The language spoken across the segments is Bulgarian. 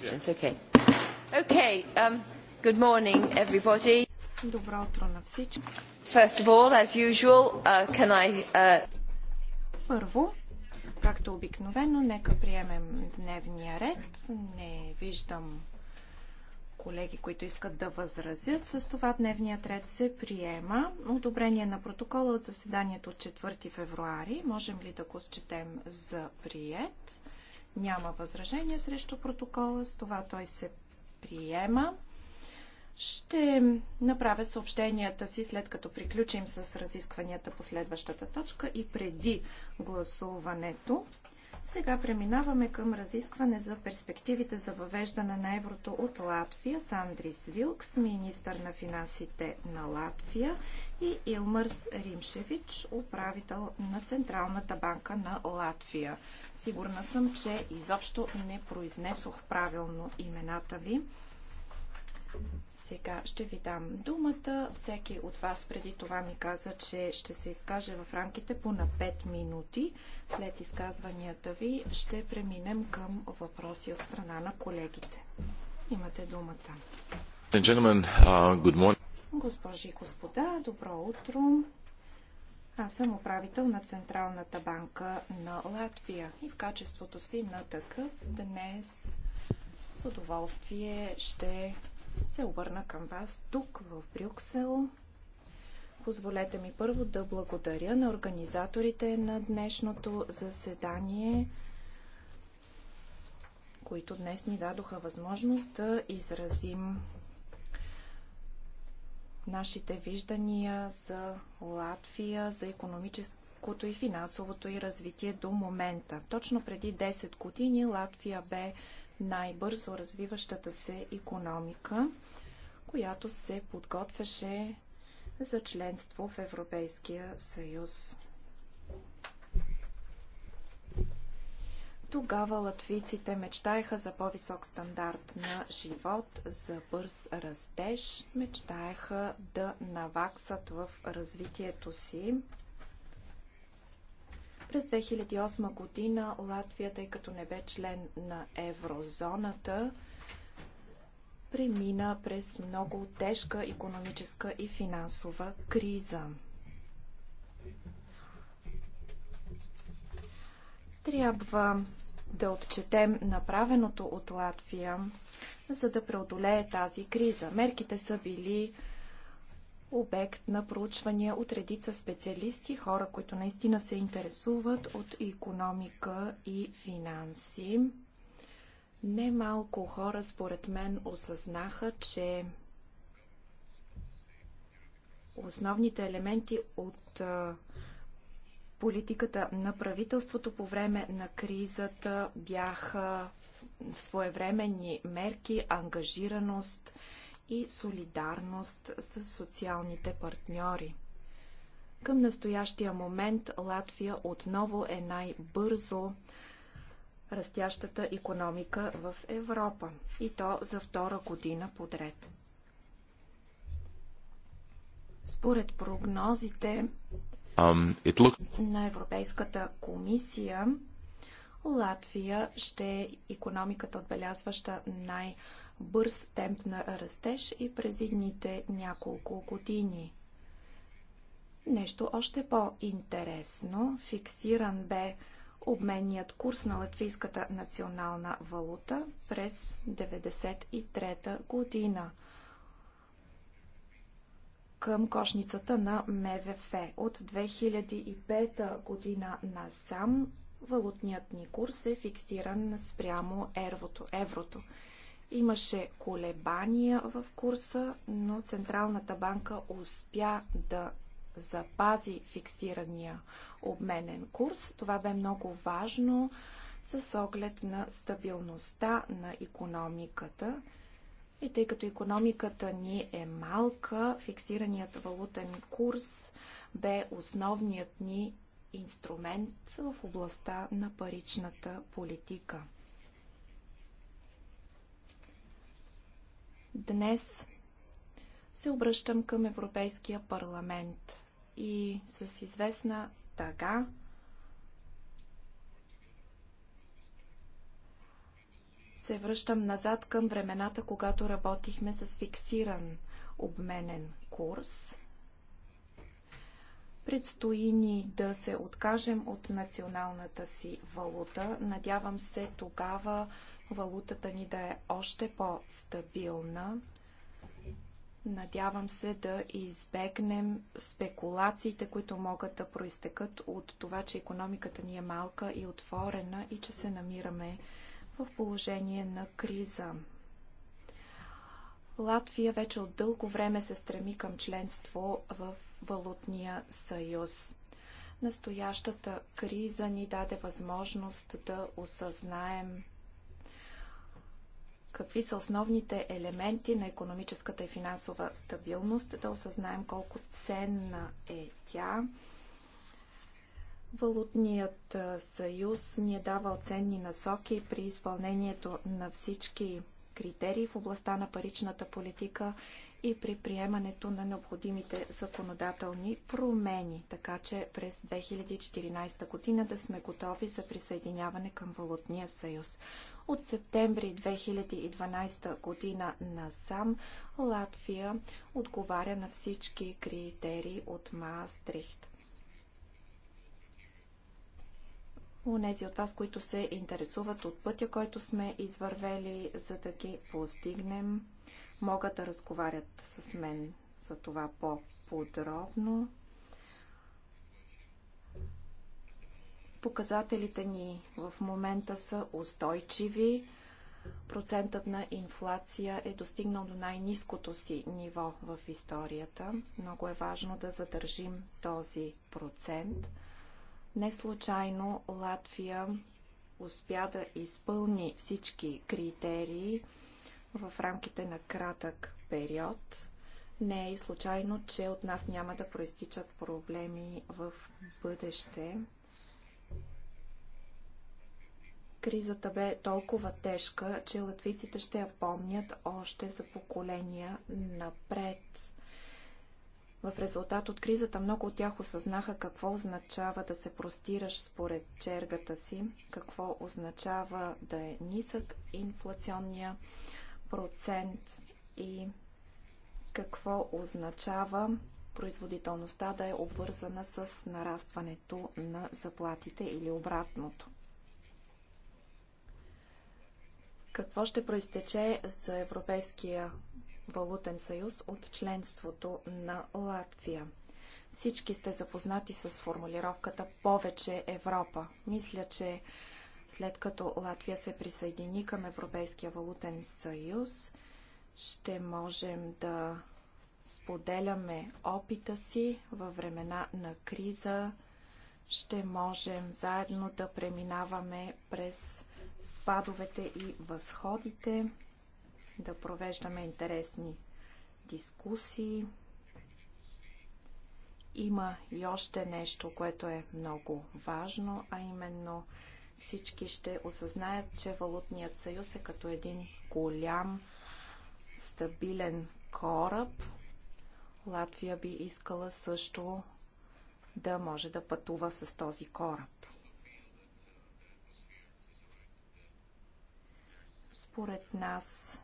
questions. Okay. Okay. Um, good morning, everybody. Добро утро на всички. First of all, as usual, uh, can I... Uh, Първо, както обикновено, нека приемем дневния ред. Не виждам колеги, които искат да възразят. С това дневният ред се приема. Одобрение на протокола от заседанието от 4 февруари. Можем ли да го счетем за прият? Няма възражение срещу протокола, с това той се приема. Ще направя съобщенията си след като приключим с разискванията по следващата точка и преди гласуването. Сега преминаваме към разискване за перспективите за въвеждане на еврото от Латвия с Андрис Вилкс, министър на финансите на Латвия и Илмърс Римшевич, управител на Централната банка на Латвия. Сигурна съм, че изобщо не произнесох правилно имената ви. Сега ще ви дам думата. Всеки от вас преди това ми каза, че ще се изкаже в рамките по на 5 минути. След изказванията ви ще преминем към въпроси от страна на колегите. Имате думата. Uh, Госпожи и господа, добро утро. Аз съм управител на Централната банка на Латвия и в качеството си на такъв днес с удоволствие ще се обърна към вас тук, в Брюксел. Позволете ми първо да благодаря на организаторите на днешното заседание, които днес ни дадоха възможност да изразим нашите виждания за Латвия, за економическото и финансовото и развитие до момента. Точно преди 10 години Латвия бе най-бързо развиващата се економика, която се подготвяше за членство в Европейския съюз. Тогава латвийците мечтаеха за по-висок стандарт на живот, за бърз растеж, мечтаеха да наваксат в развитието си през 2008 година Латвия, тъй като не бе член на еврозоната, премина през много тежка економическа и финансова криза. Трябва да отчетем направеното от Латвия, за да преодолее тази криза. Мерките са били обект на проучвания от редица специалисти, хора, които наистина се интересуват от економика и финанси. Немалко хора, според мен, осъзнаха, че основните елементи от политиката на правителството по време на кризата бяха своевременни мерки, ангажираност, и солидарност с социалните партньори. Към настоящия момент Латвия отново е най-бързо растящата економика в Европа и то за втора година подред. Според прогнозите um, look... на Европейската комисия, Латвия ще е економиката, отбелязваща най-бързо бърз темп на растеж и през идните няколко години. Нещо още по-интересно, фиксиран бе обменният курс на латвийската национална валута през 1993 година към кошницата на МВФ. От 2005 година насам валутният ни курс е фиксиран спрямо еврото. еврото. Имаше колебания в курса, но Централната банка успя да запази фиксирания обменен курс. Това бе много важно с оглед на стабилността на економиката. И тъй като економиката ни е малка, фиксираният валутен курс бе основният ни инструмент в областта на паричната политика. Днес се обръщам към Европейския парламент и с известна тага се връщам назад към времената, когато работихме с фиксиран обменен курс. Предстои ни да се откажем от националната си валута. Надявам се тогава валутата ни да е още по-стабилна. Надявам се да избегнем спекулациите, които могат да проистекат от това, че економиката ни е малка и отворена и че се намираме в положение на криза. Латвия вече от дълго време се стреми към членство в Валутния съюз. Настоящата криза ни даде възможност да осъзнаем какви са основните елементи на економическата и финансова стабилност, да осъзнаем колко ценна е тя. Валутният съюз ни е давал ценни насоки при изпълнението на всички критерии в областта на паричната политика и при приемането на необходимите законодателни промени, така че през 2014 година да сме готови за присъединяване към Валутния съюз. От септември 2012 година насам Латвия отговаря на всички критерии от Маастрихт. Унези от вас, които се интересуват от пътя, който сме извървели, за да ги постигнем, могат да разговарят с мен за това по-подробно. Показателите ни в момента са устойчиви. Процентът на инфлация е достигнал до най-низкото си ниво в историята. Много е важно да задържим този процент. Не случайно Латвия успя да изпълни всички критерии в рамките на кратък период. Не е и случайно, че от нас няма да проистичат проблеми в бъдеще. Кризата бе толкова тежка, че латвиците ще я помнят още за поколения напред. В резултат от кризата много от тях осъзнаха какво означава да се простираш според чергата си, какво означава да е нисък инфлационния процент и какво означава производителността да е обвързана с нарастването на заплатите или обратното. Какво ще проистече за Европейския валутен съюз от членството на Латвия? Всички сте запознати с формулировката повече Европа. Мисля, че след като Латвия се присъедини към Европейския валутен съюз, ще можем да споделяме опита си във времена на криза, ще можем заедно да преминаваме през спадовете и възходите, да провеждаме интересни дискусии. Има и още нещо, което е много важно, а именно – всички ще осъзнаят, че Валутният съюз е като един голям, стабилен кораб. Латвия би искала също да може да пътува с този кораб. Според нас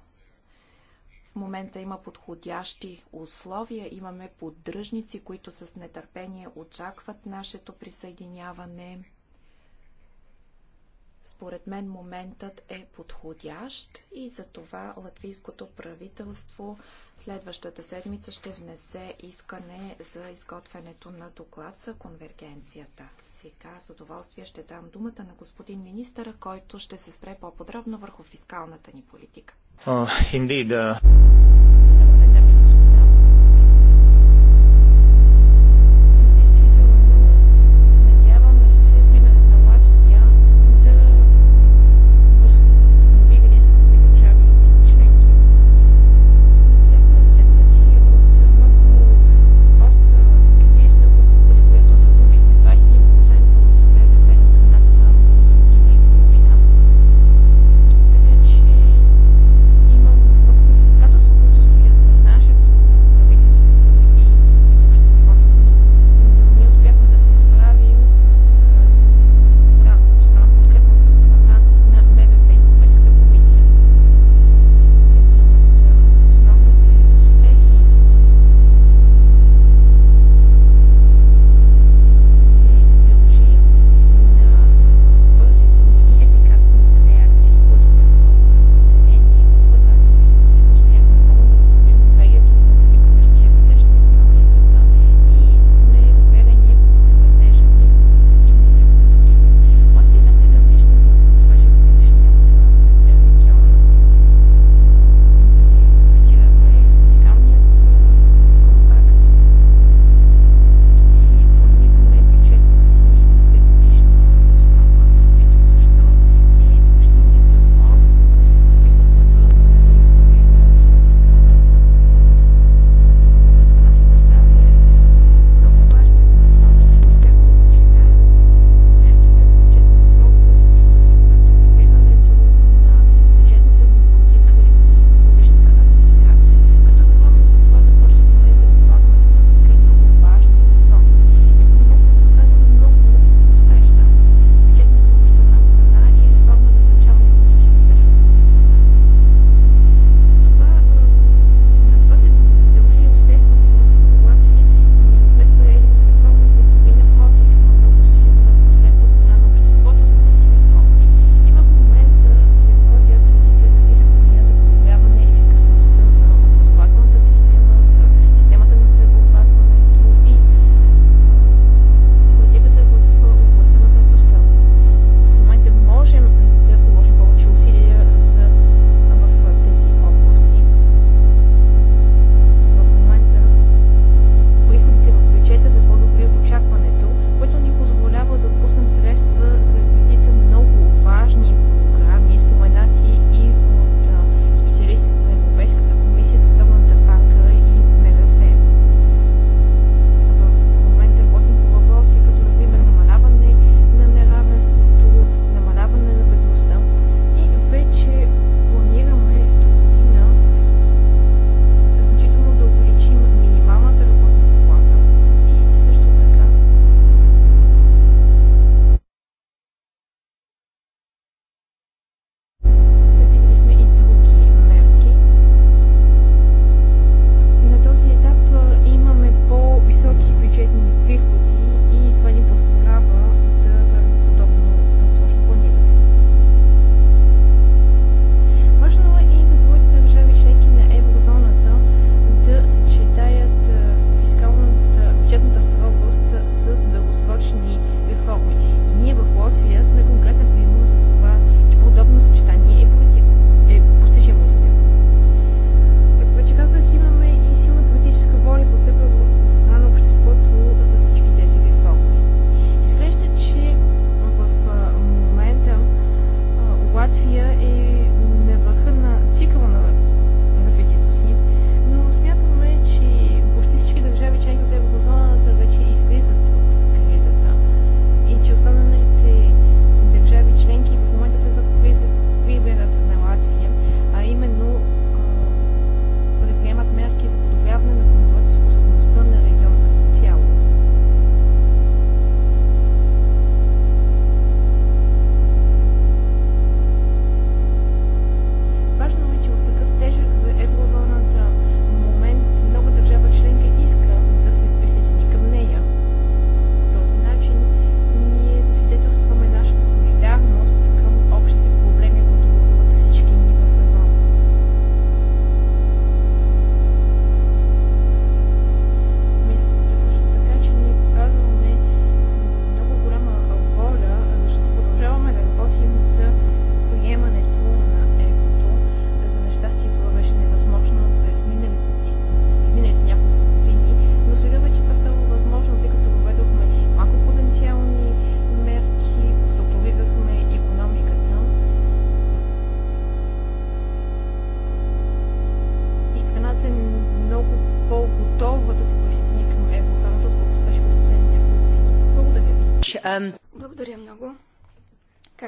в момента има подходящи условия, имаме поддръжници, които с нетърпение очакват нашето присъединяване. Според мен моментът е подходящ и за това латвийското правителство следващата седмица ще внесе искане за изготвянето на доклад за конвергенцията. Сега с удоволствие ще дам думата на господин министъра, който ще се спре по-подробно върху фискалната ни политика. Uh, indeed, uh...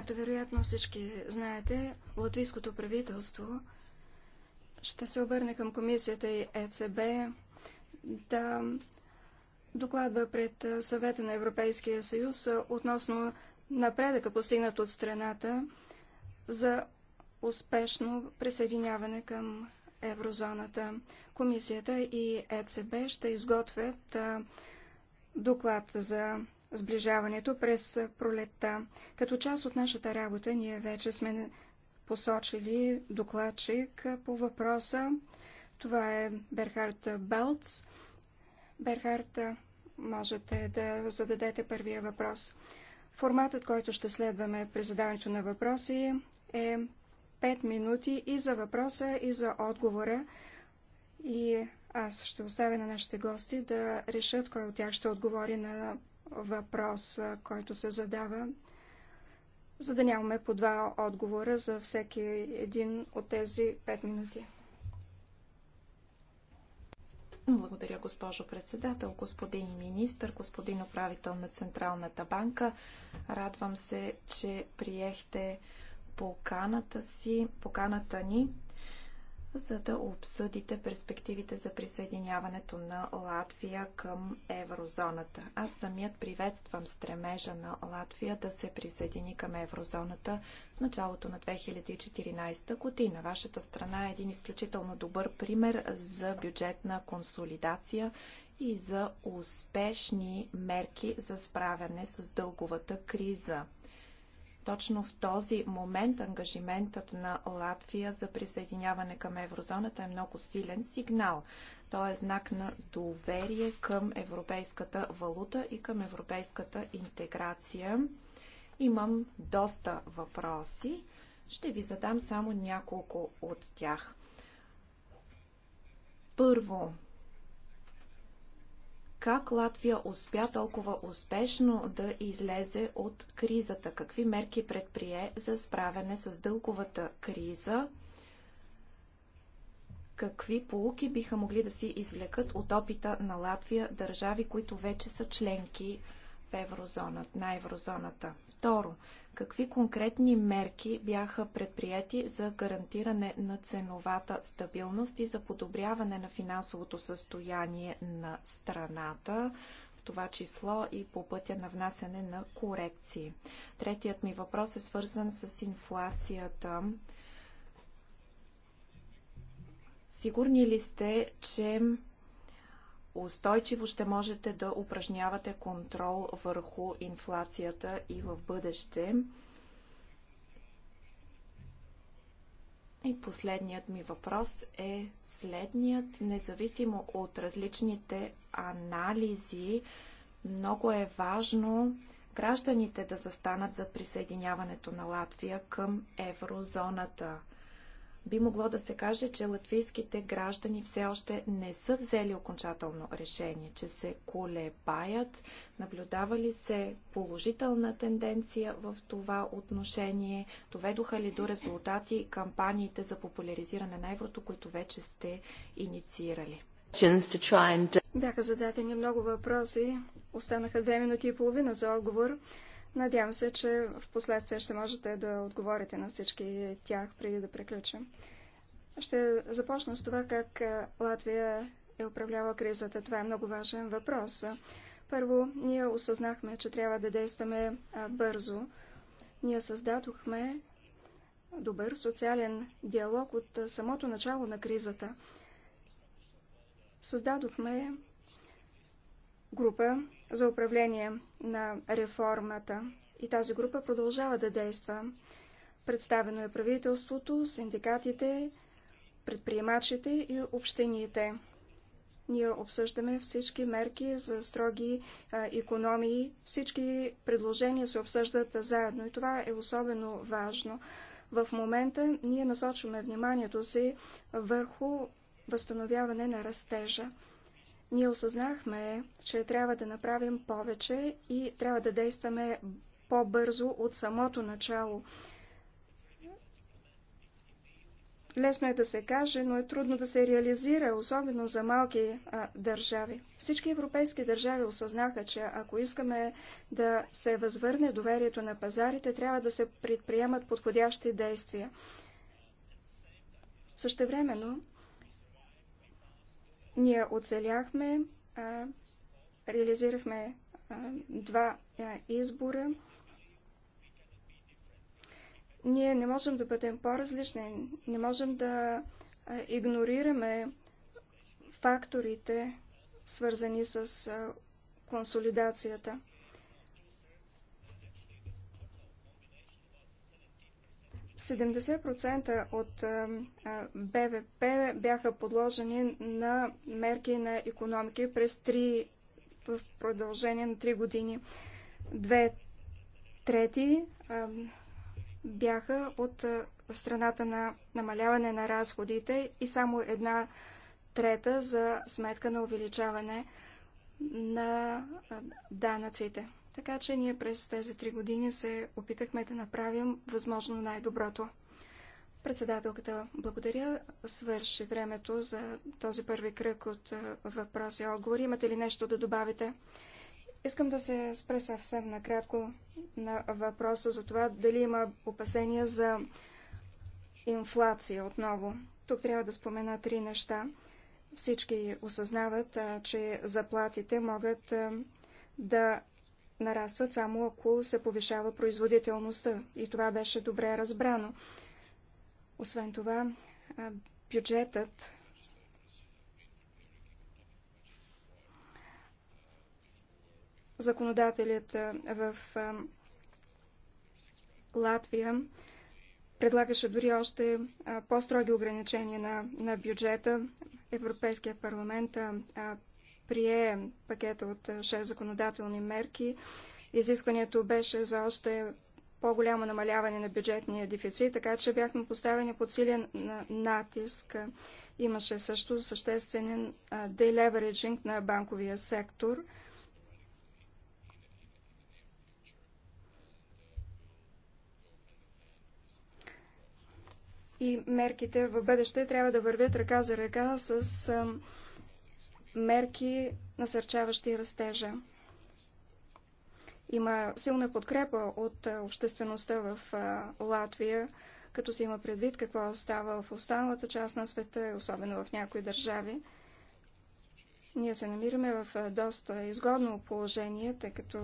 Както вероятно всички знаете, латвийското правителство ще се обърне към комисията и ЕЦБ да докладва пред съвета на Европейския съюз относно напредъка постигнат от страната за успешно присъединяване към еврозоната. Комисията и ЕЦБ ще изготвят доклад за сближаването през пролетта. Като част от нашата работа ние вече сме посочили докладчик по въпроса. Това е Берхард Белц. Берхард, можете да зададете първия въпрос. Форматът, който ще следваме при задаването на въпроси е 5 минути и за въпроса, и за отговора. И аз ще оставя на нашите гости да решат кой от тях ще отговори на въпрос, който се задава, за да нямаме по два отговора за всеки един от тези пет минути. Благодаря, госпожо председател, господин министр, господин управител на Централната банка. Радвам се, че приехте поканата си, поканата ни за да обсъдите перспективите за присъединяването на Латвия към еврозоната. Аз самият приветствам стремежа на Латвия да се присъедини към еврозоната в началото на 2014 година. Вашата страна е един изключително добър пример за бюджетна консолидация и за успешни мерки за справяне с дълговата криза. Точно в този момент ангажиментът на Латвия за присъединяване към еврозоната е много силен сигнал. Той е знак на доверие към европейската валута и към европейската интеграция. Имам доста въпроси. Ще ви задам само няколко от тях. Първо, как Латвия успя толкова успешно да излезе от кризата? Какви мерки предприе за справяне с дълговата криза? Какви полуки биха могли да си извлекат от опита на Латвия държави, които вече са членки в еврозоната, на еврозоната? Второ, Какви конкретни мерки бяха предприяти за гарантиране на ценовата стабилност и за подобряване на финансовото състояние на страната, в това число и по пътя на внасяне на корекции? Третият ми въпрос е свързан с инфлацията. Сигурни ли сте, че устойчиво ще можете да упражнявате контрол върху инфлацията и в бъдеще. И последният ми въпрос е следният. Независимо от различните анализи, много е важно гражданите да застанат за присъединяването на Латвия към еврозоната – би могло да се каже, че латвийските граждани все още не са взели окончателно решение, че се колебаят. Наблюдава ли се положителна тенденция в това отношение? Доведоха ли до резултати кампаниите за популяризиране на еврото, които вече сте инициирали? Бяха зададени много въпроси. Останаха две минути и половина за отговор. Надявам се, че в последствие ще можете да отговорите на всички тях преди да приключим. Ще започна с това как е, Латвия е управлявала кризата. Това е много важен въпрос. Първо, ние осъзнахме, че трябва да действаме е, бързо. Ние създадохме добър социален диалог от е, самото начало на кризата. Създадохме група за управление на реформата и тази група продължава да действа. Представено е правителството, синдикатите, предприемачите и общините. Ние обсъждаме всички мерки за строги а, економии. Всички предложения се обсъждат заедно и това е особено важно. В момента ние насочваме вниманието си върху възстановяване на растежа. Ние осъзнахме, че трябва да направим повече и трябва да действаме по-бързо от самото начало. Лесно е да се каже, но е трудно да се реализира, особено за малки а, държави. Всички европейски държави осъзнаха, че ако искаме да се възвърне доверието на пазарите, трябва да се предприемат подходящи действия. Същевременно, ние оцеляхме, а, реализирахме а, два а, избора. Ние не можем да бъдем по-различни, не можем да а, игнорираме факторите, свързани с а, консолидацията. 70% от БВП бяха подложени на мерки на економики през 3, в продължение на 3 години. Две трети бяха от страната на намаляване на разходите и само една трета за сметка на увеличаване на данъците. Така че ние през тези три години се опитахме да направим възможно най-доброто. Председателката, благодаря. Свърши времето за този първи кръг от е, въпроси и отговори. Имате ли нещо да добавите? Искам да се спре съвсем накратко на въпроса за това дали има опасения за инфлация отново. Тук трябва да спомена три неща. Всички осъзнават, е, че заплатите могат е, да нарастват само ако се повишава производителността. И това беше добре разбрано. Освен това, бюджетът законодателят в Латвия предлагаше дори още по-строги ограничения на, на бюджета. Европейския парламент прие пакета от 6 законодателни мерки. Изискването беше за още по-голямо намаляване на бюджетния дефицит, така че бяхме поставени под силен натиск. Имаше също съществен делевериджинг на банковия сектор. И мерките в бъдеще трябва да вървят ръка за ръка с мерки, насърчаващи растежа. Има силна подкрепа от обществеността в Латвия, като се има предвид какво става в останалата част на света, особено в някои държави. Ние се намираме в доста изгодно положение, тъй като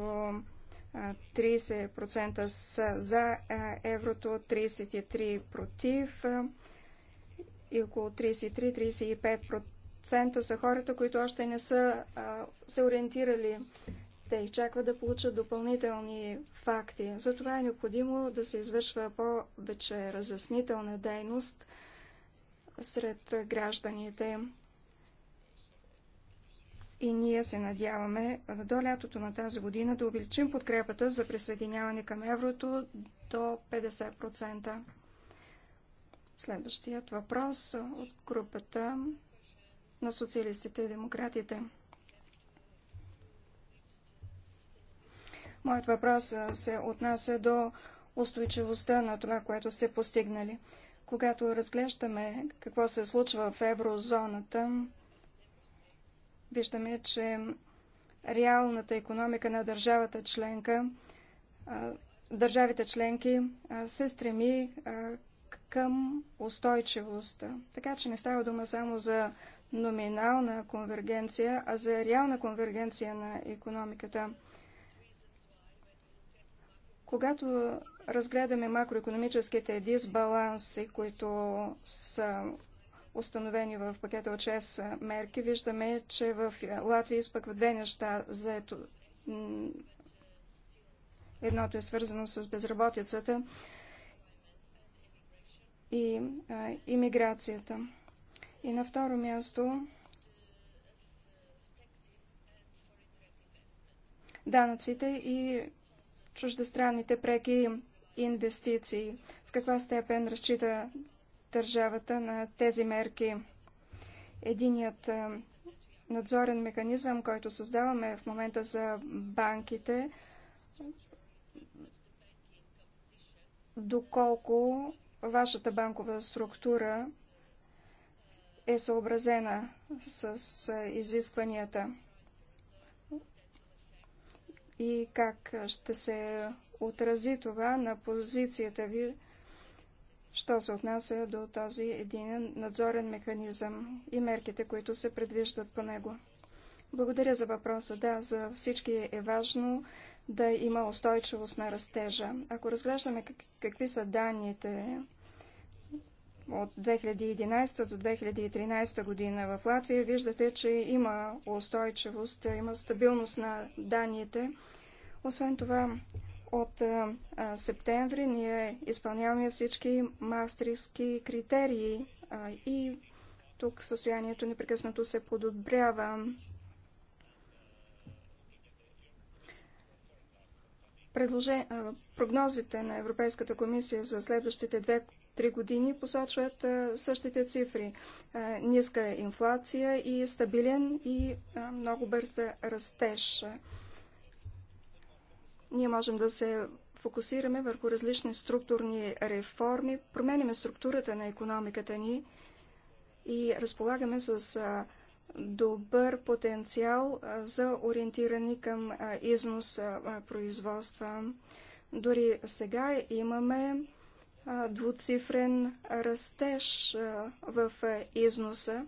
30% са за еврото, 33% против и около 33-35% процента са хората, които още не са а, се ориентирали. Те изчакват да получат допълнителни факти. Затова е необходимо да се извършва повече разяснителна дейност сред гражданите. И ние се надяваме до лятото на тази година да увеличим подкрепата за присъединяване към еврото до 50%. Следващият въпрос от групата на социалистите и демократите. Моят въпрос се отнася до устойчивостта на това, което сте постигнали. Когато разглеждаме какво се случва в еврозоната, виждаме, че реалната економика на държавата членка, държавите членки се стреми към устойчивост. Така че не става дума само за номинална конвергенция, а за реална конвергенция на економиката. Когато разгледаме макроекономическите дисбаланси, които са установени в пакета от 6 мерки, виждаме, че в Латвия изпъква две неща. За ето... Едното е свързано с безработицата и а, иммиграцията. И на второ място данъците и чуждестранните преки инвестиции. В каква степен разчита държавата на тези мерки? Единият е, надзорен механизъм, който създаваме в момента за банките, доколко вашата банкова структура е съобразена с изискванията и как ще се отрази това на позицията ви, що се отнася до този един надзорен механизъм и мерките, които се предвиждат по него. Благодаря за въпроса. Да, за всички е важно да има устойчивост на растежа. Ако разглеждаме какви са данните от 2011 до 2013 година в Латвия, виждате, че има устойчивост, има стабилност на данните. Освен това, от а, септември ние изпълняваме всички мастерски критерии а, и тук състоянието непрекъснато се подобрява. Предложен... Прогнозите на Европейската комисия за следващите две три години посочват същите цифри. Ниска е инфлация и е стабилен и много бърз растеж. Ние можем да се фокусираме върху различни структурни реформи, променяме структурата на економиката ни и разполагаме с добър потенциал за ориентирани към износ производства. Дори сега имаме двуцифрен растеж в износа.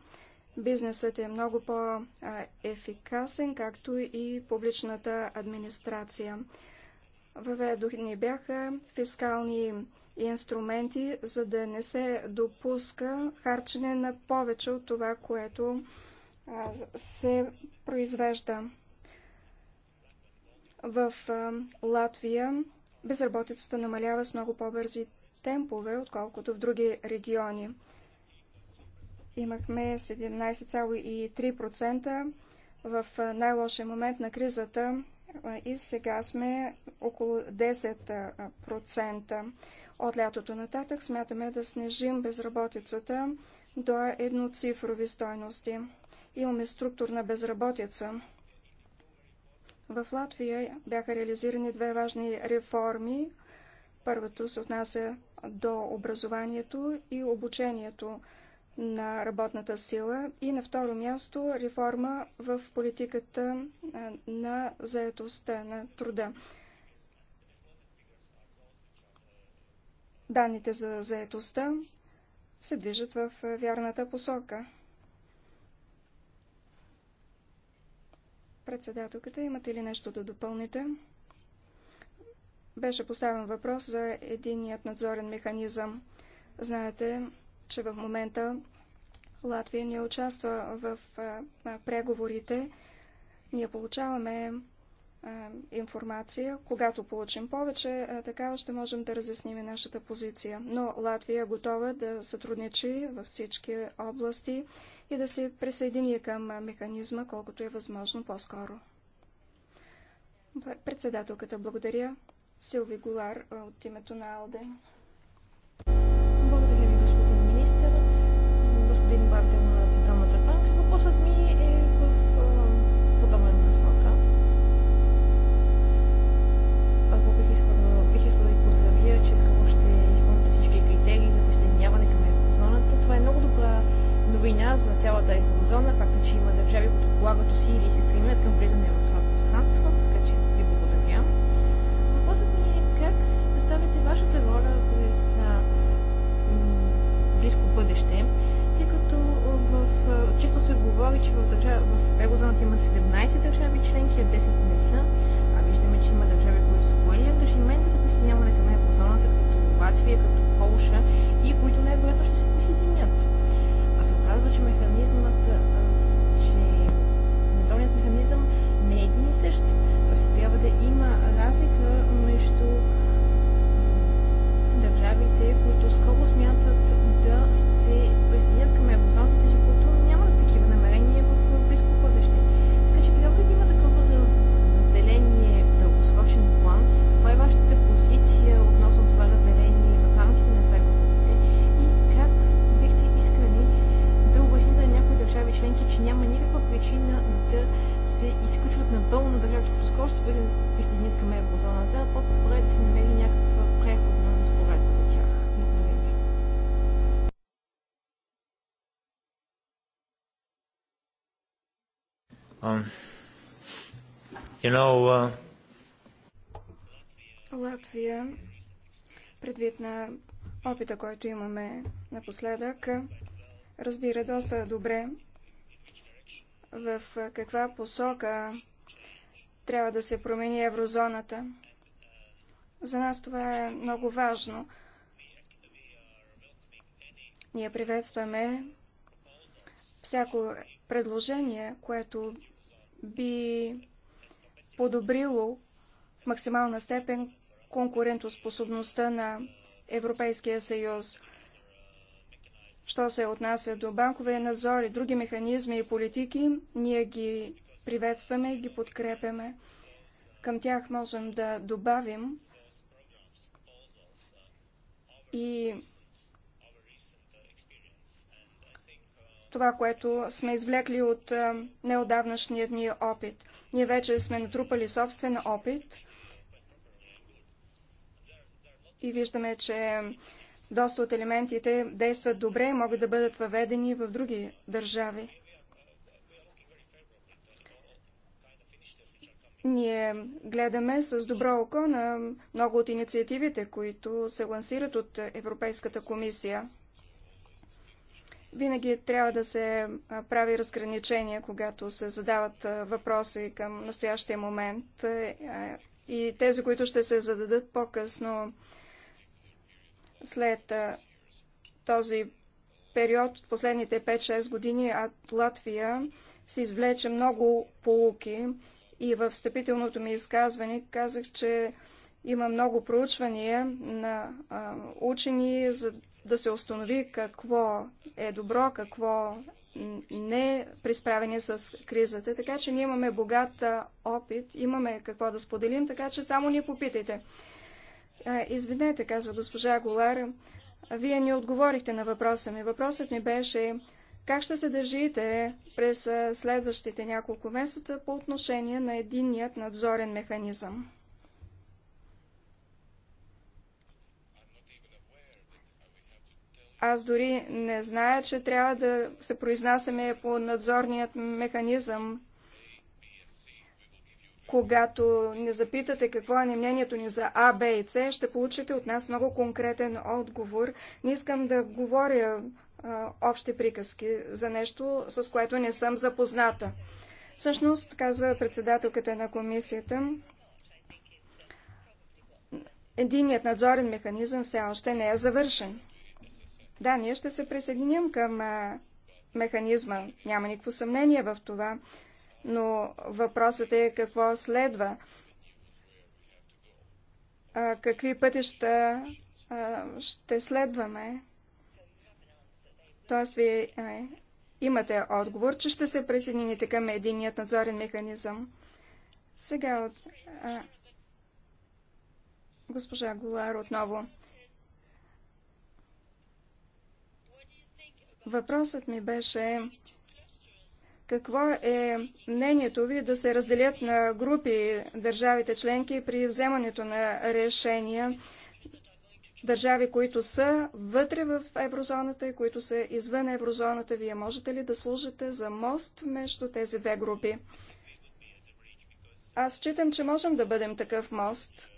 Бизнесът е много по-ефикасен, както и публичната администрация. Въведохни бяха фискални инструменти, за да не се допуска харчене на повече от това, което се произвежда. В Латвия безработицата намалява с много по-бързи темпове, отколкото в други региони. Имахме 17,3% в най-лошия момент на кризата и сега сме около 10%. От лятото нататък смятаме да снижим безработицата до едноцифрови стойности. Имаме структурна безработица. В Латвия бяха реализирани две важни реформи. Първото се отнася до образованието и обучението на работната сила и на второ място реформа в политиката на заетостта, на труда. Данните за заетостта се движат в вярната посока. Председателката, имате ли нещо да допълните? беше поставен въпрос за единият надзорен механизъм. Знаете, че в момента Латвия не участва в преговорите. Ние получаваме информация. Когато получим повече, такава ще можем да разясним и нашата позиция. Но Латвия е готова да сътрудничи във всички области и да се присъедини към механизма, колкото е възможно по-скоро. Председателката благодаря. Силви Голар от името на Алде. Благодаря ви, господин министър. Господин Бартел на Централната банка. Въпросът ми е Um, you know, uh... Латвия, предвид на опита, който имаме напоследък, разбира доста добре в каква посока трябва да се промени еврозоната. За нас това е много важно. Ние приветстваме всяко предложение, което би подобрило в максимална степен конкурентоспособността на Европейския съюз. Що се отнася до банковия надзор и други механизми и политики, ние ги приветстваме и ги подкрепяме. Към тях можем да добавим и това, което сме извлекли от неодавнашният ни опит. Ние вече сме натрупали собствен опит и виждаме, че доста от елементите действат добре и могат да бъдат въведени в други държави. Ние гледаме с добро око на много от инициативите, които се лансират от Европейската комисия. Винаги трябва да се прави разграничение, когато се задават въпроси към настоящия момент е, и тези, които ще се зададат по-късно след този период от последните 5-6 години от Латвия се извлече много полуки и в встъпителното ми изказване казах, че има много проучвания на а, учени за да се установи какво е добро, какво не при справяне с кризата. Така че ние имаме богат опит, имаме какво да споделим, така че само ни попитайте. Извинете, казва госпожа Голар, вие ни отговорихте на въпроса ми. Въпросът ми беше как ще се държите през следващите няколко месеца по отношение на единният надзорен механизъм. Аз дори не зная, че трябва да се произнасяме по надзорният механизъм. Когато не запитате какво е мнението ни за А, Б и С, ще получите от нас много конкретен отговор. Не искам да говоря а, общи приказки за нещо, с което не съм запозната. Всъщност, казва председателката на комисията, единият надзорен механизъм все още не е завършен. Да, ние ще се присъединим към механизма. Няма никакво съмнение в това. Но въпросът е какво следва. Какви пътища ще следваме. Тоест, вие имате отговор, че ще се присъедините към единият надзорен механизъм. Сега от а, госпожа Голар отново. Въпросът ми беше какво е мнението ви да се разделят на групи държавите членки при вземането на решения държави, които са вътре в еврозоната и които са извън еврозоната. Вие можете ли да служите за мост между тези две групи? Аз считам, че можем да бъдем такъв мост.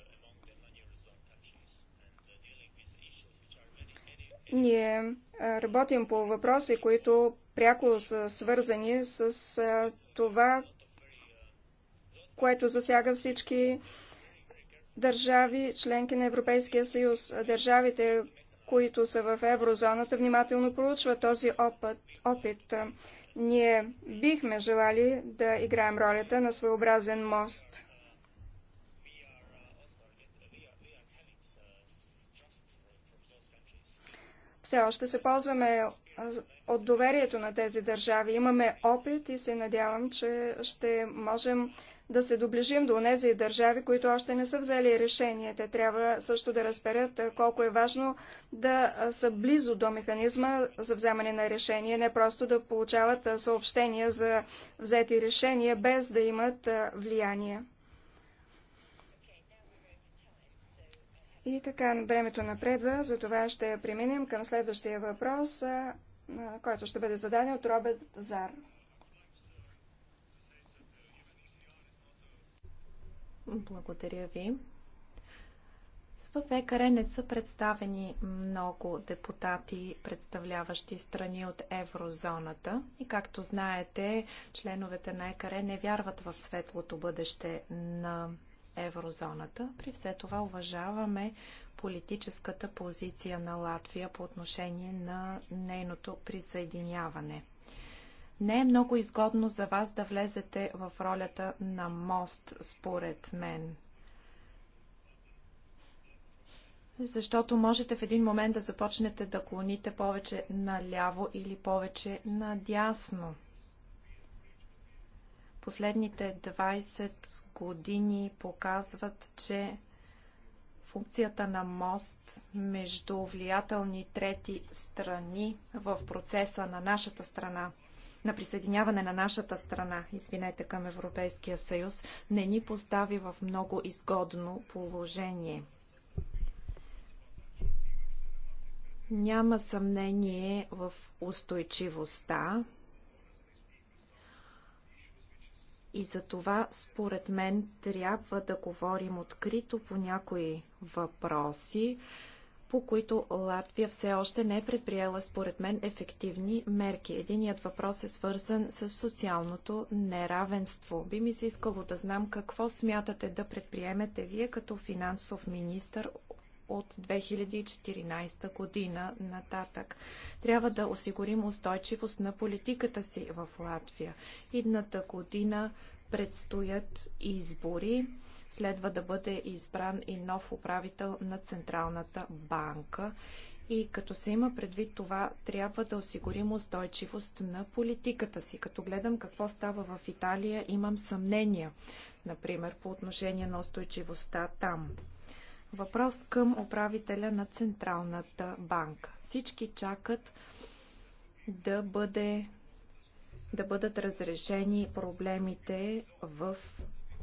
Ние Работим по въпроси, които пряко са свързани с това, което засяга всички държави, членки на Европейския съюз. Държавите, които са в еврозоната, внимателно проучват този опит. опит. Ние бихме желали да играем ролята на своеобразен мост. Все още се ползваме от доверието на тези държави. Имаме опит и се надявам, че ще можем да се доближим до тези държави, които още не са взели решение. Те трябва също да разберат колко е важно да са близо до механизма за вземане на решение, не просто да получават съобщения за взети решения, без да имат влияние. И така, времето напредва, за това ще преминем към следващия въпрос, който ще бъде зададен от Роберт Зар. Благодаря ви. В ВКР не са представени много депутати, представляващи страни от еврозоната. И както знаете, членовете на ЕКР не вярват в светлото бъдеще на еврозоната. При все това уважаваме политическата позиция на Латвия по отношение на нейното присъединяване. Не е много изгодно за вас да влезете в ролята на мост, според мен. Защото можете в един момент да започнете да клоните повече наляво или повече надясно. Последните 20 години показват, че функцията на мост между влиятелни трети страни в процеса на нашата страна, на присъединяване на нашата страна, извинете, към Европейския съюз, не ни постави в много изгодно положение. Няма съмнение в устойчивостта И за това, според мен, трябва да говорим открито по някои въпроси, по които Латвия все още не е предприела, според мен, ефективни мерки. Единият въпрос е свързан с социалното неравенство. Би ми се искало да знам какво смятате да предприемете вие като финансов министр от 2014 година нататък. Трябва да осигурим устойчивост на политиката си в Латвия. Идната година предстоят избори. Следва да бъде избран и нов управител на Централната банка. И като се има предвид това, трябва да осигурим устойчивост на политиката си. Като гледам какво става в Италия, имам съмнения, например, по отношение на устойчивостта там. Въпрос към управителя на Централната банка. Всички чакат да, бъде, да бъдат разрешени проблемите в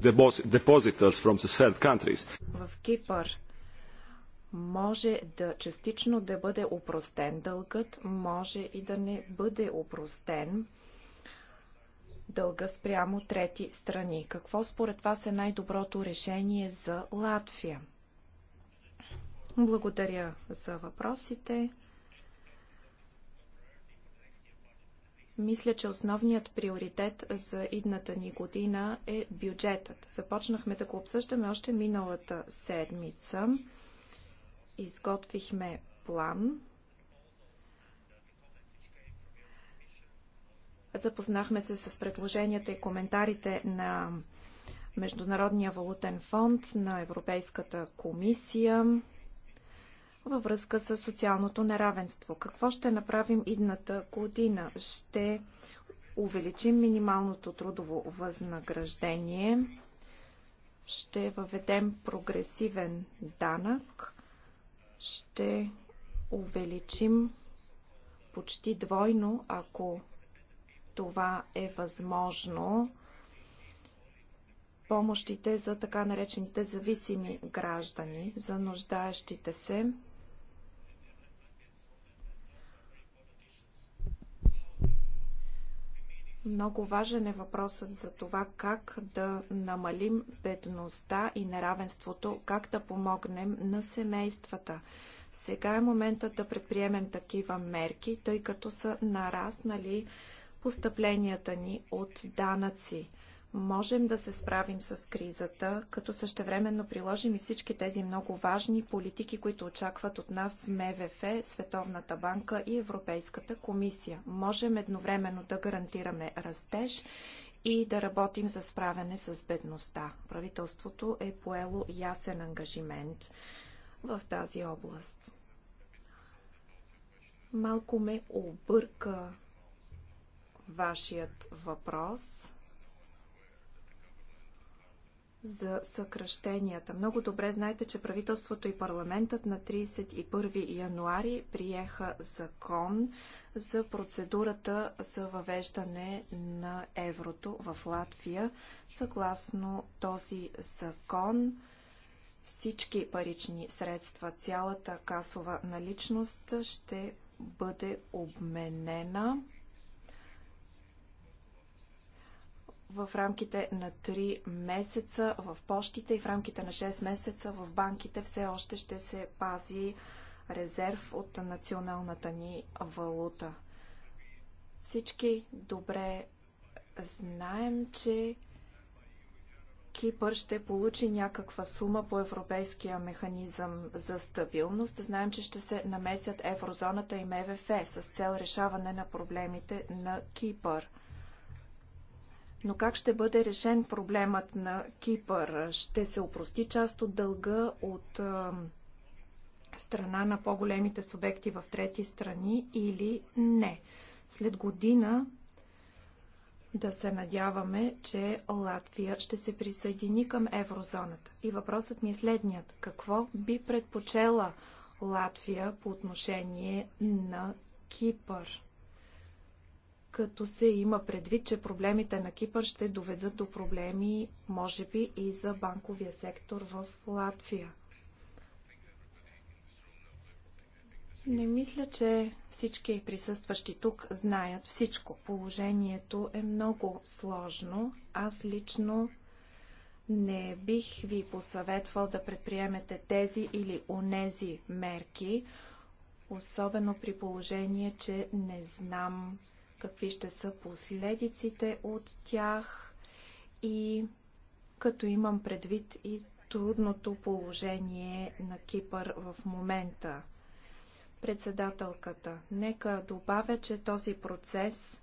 depositors from the third countries. В Кипър може да частично да бъде упростен дългът, може и да не бъде упростен дълга спрямо трети страни. Какво според вас е най-доброто решение за Латвия? Благодаря за въпросите. Мисля, че основният приоритет за идната ни година е бюджетът. Започнахме да го обсъждаме още миналата седмица. Изготвихме план. Запознахме се с предложенията и коментарите на Международния валутен фонд, на Европейската комисия във връзка с социалното неравенство. Какво ще направим идната година? Ще увеличим минималното трудово възнаграждение, ще въведем прогресивен данък, ще увеличим почти двойно, ако това е възможно, помощите за така наречените зависими граждани, за нуждаещите се Много важен е въпросът за това как да намалим бедността и неравенството, как да помогнем на семействата. Сега е моментът да предприемем такива мерки, тъй като са нараснали постъпленията ни от данъци можем да се справим с кризата, като същевременно приложим и всички тези много важни политики, които очакват от нас МВФ, Световната банка и Европейската комисия. Можем едновременно да гарантираме растеж и да работим за справяне с бедността. Правителството е поело ясен ангажимент в тази област. Малко ме обърка вашият въпрос за съкръщенията. Много добре знаете, че правителството и парламентът на 31 януари приеха закон за процедурата за въвеждане на еврото в Латвия. Съгласно този закон, всички парични средства, цялата касова наличност ще бъде обменена в рамките на 3 месеца в почтите и в рамките на 6 месеца в банките все още ще се пази резерв от националната ни валута. Всички добре знаем, че Кипър ще получи някаква сума по Европейския механизъм за стабилност. Знаем, че ще се намесят еврозоната и МВФ с цел решаване на проблемите на Кипър. Но как ще бъде решен проблемът на Кипър? Ще се опрости част от дълга от страна на по-големите субекти в трети страни или не? След година да се надяваме, че Латвия ще се присъедини към еврозоната. И въпросът ми е следният. Какво би предпочела Латвия по отношение на Кипър? като се има предвид, че проблемите на Кипър ще доведат до проблеми, може би, и за банковия сектор в Латвия. Не мисля, че всички присъстващи тук знаят всичко. Положението е много сложно. Аз лично не бих ви посъветвал да предприемете тези или онези мерки, особено при положение, че не знам какви ще са последиците от тях и като имам предвид и трудното положение на Кипър в момента. Председателката, нека добавя, че този процес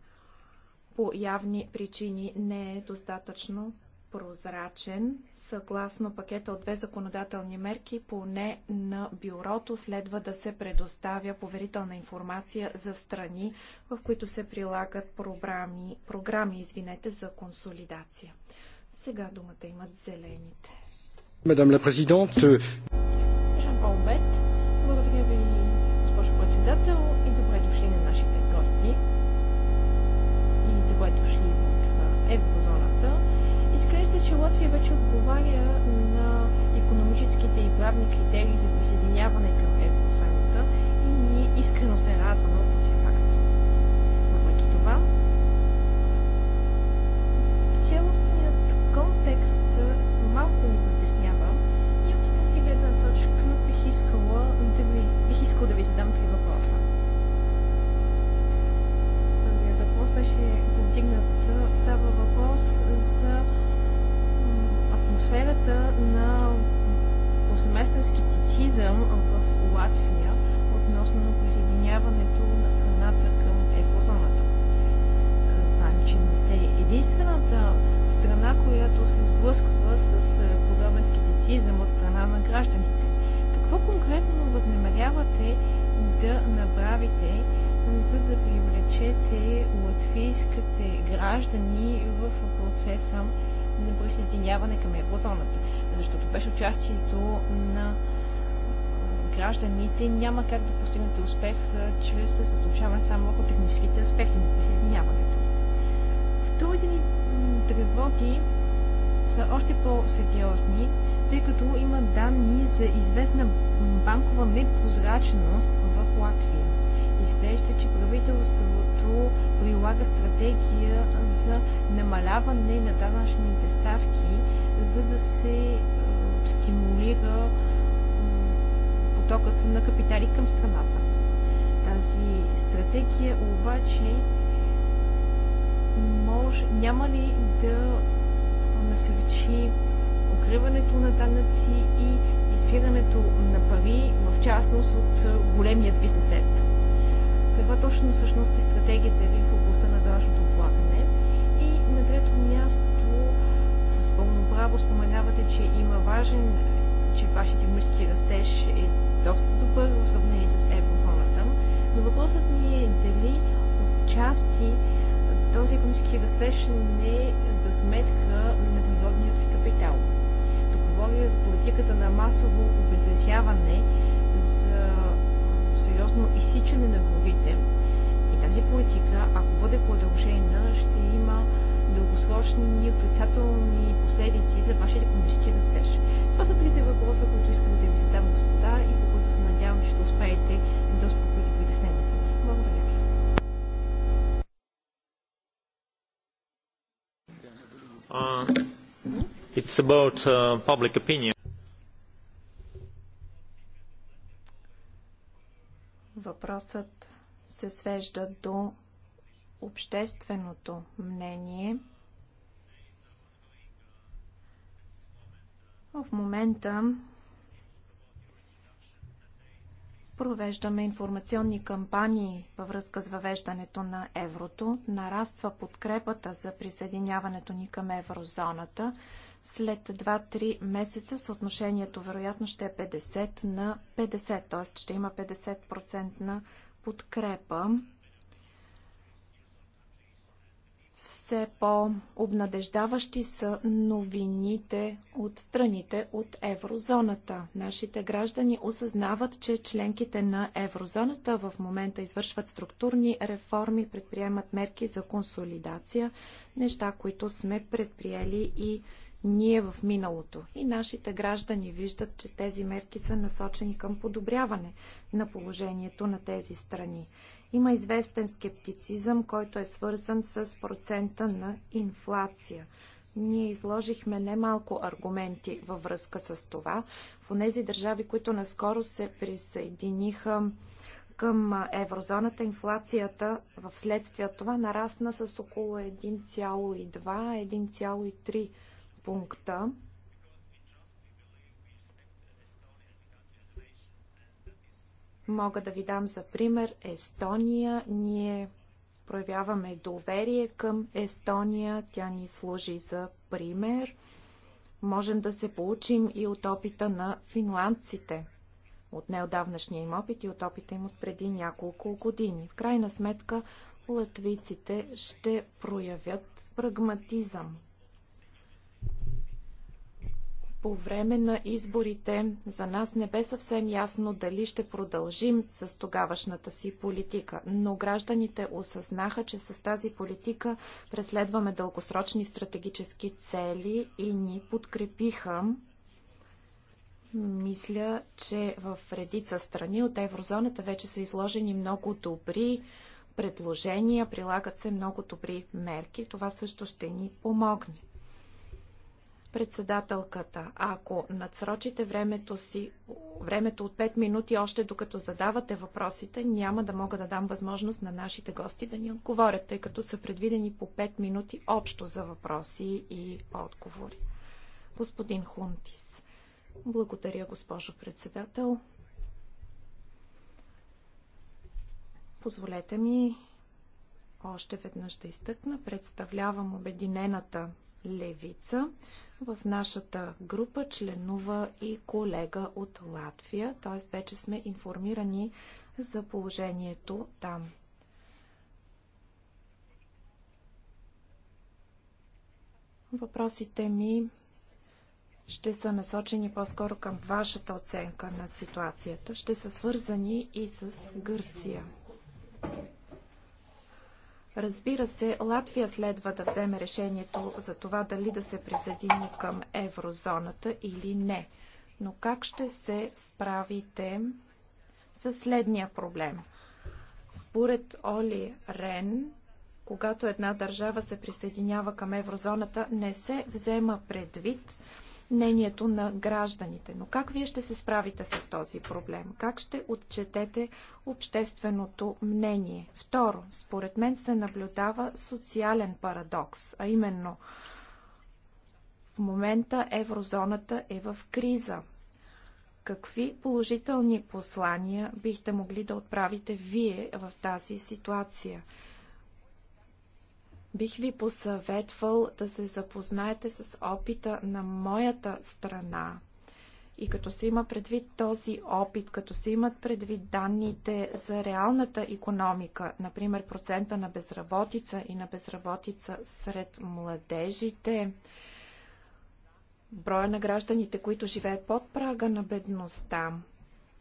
по явни причини не е достатъчно прозрачен. Съгласно пакета от две законодателни мерки, поне на бюрото следва да се предоставя поверителна информация за страни, в които се прилагат програми, програми извинете, за консолидация. Сега думата имат зелените. Мадам ла президент. благодаря ви, госпожо председател, и добре дошли на нашите гости. И добре дошли в еврозоната Изглежда, че Латвия вече отговаря на економическите и правни критерии за присъединяване към Евросъюза и ние искрено се радваме от този факт. Въпреки това, цялостният контекст малко ни притеснява и от тази гледна точка бих искала да ви, бих искала да ви задам три въпроса. Първият въпрос беше повдигнат. Става въпрос за атмосферата на повсеместен скептицизъм в Латвия относно присъединяването на страната към еврозоната. Знаем, че не сте единствената страна, която се сблъсква с е, подобен скептицизъм от страна на гражданите. Какво конкретно възнамерявате да направите, за да привлечете латвийските граждани в процеса на присъединяване към еврозоната, защото без участието на гражданите няма как да постигнете успех чрез задължаване само върху техническите аспекти на присъединяването. Вторите ни тревоги са още по-сериозни, тъй като има данни за известна банкова непрозрачност в Латвия. Изглежда, че правителство който прилага стратегия за намаляване на данъчните ставки, за да се е, стимулира потокът на капитали към страната. Тази стратегия обаче може, няма ли да насърчи укриването на данъци и избирането на пари, в частност от е, големият ви съсед? каква точно всъщност е стратегията ви в областта на данъчното облагане? И на трето място, с пълно право споменавате, че има важен, че вашите мъжки растеж е доста добър в сравнение с еврозоната, но въпросът ми е дали отчасти този економически растеж не е за сметка на природният ви капитал. Тук говоря за политиката на масово обезлесяване, за като сериозно изсичане на главите. И тази политика, ако бъде продължена, ще има дългосрочни отрицателни последици за вашия економически растеж. Това са трите въпроса, които искам да ви задам, господа, и по които се надявам, че ще успеете да успокоите притесненията ми. Благодаря Uh, it's about uh, public opinion. Въпросът се свежда до общественото мнение. В момента провеждаме информационни кампании във връзка с въвеждането на еврото. Нараства подкрепата за присъединяването ни към еврозоната. След 2-3 месеца съотношението вероятно ще е 50 на 50, т.е. ще има 50% на подкрепа. Все по-обнадеждаващи са новините от страните от еврозоната. Нашите граждани осъзнават, че членките на еврозоната в момента извършват структурни реформи, предприемат мерки за консолидация, неща, които сме предприели и ние в миналото. И нашите граждани виждат, че тези мерки са насочени към подобряване на положението на тези страни. Има известен скептицизъм, който е свързан с процента на инфлация. Ние изложихме немалко аргументи във връзка с това. В тези държави, които наскоро се присъединиха към еврозоната, инфлацията в следствие от това нарасна с около 1,2-1,3% пункта. Мога да ви дам за пример Естония. Ние проявяваме доверие към Естония. Тя ни служи за пример. Можем да се получим и от опита на финландците, от неодавнашния им опит и от опита им от преди няколко години. В крайна сметка, латвиците ще проявят прагматизъм по време на изборите за нас не бе съвсем ясно дали ще продължим с тогавашната си политика, но гражданите осъзнаха, че с тази политика преследваме дългосрочни стратегически цели и ни подкрепиха. Мисля, че в редица страни от еврозоната вече са изложени много добри предложения, прилагат се много добри мерки. Това също ще ни помогне. Председателката, ако надсрочите времето си, времето от 5 минути, още докато задавате въпросите, няма да мога да дам възможност на нашите гости да ни отговорят, тъй като са предвидени по 5 минути общо за въпроси и отговори. Господин Хунтис. Благодаря, госпожо председател. Позволете ми още веднъж да изтъкна. Представлявам Обединената левица. В нашата група членува и колега от Латвия, т.е. вече сме информирани за положението там. Въпросите ми ще са насочени по-скоро към вашата оценка на ситуацията. Ще са свързани и с Гърция. Разбира се, Латвия следва да вземе решението за това дали да се присъедини към еврозоната или не. Но как ще се справите с следния проблем? Според Оли Рен, когато една държава се присъединява към еврозоната, не се взема предвид мнението на гражданите. Но как вие ще се справите с този проблем? Как ще отчетете общественото мнение? Второ, според мен се наблюдава социален парадокс, а именно в момента еврозоната е в криза. Какви положителни послания бихте могли да отправите вие в тази ситуация? бих ви посъветвал да се запознаете с опита на моята страна. И като се има предвид този опит, като се имат предвид данните за реалната економика, например процента на безработица и на безработица сред младежите, броя на гражданите, които живеят под прага на бедността,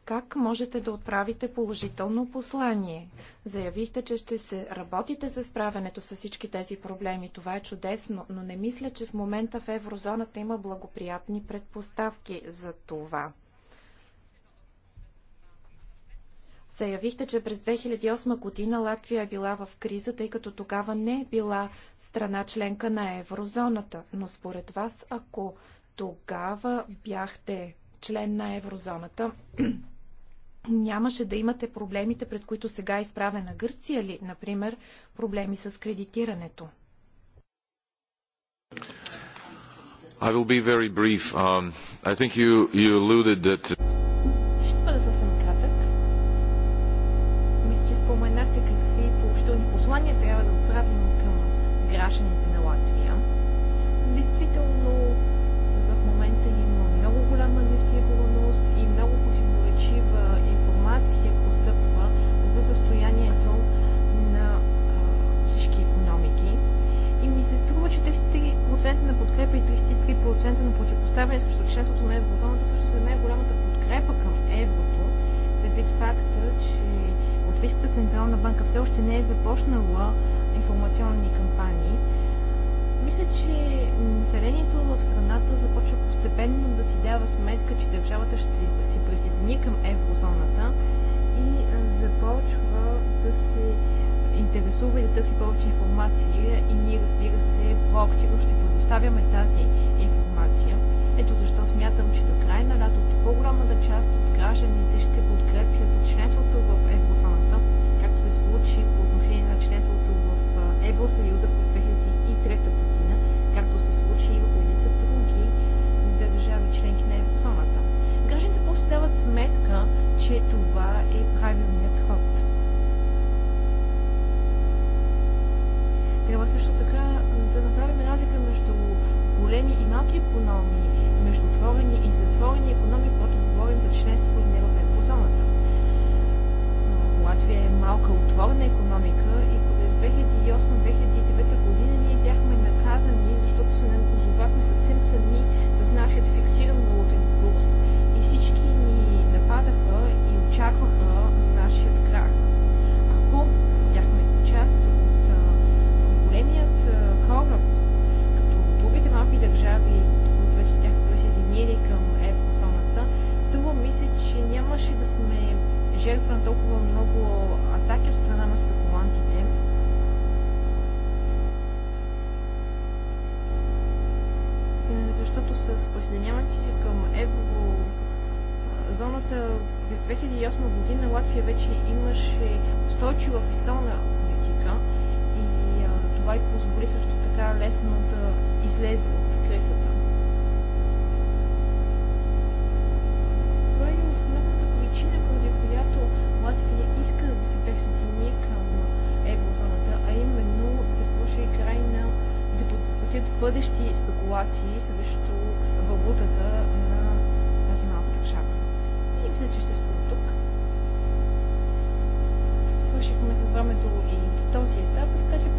как можете да отправите положително послание? Заявихте, че ще се работите за справянето с всички тези проблеми. Това е чудесно, но не мисля, че в момента в еврозоната има благоприятни предпоставки за това. Заявихте, че през 2008 година Латвия е била в криза, тъй като тогава не е била страна членка на еврозоната. Но според вас, ако тогава бяхте член на еврозоната, нямаше да имате проблемите, пред които сега е изправена Гърция ли, например, проблеми с кредитирането? I will be very brief. Um, I think you, you alluded that... Ще бъда съвсем кратък. Мисля, че споменахте какви пообщителни послания трябва да отправим към гражданите Централна банка все още не е започнала информационни кампании, мисля, че населението в страната започва постепенно да си дава сметка, че държавата ще се присъедини към еврозоната и започва да се интересува и да търси повече информация и ние, разбира се, по-активно ще предоставяме тази информация. Ето защо смятам, че до края на лятото по-голямата част от гражданите ще подкрепят членството в случи по отношение на членството в Евросъюза през 2003 година, както се случи и в редица други държави членки на еврозоната. Гражданите просто дават сметка, че това е правилният ход. Трябва също така да направим разлика между големи и малки економии, между отворени и затворени економии, когато говорим за членство и не в еврозоната. Латвия е малка отворена економика и през 2008-2009 година ние бяхме наказани, защото се назовахме съвсем сами с нашият фиксиран валутен курс и всички ни нападаха и очакваха нашият крах. Ако бяхме част от а, големият кораб, като другите малки държави, които вече бяха присъединили към еврозоната, струва ми се, че нямаше да сме жертва на толкова много атаки от страна на спекулантите, е, защото с присъединяването си към еврозоната през 2008 година Латвия вече имаше устойчива фискална политика и а, това и позволи също така лесно да излезе от кризата. Това е основната иска да се присъедини към еврозоната, а именно да се сложи край на да се бъдещи спекулации срещу валутата на тази малка държава. И мисля, че ще спра тук. Свършихме с времето и в този етап, така че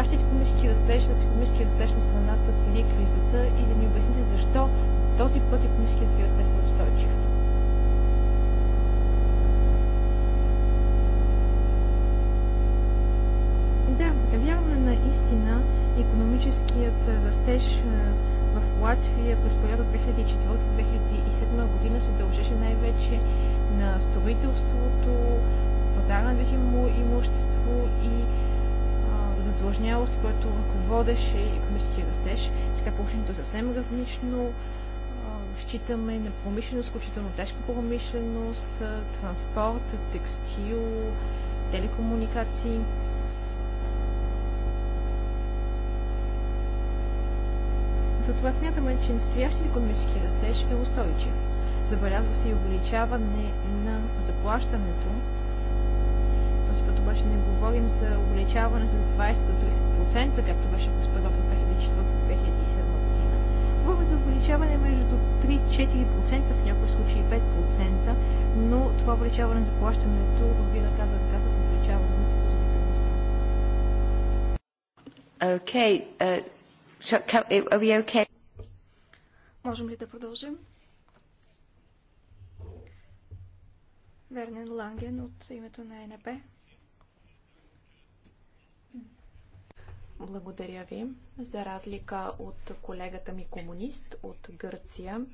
настоящият економически растеж с економически растеж на страната преди кризата и да ни обясните защо този път економическият ви растеж е устойчив. Да, вярваме наистина економическият растеж в Латвия през периода 2004-2007 година се дължеше най-вече на строителството, пазара на имущество и задлъжнялост, което ръководеше економически растеж. Сега положението е съвсем различно. Считаме на промишленост, включително тежка промишленост, транспорт, текстил, телекомуникации. Затова смятаме, че настоящият економически растеж е устойчив. Забелязва се и увеличаване на заплащането, законодателство, като обаче не говорим за увеличаване с 20 до 30%, както беше през периода 2004-2007 година. Говорим за увеличаване между 3-4%, в някои случаи 5%, но това увеличаване за плащането върви ръка казах каза с увеличаване на производителността. Okay. Uh, are we okay? Можем ли да продължим? Вернен Ланген от името на НП. Благодаря ви. За разлика от колегата ми комунист от Гърция,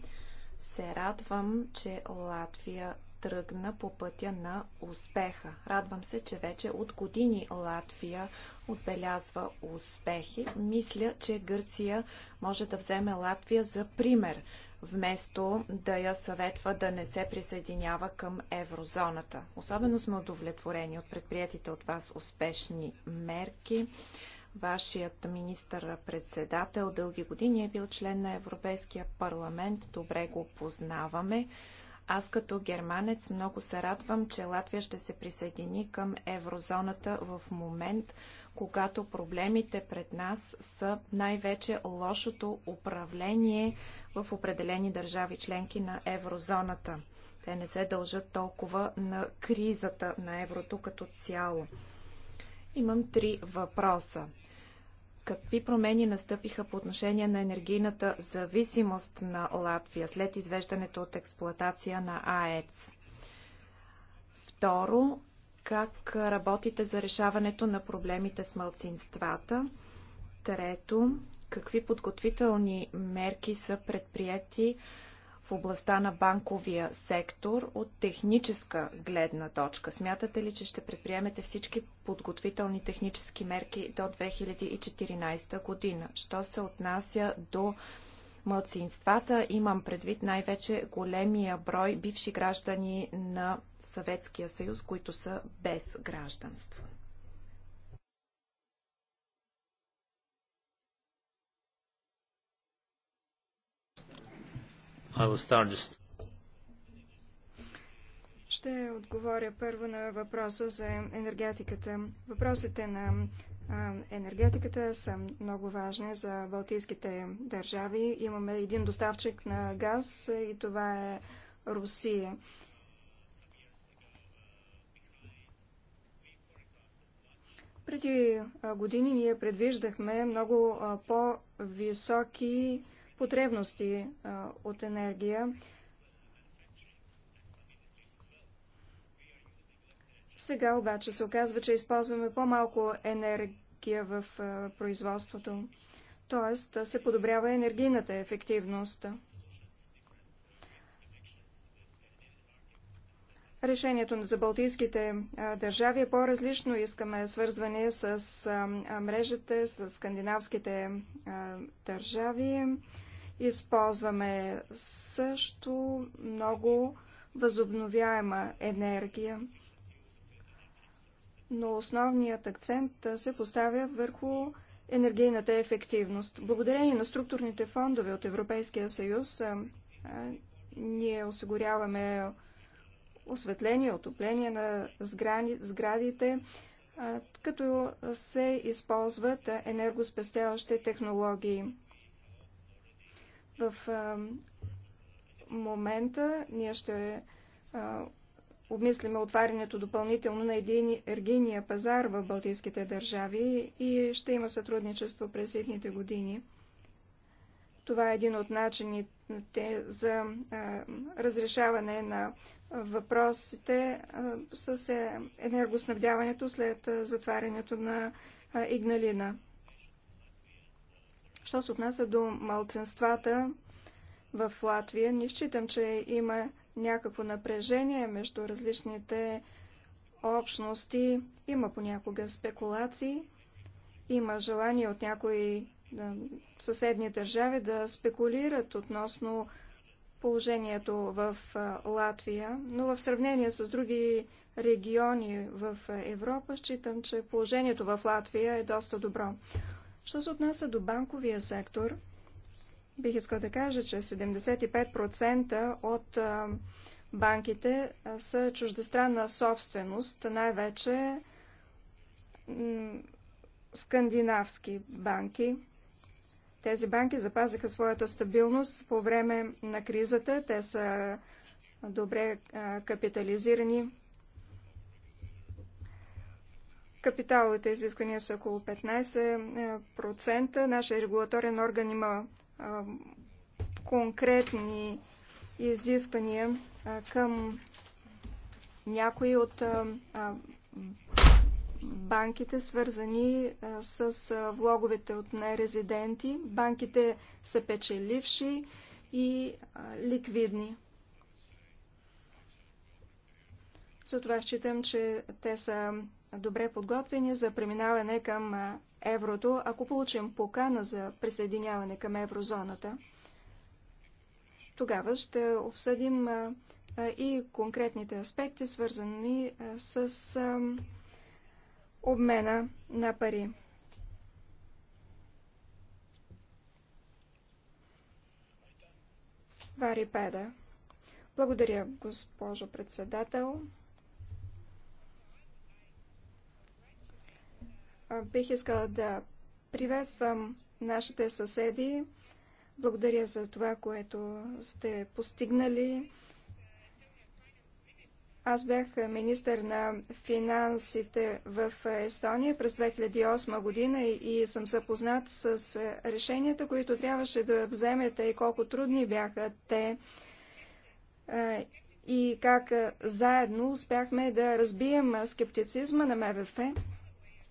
се радвам, че Латвия тръгна по пътя на успеха. Радвам се, че вече от години Латвия отбелязва успехи. Мисля, че Гърция може да вземе Латвия за пример, вместо да я съветва да не се присъединява към еврозоната. Особено сме удовлетворени от предприятите от вас успешни мерки. Вашият министър-председател дълги години е бил член на Европейския парламент. Добре го познаваме. Аз като германец много се радвам, че Латвия ще се присъедини към еврозоната в момент, когато проблемите пред нас са най-вече лошото управление в определени държави членки на еврозоната. Те не се дължат толкова на кризата на еврото като цяло. Имам три въпроса. Какви промени настъпиха по отношение на енергийната зависимост на Латвия след извеждането от експлоатация на АЕЦ? Второ, как работите за решаването на проблемите с мълцинствата? Трето, какви подготвителни мерки са предприяти в областта на банковия сектор от техническа гледна точка? Смятате ли, че ще предприемете всички подготвителни технически мерки до 2014 година? Що се отнася до мълцинствата, имам предвид най-вече големия брой бивши граждани на Съветския съюз, които са без гражданство. Just... Ще отговоря първо на въпроса за енергетиката. Въпросите на енергетиката са много важни за балтийските държави. Имаме един доставчик на газ и това е Русия. Преди години ние предвиждахме много по-високи потребности а, от енергия. Сега обаче се оказва, че използваме по-малко енергия в а, производството, т.е. се подобрява енергийната ефективност. Решението за балтийските държави е по-различно. Искаме свързване с мрежите, с скандинавските държави. Използваме също много възобновяема енергия, но основният акцент се поставя върху енергийната ефективност. Благодарение на структурните фондове от Европейския съюз, ние осигуряваме осветление, отопление на сградите, като се използват енергоспестяващи технологии. В момента ние ще обмислиме отварянето допълнително на един ергиния пазар в Балтийските държави и ще има сътрудничество през едните години. Това е един от начините за а, разрешаване на въпросите а, с е, енергоснабдяването след а, затварянето на а, Игналина. Що се отнася до малцинствата в Латвия, не считам, че има някакво напрежение между различните общности. Има понякога спекулации, има желание от някои съседни държави да спекулират относно положението в Латвия, но в сравнение с други региони в Европа, считам, че положението в Латвия е доста добро. Що се отнася до банковия сектор, бих искал да кажа, че 75% от банките са чуждестранна собственост, най-вече скандинавски банки. Тези банки запазиха своята стабилност по време на кризата. Те са добре капитализирани. Капиталовите изисквания са около 15%. Нашия регулаторен орган има конкретни изисквания към някои от банките, свързани с влоговете от нерезиденти. Банките са печеливши и ликвидни. Затова считам, че те са добре подготвени за преминаване към еврото, ако получим покана за присъединяване към еврозоната. Тогава ще обсъдим и конкретните аспекти, свързани с обмена на пари. Вари Педа. Благодаря, госпожо председател. Бих искала да приветствам нашите съседи. Благодаря за това, което сте постигнали. Аз бях министър на финансите в Естония през 2008 година и съм запознат с решенията, които трябваше да вземете и колко трудни бяха те и как заедно успяхме да разбием скептицизма на МВФ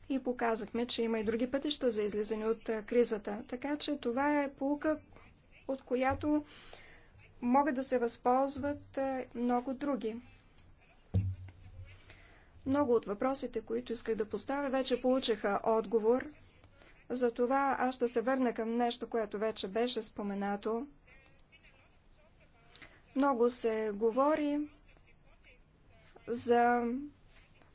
и показахме, че има и други пътища за излизане от кризата. Така че това е полука, от която могат да се възползват много други. Много от въпросите, които исках да поставя, вече получиха отговор. Затова аз ще се върна към нещо, което вече беше споменато. Много се говори за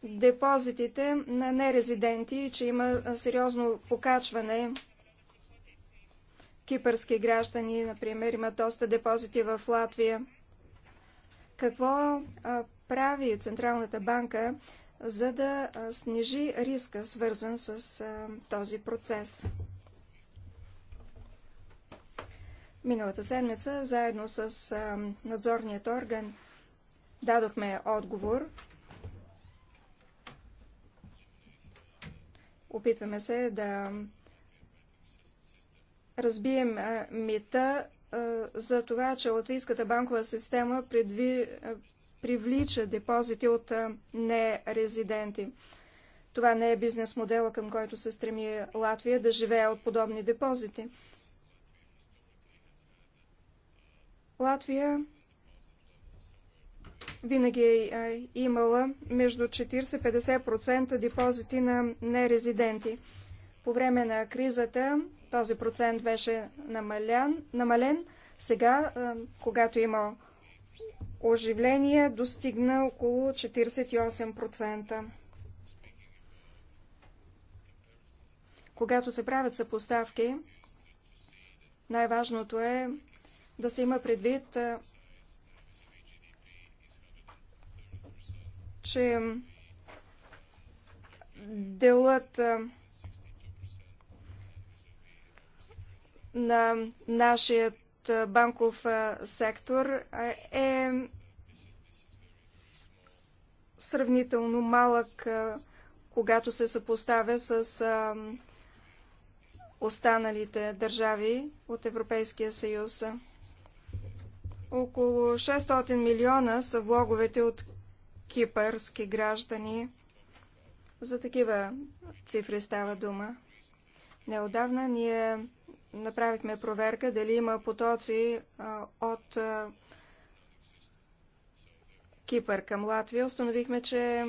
депозитите на нерезиденти и че има сериозно покачване. Кипърски граждани, например, имат доста депозити в Латвия. Какво прави Централната банка, за да снижи риска, свързан с този процес? Миналата седмица, заедно с надзорният орган, дадохме отговор Опитваме се да разбием мита за това, че латвийската банкова система предви... привлича депозити от нерезиденти. Това не е бизнес модела, към който се стреми Латвия да живее от подобни депозити. Латвия винаги е, е имала между 40-50% депозити на нерезиденти. По време на кризата този процент беше намалян, намален. Сега, е, когато има оживление, достигна около 48%. Когато се правят съпоставки, най-важното е да се има предвид, е, че делът на нашият банков сектор е сравнително малък, когато се съпоставя с останалите държави от Европейския съюз. Около 600 милиона са влоговете от кипърски граждани. За такива цифри става дума. Неодавна ние направихме проверка дали има потоци от Кипър към Латвия. Установихме, че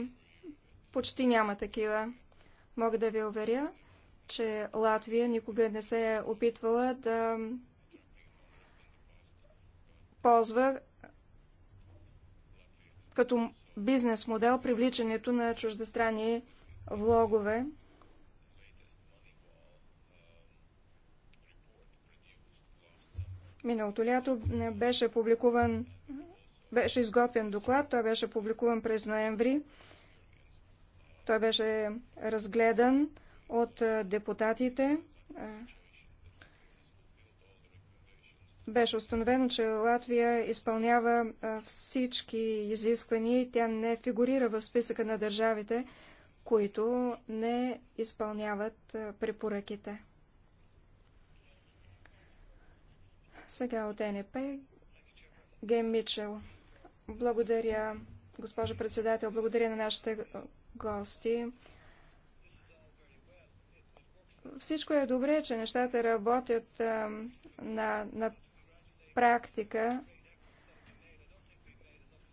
почти няма такива. Мога да ви уверя, че Латвия никога не се е опитвала да ползва като бизнес модел привличането на чуждестранни влогове. Миналото лято беше публикуван, беше изготвен доклад, той беше публикуван през ноември. Той беше разгледан от депутатите беше установено, че Латвия изпълнява всички изисквания и тя не фигурира в списъка на държавите, които не изпълняват препоръките. Сега от НП Гем Мичел. Благодаря, госпожо председател, благодаря на нашите гости. Всичко е добре, че нещата работят а, на, на практика,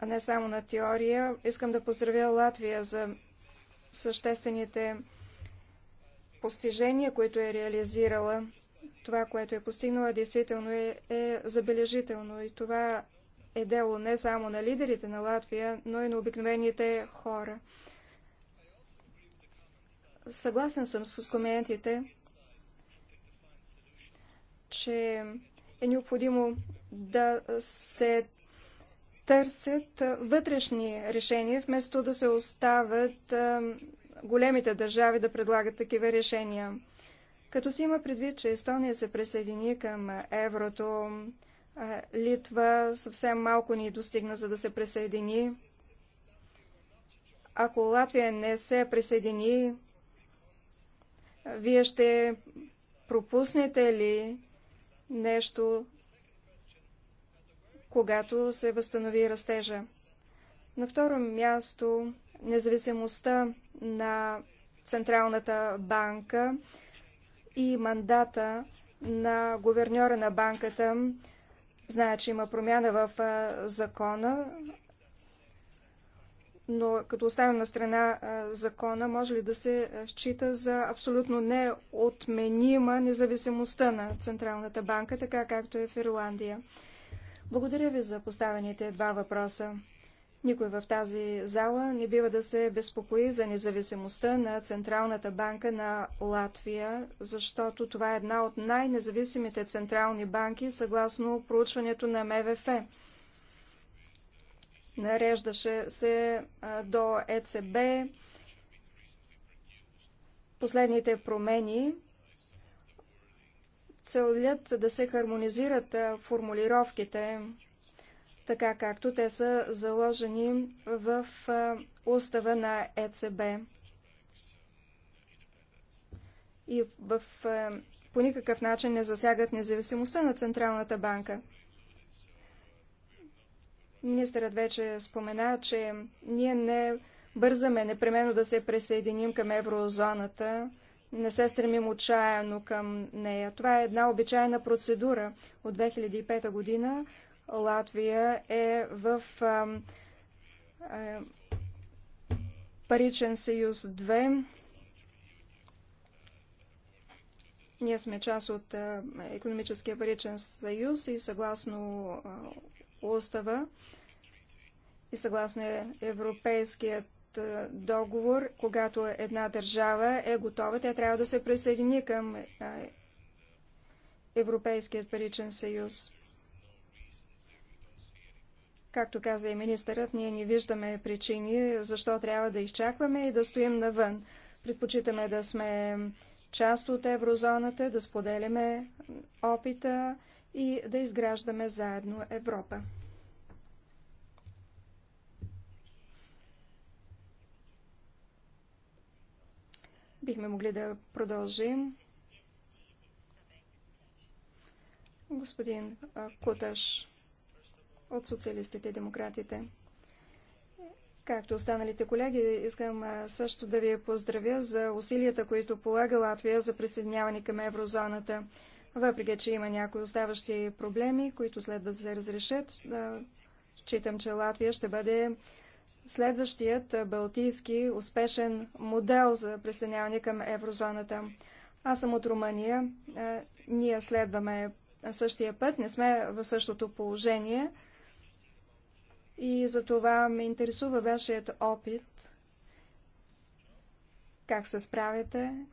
а не само на теория. Искам да поздравя Латвия за съществените постижения, които е реализирала. Това, което е постигнала, действително е, е забележително и това е дело не само на лидерите на Латвия, но и на обикновените хора. Съгласен съм с коментите, че е необходимо да се търсят вътрешни решения, вместо да се оставят големите държави да предлагат такива решения. Като се има предвид, че Естония се присъедини към еврото, Литва съвсем малко ни достигна, за да се присъедини. Ако Латвия не се присъедини, вие ще пропуснете ли нещо, когато се възстанови растежа. На второ място, независимостта на Централната банка и мандата на гуверньора на банката. Зная, че има промяна в закона, но като оставим на страна закона, може ли да се счита за абсолютно неотменима независимостта на Централната банка, така както е в Ирландия? Благодаря ви за поставените два въпроса. Никой в тази зала не бива да се безпокои за независимостта на Централната банка на Латвия, защото това е една от най-независимите централни банки, съгласно проучването на МВФ нареждаше се до ЕЦБ. Последните промени целят да се хармонизират формулировките, така както те са заложени в устава на ЕЦБ. И в, по никакъв начин не засягат независимостта на Централната банка. Министърът вече спомена, че ние не бързаме непременно да се присъединим към еврозоната, не се стремим отчаяно към нея. Това е една обичайна процедура. От 2005 година Латвия е в а, а, Паричен съюз 2. Ние сме част от а, Економическия паричен съюз и съгласно а, устава и съгласно е Европейският е, договор, когато една държава е готова, тя трябва да се присъедини към е, Европейският паричен съюз. Както каза и министърът, ние не виждаме причини, защо трябва да изчакваме и да стоим навън. Предпочитаме да сме част от еврозоната, да споделяме опита, и да изграждаме заедно Европа. Бихме могли да продължим. Господин Куташ от социалистите и демократите. Както останалите колеги, искам също да ви поздравя за усилията, които полага Латвия за присъединяване към еврозоната. Въпреки, че има някои оставащи проблеми, които следва да се разрешат, читам, че Латвия ще бъде следващият балтийски успешен модел за присъединяване към еврозоната. Аз съм от Румъния. Ние следваме същия път, не сме в същото положение. И за това ме интересува вашият опит. Как се справяте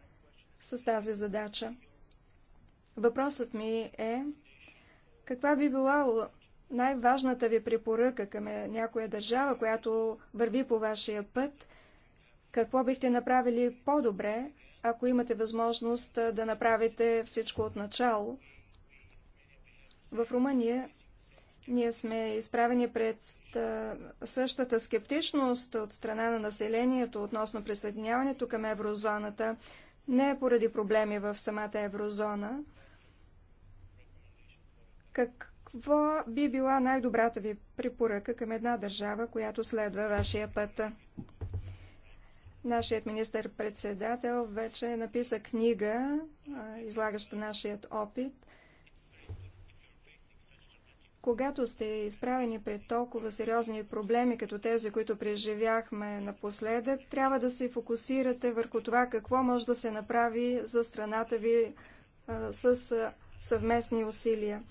с тази задача? Въпросът ми е, каква би била най-важната ви препоръка към някоя държава, която върви по вашия път? Какво бихте направили по-добре, ако имате възможност да направите всичко от начало? В Румъния ние сме изправени пред същата скептичност от страна на населението относно присъединяването към еврозоната, не поради проблеми в самата еврозона, какво би била най-добрата ви препоръка към една държава, която следва вашия път? Нашият министър-председател вече написа книга, излагаща нашият опит. Когато сте изправени пред толкова сериозни проблеми, като тези, които преживяхме напоследък, трябва да се фокусирате върху това какво може да се направи за страната ви с съвместни усилия.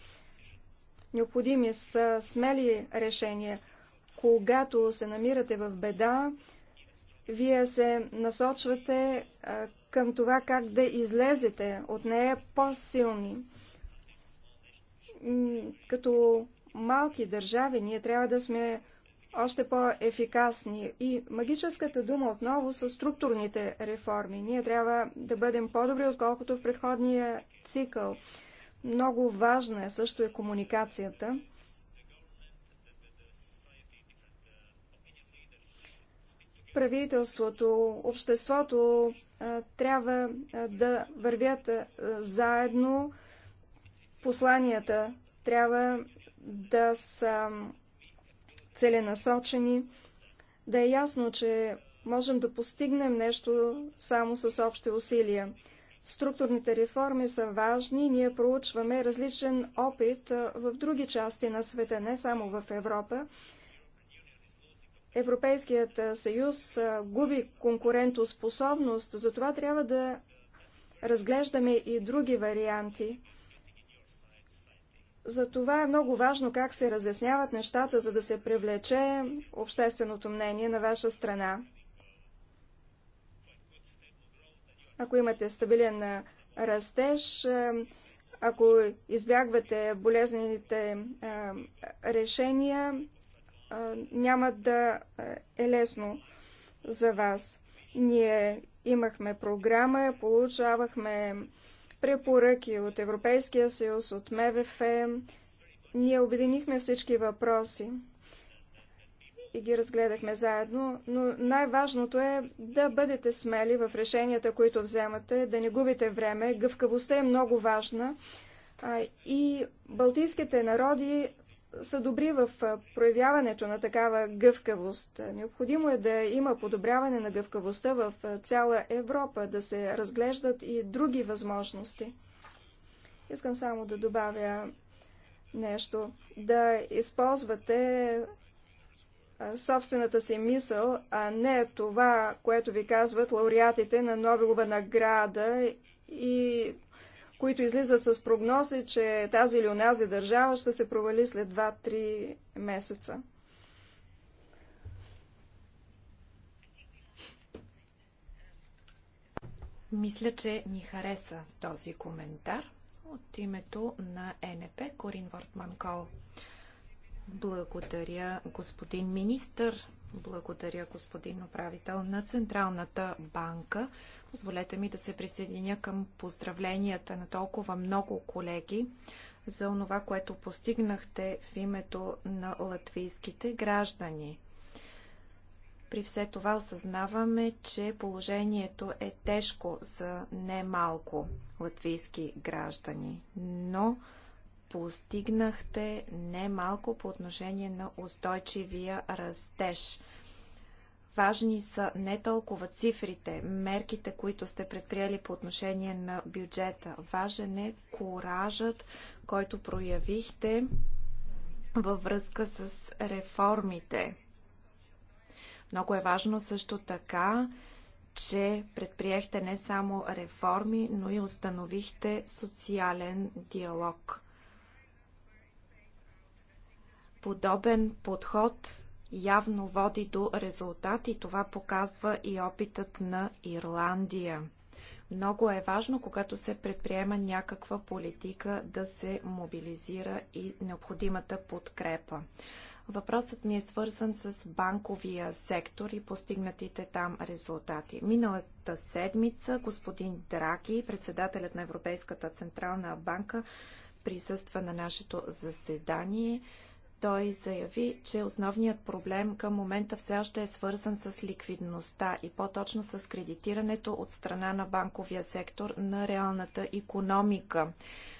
Необходими са смели решения. Когато се намирате в беда, вие се насочвате към това как да излезете от нея по-силни. Като малки държави ние трябва да сме още по-ефикасни. И магическата дума отново са структурните реформи. Ние трябва да бъдем по-добри, отколкото в предходния цикъл. Много важна е също е комуникацията. Правителството, обществото трябва да вървят заедно. Посланията трябва да са целенасочени, да е ясно, че можем да постигнем нещо само с общи усилия. Структурните реформи са важни. Ние проучваме различен опит в други части на света, не само в Европа. Европейският съюз губи конкурентоспособност, затова трябва да разглеждаме и други варианти. Затова е много важно как се разясняват нещата, за да се привлече общественото мнение на ваша страна. ако имате стабилен растеж, ако избягвате болезнените решения, няма да е лесно за вас. Ние имахме програма, получавахме препоръки от Европейския съюз, от МВФ. Ние обединихме всички въпроси и ги разгледахме заедно, но най-важното е да бъдете смели в решенията, които вземате, да не губите време. Гъвкавостта е много важна и балтийските народи са добри в проявяването на такава гъвкавост. Необходимо е да има подобряване на гъвкавостта в цяла Европа, да се разглеждат и други възможности. Искам само да добавя нещо. Да използвате собствената си мисъл, а не това, което ви казват лауреатите на Нобелова награда и които излизат с прогнози, че тази или онази държава ще се провали след 2-3 месеца. Мисля, че ни хареса този коментар от името на НП Корин Вортман Кол. Благодаря, господин министър. Благодаря, господин управител на Централната банка. Позволете ми да се присъединя към поздравленията на толкова много колеги за това, което постигнахте в името на латвийските граждани. При все това осъзнаваме, че положението е тежко за немалко латвийски граждани, но постигнахте немалко по отношение на устойчивия растеж. Важни са не толкова цифрите, мерките, които сте предприели по отношение на бюджета. Важен е коражът, който проявихте във връзка с реформите. Много е важно също така, че предприехте не само реформи, но и установихте социален диалог. Подобен подход явно води до резултат и това показва и опитът на Ирландия. Много е важно, когато се предприема някаква политика, да се мобилизира и необходимата подкрепа. Въпросът ми е свързан с банковия сектор и постигнатите там резултати. Миналата седмица господин Драги, председателят на Европейската централна банка, присъства на нашето заседание. Той заяви, че основният проблем към момента все още е свързан с ликвидността и по-точно с кредитирането от страна на банковия сектор на реалната економика.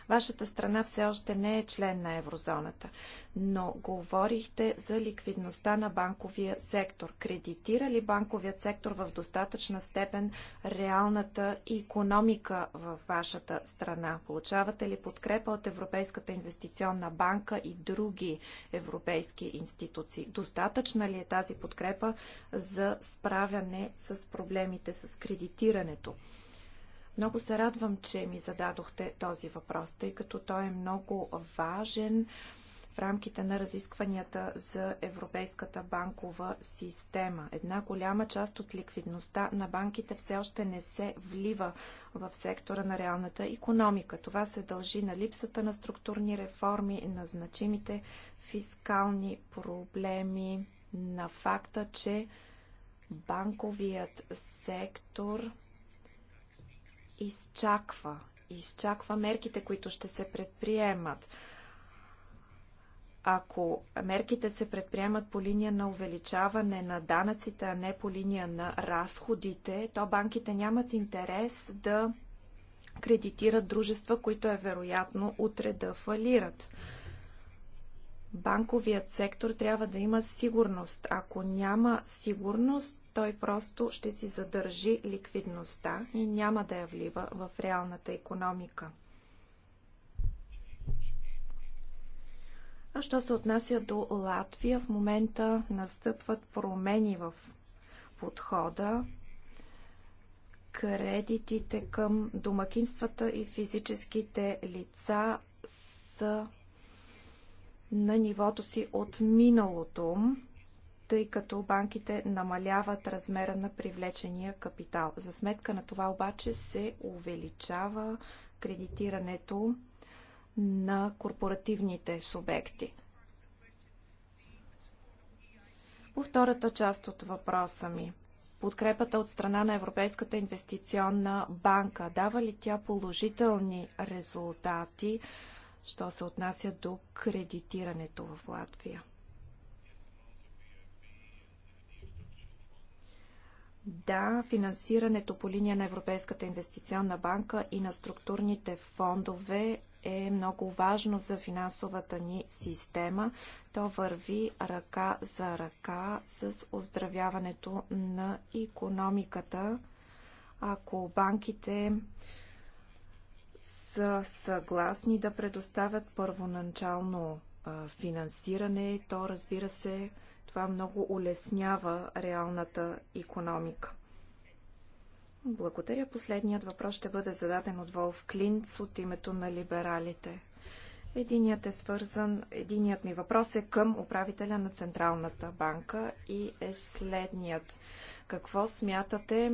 Вашата страна все още не е член на еврозоната, но говорихте за ликвидността на банковия сектор. Кредитира ли банковият сектор в достатъчна степен реалната економика в вашата страна? Получавате ли подкрепа от Европейската инвестиционна банка и други европейски институции? Достатъчна ли е тази подкрепа за справяне с проблемите с кредитирането? Много се радвам, че ми зададохте този въпрос, тъй като той е много важен в рамките на разискванията за Европейската банкова система. Една голяма част от ликвидността на банките все още не се влива в сектора на реалната економика. Това се дължи на липсата на структурни реформи, на значимите фискални проблеми, на факта, че банковият сектор – изчаква. Изчаква мерките, които ще се предприемат. Ако мерките се предприемат по линия на увеличаване на данъците, а не по линия на разходите, то банките нямат интерес да кредитират дружества, които е вероятно утре да фалират банковият сектор трябва да има сигурност. Ако няма сигурност, той просто ще си задържи ликвидността и няма да я влива в реалната економика. А що се отнася до Латвия, в момента настъпват промени в подхода. Кредитите към домакинствата и физическите лица са на нивото си от миналото тъй като банките намаляват размера на привлечения капитал. За сметка на това обаче се увеличава кредитирането на корпоративните субекти. По втората част от въпроса ми. Подкрепата от страна на Европейската инвестиционна банка. Дава ли тя положителни резултати, що се отнася до кредитирането в Латвия? Да, финансирането по линия на Европейската инвестиционна банка и на структурните фондове е много важно за финансовата ни система. То върви ръка за ръка с оздравяването на економиката. Ако банките са съгласни да предоставят първоначално финансиране, то разбира се това много улеснява реалната економика. Благодаря. Последният въпрос ще бъде зададен от Волф Клинц от името на либералите. Единият е свързан, единият ми въпрос е към управителя на Централната банка и е следният. Какво смятате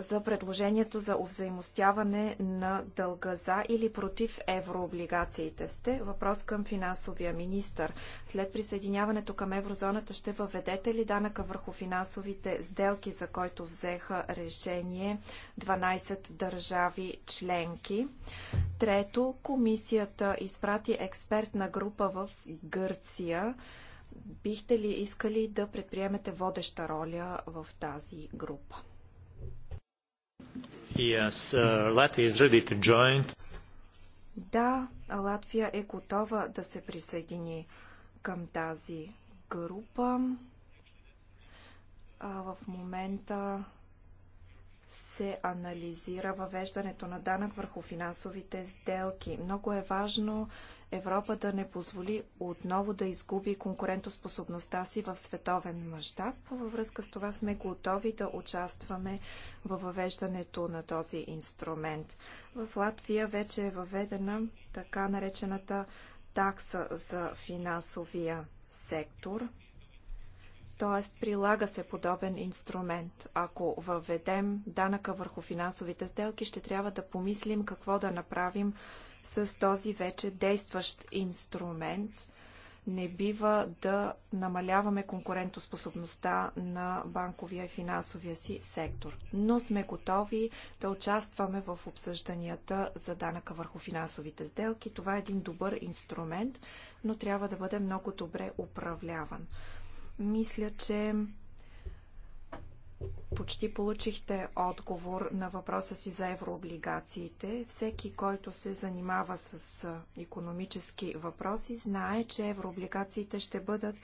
за предложението за овзаимостяване на дълга за или против еврооблигациите сте? Въпрос към финансовия министр. След присъединяването към еврозоната ще въведете ли данъка върху финансовите сделки, за който взеха решение 12 държави членки? Трето, комисията изпрати експертна група в Гърция. Бихте ли искали да предприемете водеща роля в тази група? Yes, uh, Latvia is ready to join. Да, Латвия е готова да се присъедини към тази група. А в момента се анализира въвеждането на данък върху финансовите сделки. Много е важно Европа да не позволи отново да изгуби конкурентоспособността си в световен мащаб. Във връзка с това сме готови да участваме във въвеждането на този инструмент. В Латвия вече е въведена така наречената такса за финансовия сектор, Тоест, прилага се подобен инструмент. Ако въведем данъка върху финансовите сделки, ще трябва да помислим какво да направим с този вече действащ инструмент. Не бива да намаляваме конкурентоспособността на банковия и финансовия си сектор, но сме готови да участваме в обсъжданията за данъка върху финансовите сделки. Това е един добър инструмент, но трябва да бъде много добре управляван. Мисля, че почти получихте отговор на въпроса си за еврооблигациите. Всеки, който се занимава с економически въпроси, знае, че еврооблигациите ще бъдат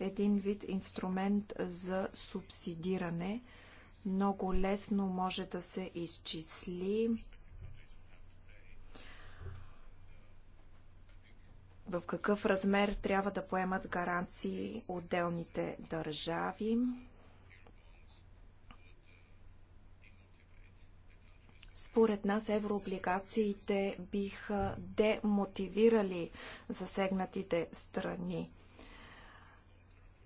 един вид инструмент за субсидиране. Много лесно може да се изчисли в какъв размер трябва да поемат гаранции отделните държави. Според нас еврооблигациите биха демотивирали засегнатите страни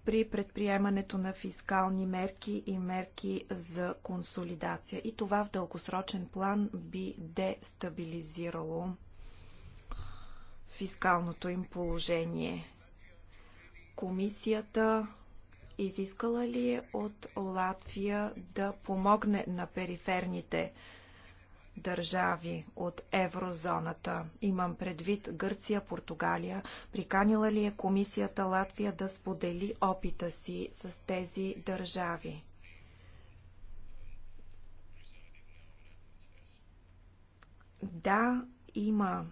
при предприемането на фискални мерки и мерки за консолидация. И това в дългосрочен план би дестабилизирало фискалното им положение. Комисията изискала ли е от Латвия да помогне на периферните страни? държави от еврозоната. Имам предвид Гърция, Португалия. Приканила ли е комисията Латвия да сподели опита си с тези държави? Да, има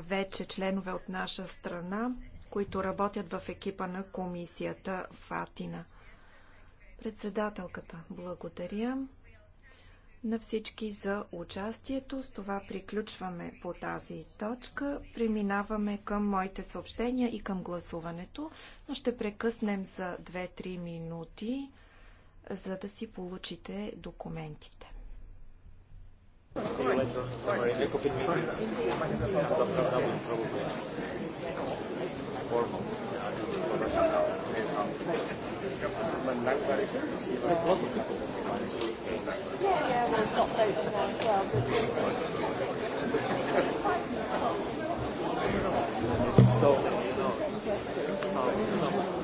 вече членове от наша страна, които работят в екипа на комисията Фатина. Председателката, благодаря на всички за участието. С това приключваме по тази точка. Преминаваме към моите съобщения и към гласуването, но ще прекъснем за 2-3 минути, за да си получите документите. Formal glaube, das ist mein langweiligstes Thema. Yeah, yeah, we've got votes now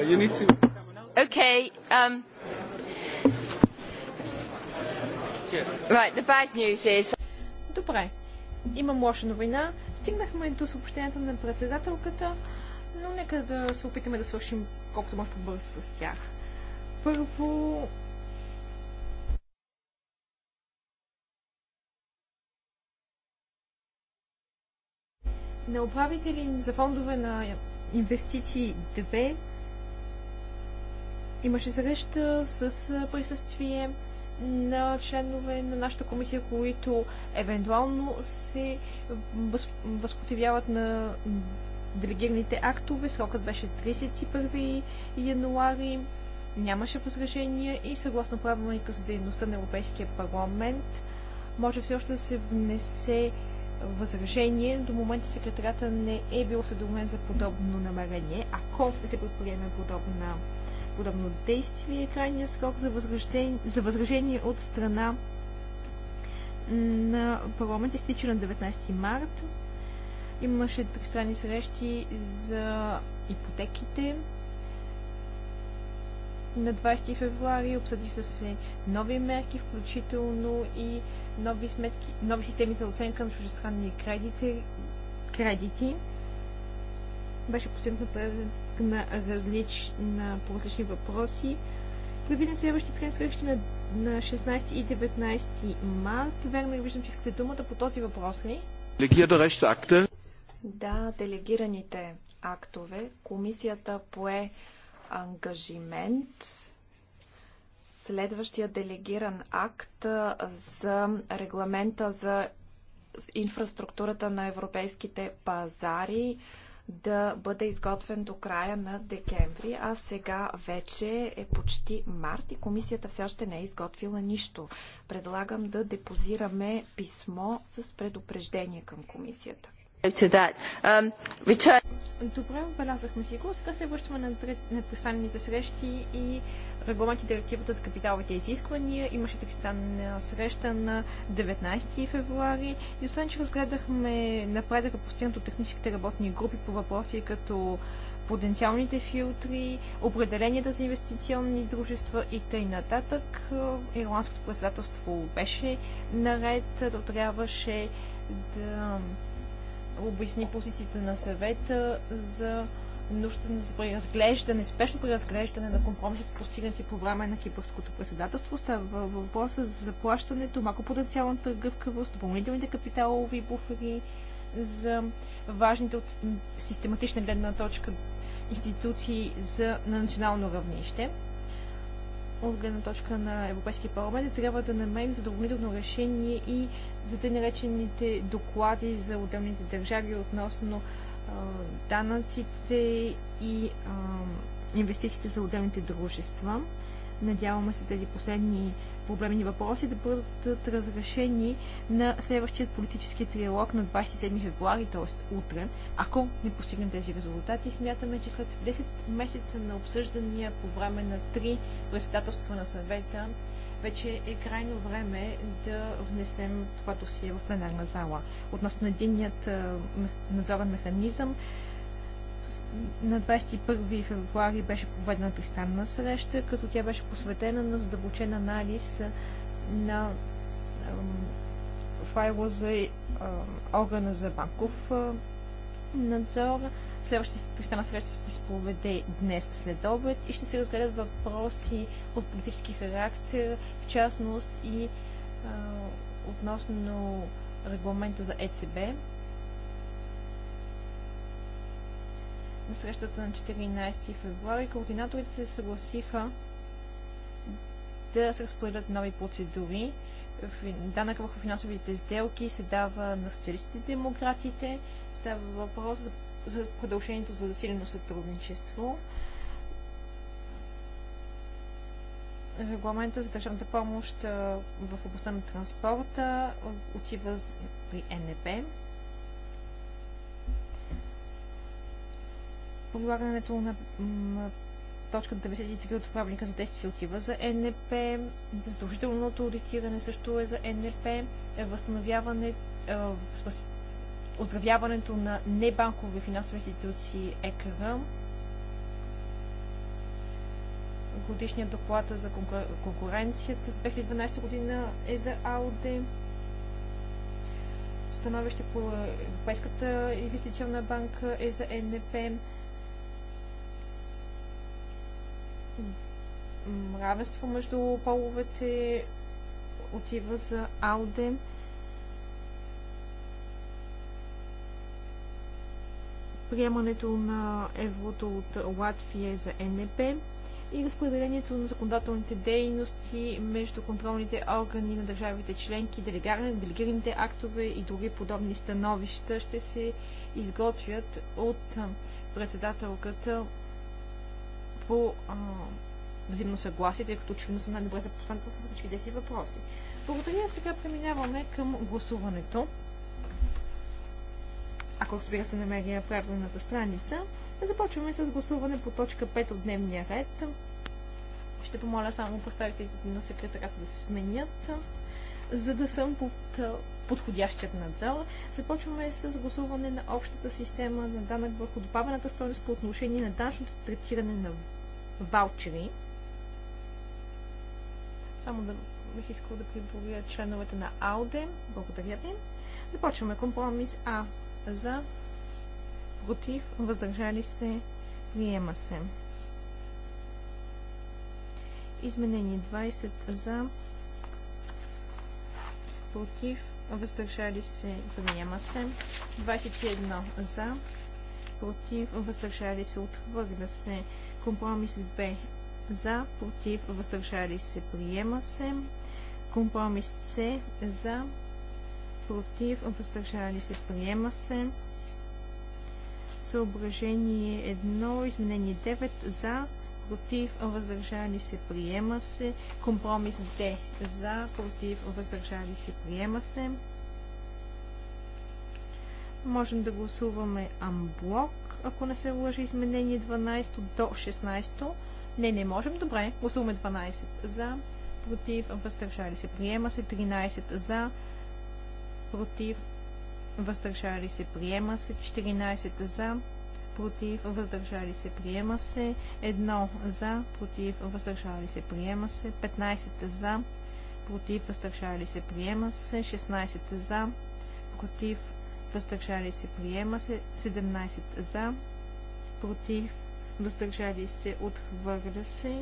You need to. Okay. Um, right, the bad news is... Добре. Имам лоша новина. Стигнахме до съобщенията на председателката, но нека да се опитаме да свършим колкото може по-бързо с тях. Първо, на управители за фондове на инвестиции 2 Имаше среща с присъствие на членове на нашата комисия, които евентуално се възпротивяват на делегираните актове. Срокът беше 31 януари. Нямаше възражения и съгласно правилника за дейността на Европейския парламент може все още да се внесе възражение. До момента секретарята не е бил осведомен за подобно намерение. Ако се предприеме подобна подобно действие. Е крайния срок за възражение, за възражение от страна на парламент изтича на 19 март. Имаше тристранни срещи за ипотеките. На 20 февруари обсъдиха се нови мерки, включително и нови, сметки, нови системи за оценка на чужестранни кредити. кредити. Беше постигнат на, различ, на по различни въпроси. Предвиден следващи трен срещи на, на 16 и 19 март. Вернер, виждам, че искате думата по този въпрос ли? Делегирате речсакта. Да, делегираните актове. Комисията пое ангажимент следващия делегиран акт за регламента за инфраструктурата на европейските пазари да бъде изготвен до края на декември, а сега вече е почти март и комисията все още не е изготвила нищо. Предлагам да депозираме писмо с предупреждение към комисията. Um, Добре, отбелязахме си го. Сега се връщаме на, на срещи и регламент и директивата за капиталовите изисквания. Имаше тристранна среща на 19 февруари и освен, че разгледахме напредъка постигнато от техническите работни групи по въпроси като потенциалните филтри, определенията за инвестиционни дружества и тъй нататък. Е, ирландското председателство беше наред, то трябваше да обясни позициите на съвета за нуждата за преразглеждане, спешно преразглеждане на компромисите, постигнати по време на кипърското председателство. Става въпроса за заплащането, макропотенциалната гъвкавост, допълнителните капиталови буфери за важните от систематична гледна точка институции за, на национално равнище. От гледна точка на Европейския парламент трябва да намерим задоволително решение и за те наречените доклади за отделните държави относно данъците и инвестициите за отделните дружества. Надяваме се тези последни проблемни въпроси да бъдат разрешени на следващия политически триалог на 27 февруари, т.е. утре. Ако не постигнем тези резултати, смятаме, че след 10 месеца на обсъждания по време на три председателства на съвета вече е крайно време да внесем това досие в пленарна зала. Относно единният надзорен механизъм, на 21 февруари беше проведена тристанна среща, като тя беше посветена на задълбочен анализ на файла за органа за банков надзор. Следващата на среща ще се проведе днес след обед и ще се разгледат въпроси от политически характер, в частност и а, относно регламента за ЕЦБ. На срещата на 14 февруари координаторите се съгласиха да се разпределят нови процедури. Данък върху финансовите сделки се дава на социалистите и демократите. Става въпрос за за продължението за засилено сътрудничество. Регламента за държавната помощ в областта на транспорта отива при НЕП. Прилагането на точка 93 от управника за действие отива за НП, задължителното аудитиране също е за НП, е, възстановяване, е, оздравяването на небанкови финансови институции ЕКР. Годишният доклад за конкуренцията за 2012 година е за АОДЕ. Становище по Европейската инвестиционна банка е за НП. Равенство между половете отива за АОДЕ приемането на еврото от Латвия за НП и разпределението на законодателните дейности между контролните органи на държавите членки, делегираните актове и други подобни становища ще се изготвят от председателката по взаимно съгласие, тъй като очевидно съм най-добре запозната с всички тези въпроси. Благодаря. Сега преминаваме към гласуването ако разбира се намери на е правилната страница. Започваме с гласуване по точка 5 от дневния ред. Ще помоля само представителите на секретарата да се сменят, за да съм под подходящият надзор. Започваме с гласуване на общата система на данък върху добавената стоеност по отношение на данъчното третиране на ваучери. Само да бих искал да приборя членовете на АУДЕ. Благодаря ви. Започваме компромис А за, против, въздържали се, приема се. Изменение 20 за, против, въздържали се, приема се. 21 за, против, въздържали се, отхвърля се. Компромис Б за, против, въздържали се, приема се. Компромис С за, против, въздържали се, приема се. Съображение 1, изменение 9 за, против, въздържали се, приема се. Компромис Д за, против, въздържали се, приема се. Можем да гласуваме амблок, ако не се лъжи изменение 12 до 16. Не, не можем. Добре, гласуваме 12 за, против, въздържали се, приема се. 13 за, против, въздържали се, приема се, 14 за, против, въздържали се, приема се, 1 за, против, въздържали се, приема се, 15 за, против, въздържали се, приема се, 16 за, против, въздържали се, приема се, 17 за, против, въздържали се, отхвърля се.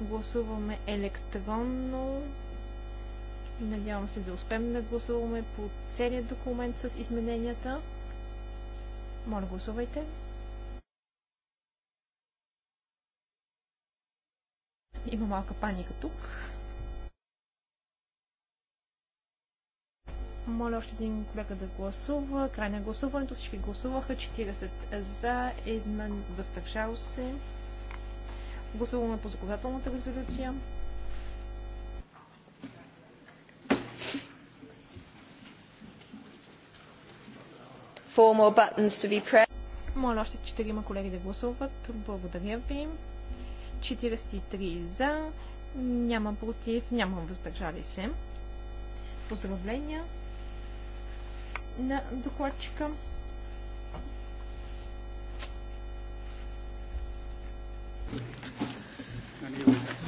Гласуваме електронно Надявам се да успеем да гласуваме по целият документ с измененията. Моля, гласувайте. Има малка паника тук. Моля още един колега да гласува. Край на гласуването всички гласуваха. 40 за, една въздържал се. Гласуваме по законодателната резолюция. Four more buttons to be pressed. Моля още четирима колеги да гласуват. Благодаря ви. 43 за, няма против, няма въздържали се. Поздравления на докладчика.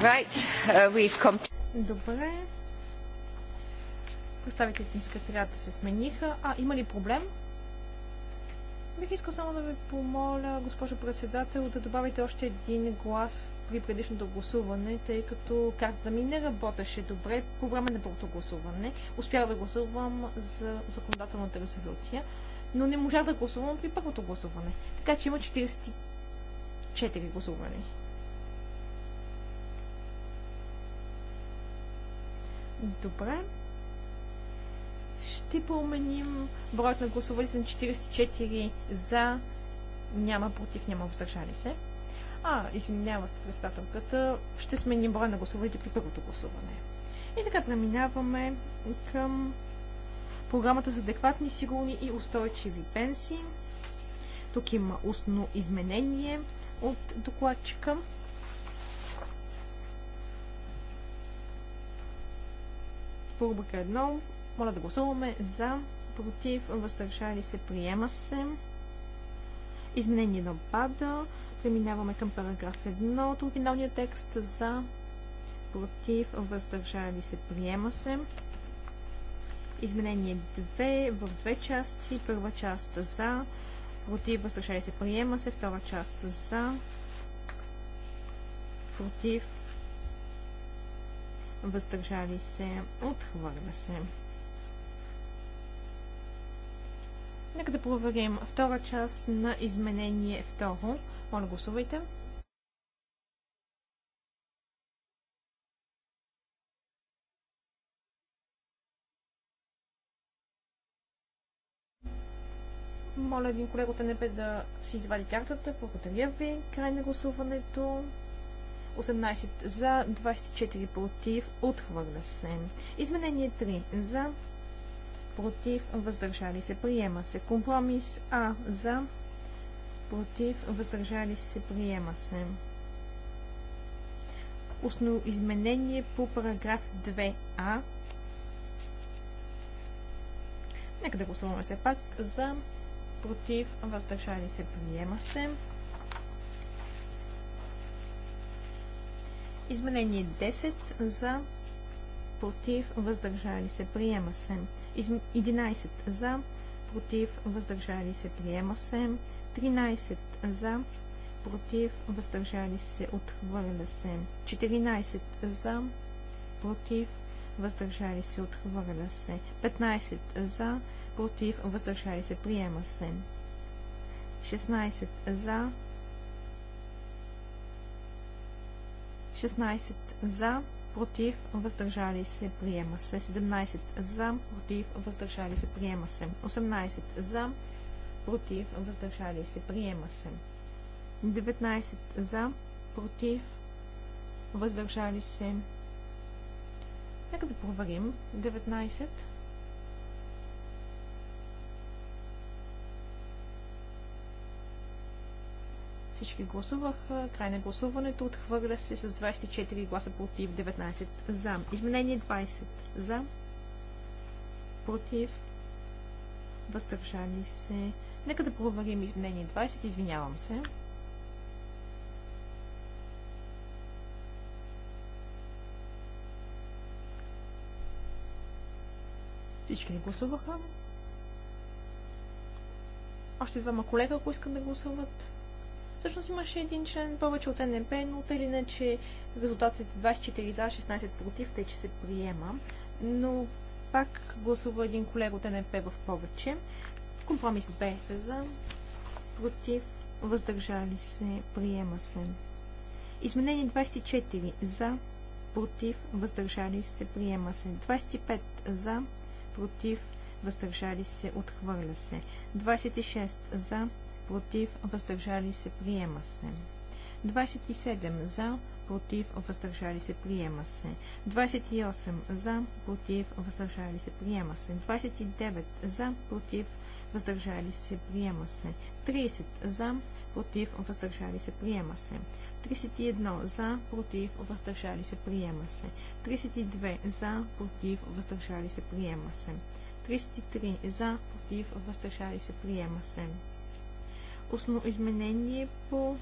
Right, uh, we've Добре. Представителите на секретарията се смениха. А, има ли проблем? Бих искал само да ви помоля, госпожо председател, да добавите още един глас при предишното гласуване, тъй като картата ми не работеше добре по време на първото гласуване. Успях да гласувам за законодателната резолюция, но не можах да гласувам при първото гласуване. Така че има 44 гласувани. Добре ще променим броят на гласувалите на 44 за, няма против, няма въздържали се. А, извинява се председателката, ще сменим броя на гласувалите при първото гласуване. И така преминаваме към програмата за адекватни, сигурни и устойчиви пенсии. Тук има устно изменение от докладчика. По рубрика 1 моля да гласуваме за, против, въздържали се, приема се. Изменение на пада. Преминаваме към параграф 1 от оригиналния текст за, против, въздържали се, приема се. Изменение 2 в две части. Първа част за, против, въздържали се, приема се. Втора част за, против, въздържали се, отхвърля се. Нека да проверим втора част на изменение второ. Моля, гласувайте. Моля един колега от НП да си извади картата. Благодаря ви. Край на гласуването. 18 за, 24 против. Отхвърля се. Изменение 3 за, против, въздържали се, приема се. Компромис А за, против, въздържали се, приема се. Основно изменение по параграф 2а. Нека да гласуваме все пак за, против, въздържали се, приема се. Изменение 10 за, против, въздържали се, приема се. 11 за, против, въздържали се, приема се. 13 за, против, въздържали се, отхвърля се. 14 за, против, въздържали се, отхвърля се. 15 за, против, въздържали се, приема се. 16 за, 16 за, против, въздържали се, приема се. 17 за, против, въздържали се, приема се. 18 за, против, въздържали се, приема се. 19 за, против, въздържали се. Нека да проверим. 19 Всички гласуваха. Край на гласуването. Отхвърля се с 24 гласа против, 19 за. Изменение 20 за. Против. Въздържали се. Нека да проверим изменение 20. Извинявам се. Всички не гласуваха. Още двама колега, ако искат да гласуват. Всъщност имаше един член повече от НП, но тъй или иначе резултатът е 24 за, 16 против, тъй че се приема. Но пак гласува един колега от НП в повече. Компромис Б е за, против, въздържали се, приема се. Изменение 24 за, против, въздържали се, приема се. 25 за, против, въздържали се, отхвърля се. 26 за, против, въздържали се, приема се. 27 за, против, въздържали се, приема се. 28 за, против, въздържали се, приема се. 29 за, против, въздържали се, приема се. 30 за, против, въздържали се, приема се. 31 за, против, въздържали се, приема се. 32 за, против, въздържали се, приема се. 33 за, против, въздържали се, приема се устно изменение по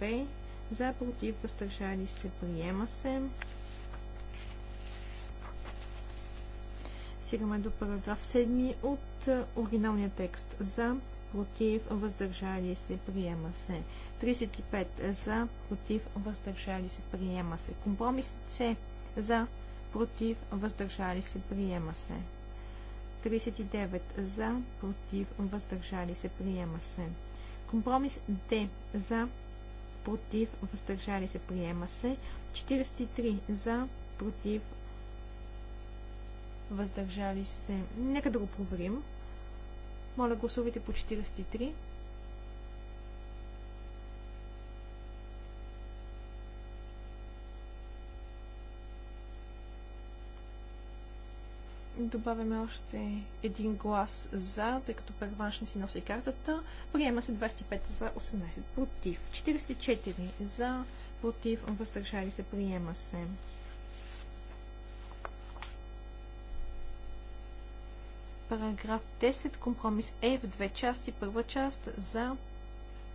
2. За, против, въздържали се, приема се. Стигаме до параграф 7 от оригиналния текст. За, против, въздържали се, приема се. 35 за, против, въздържали се, приема се. Компромис С за, против, въздържали се, приема се. 39 за, против, въздържали се, приема се. Компромис Д за, против, въздържали се, приема се. 43 за, против, въздържали се. Нека да го проверим. Моля, гласувайте по 43. добавяме още един глас за, тъй като първанш не си носи картата. Приема се 25 за, 18 против. 44 за, против, въздържали се, приема се. Параграф 10, компромис Е в две части. Първа част за,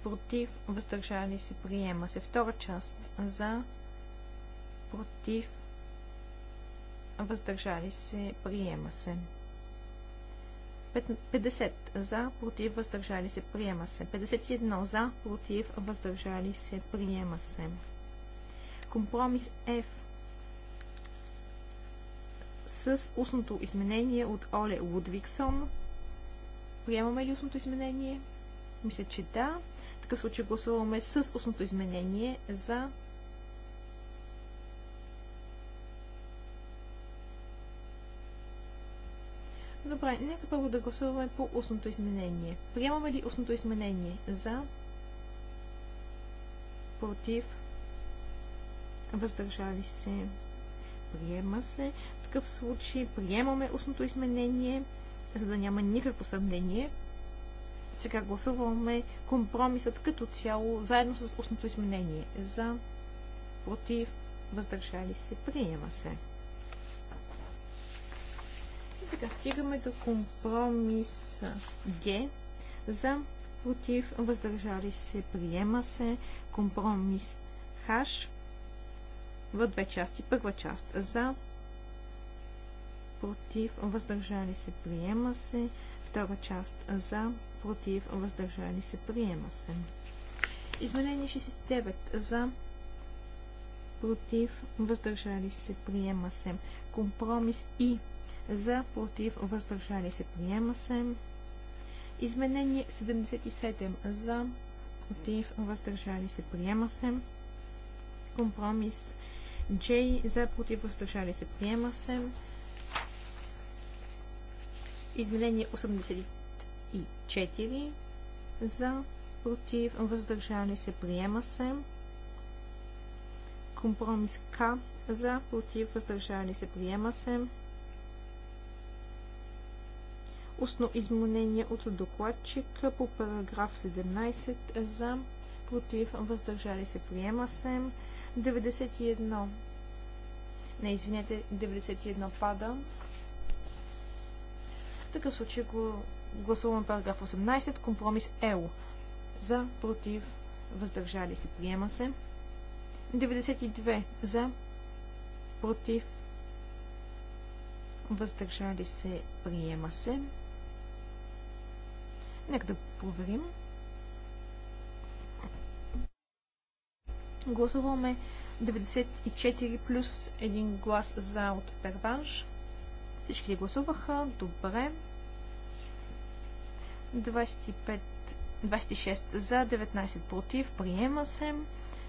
против, въздържали се, приема се. Втора част за, против, въздържали се, приема се. 50 за, против, въздържали се, приема се. 51 за, против, въздържали се, приема се. Компромис F с устното изменение от Оле Лудвиксон. Приемаме ли устното изменение? Мисля, че да. В такъв случай гласуваме с устното изменение за Добре, нека първо да гласуваме по устното изменение. Приемаме ли устното изменение? За, против, въздържали се, приема се. В такъв случай приемаме устното изменение, за да няма никакво съмнение. Сега гласуваме компромисът като цяло, заедно с устното изменение. За, против, въздържали се, приема се. Така стигаме до компромис Г за против, въздържали се, приема се, компромис Х в две части. Първа част за против, въздържали се, приема се. Втора част за против, въздържали се, приема се. Изменение 69 за против, въздържали се, приема се. Компромис И за, против, въздържали се, приема се. Изменение 77 за, против, въздържали се, приема се. Компромис J за, против, въздържали се, приема се. Изменение 84 за, против, въздържали се, приема се. Компромис К за, против, въздържали се, приема се. Устно изменение от докладчик по параграф 17 за против, въздържали се, приема се. 91. Не, извинете, 91 пада. В такъв случай го гласуваме параграф 18, компромис ЕО. За, против, въздържали се, приема се. 92 за, против, въздържали се, приема се. Нека да проверим. Гласуваме 94 плюс 1 глас за от Перванш. Всички ли гласуваха? Добре. 25, 26 за, 19 против. Приема се.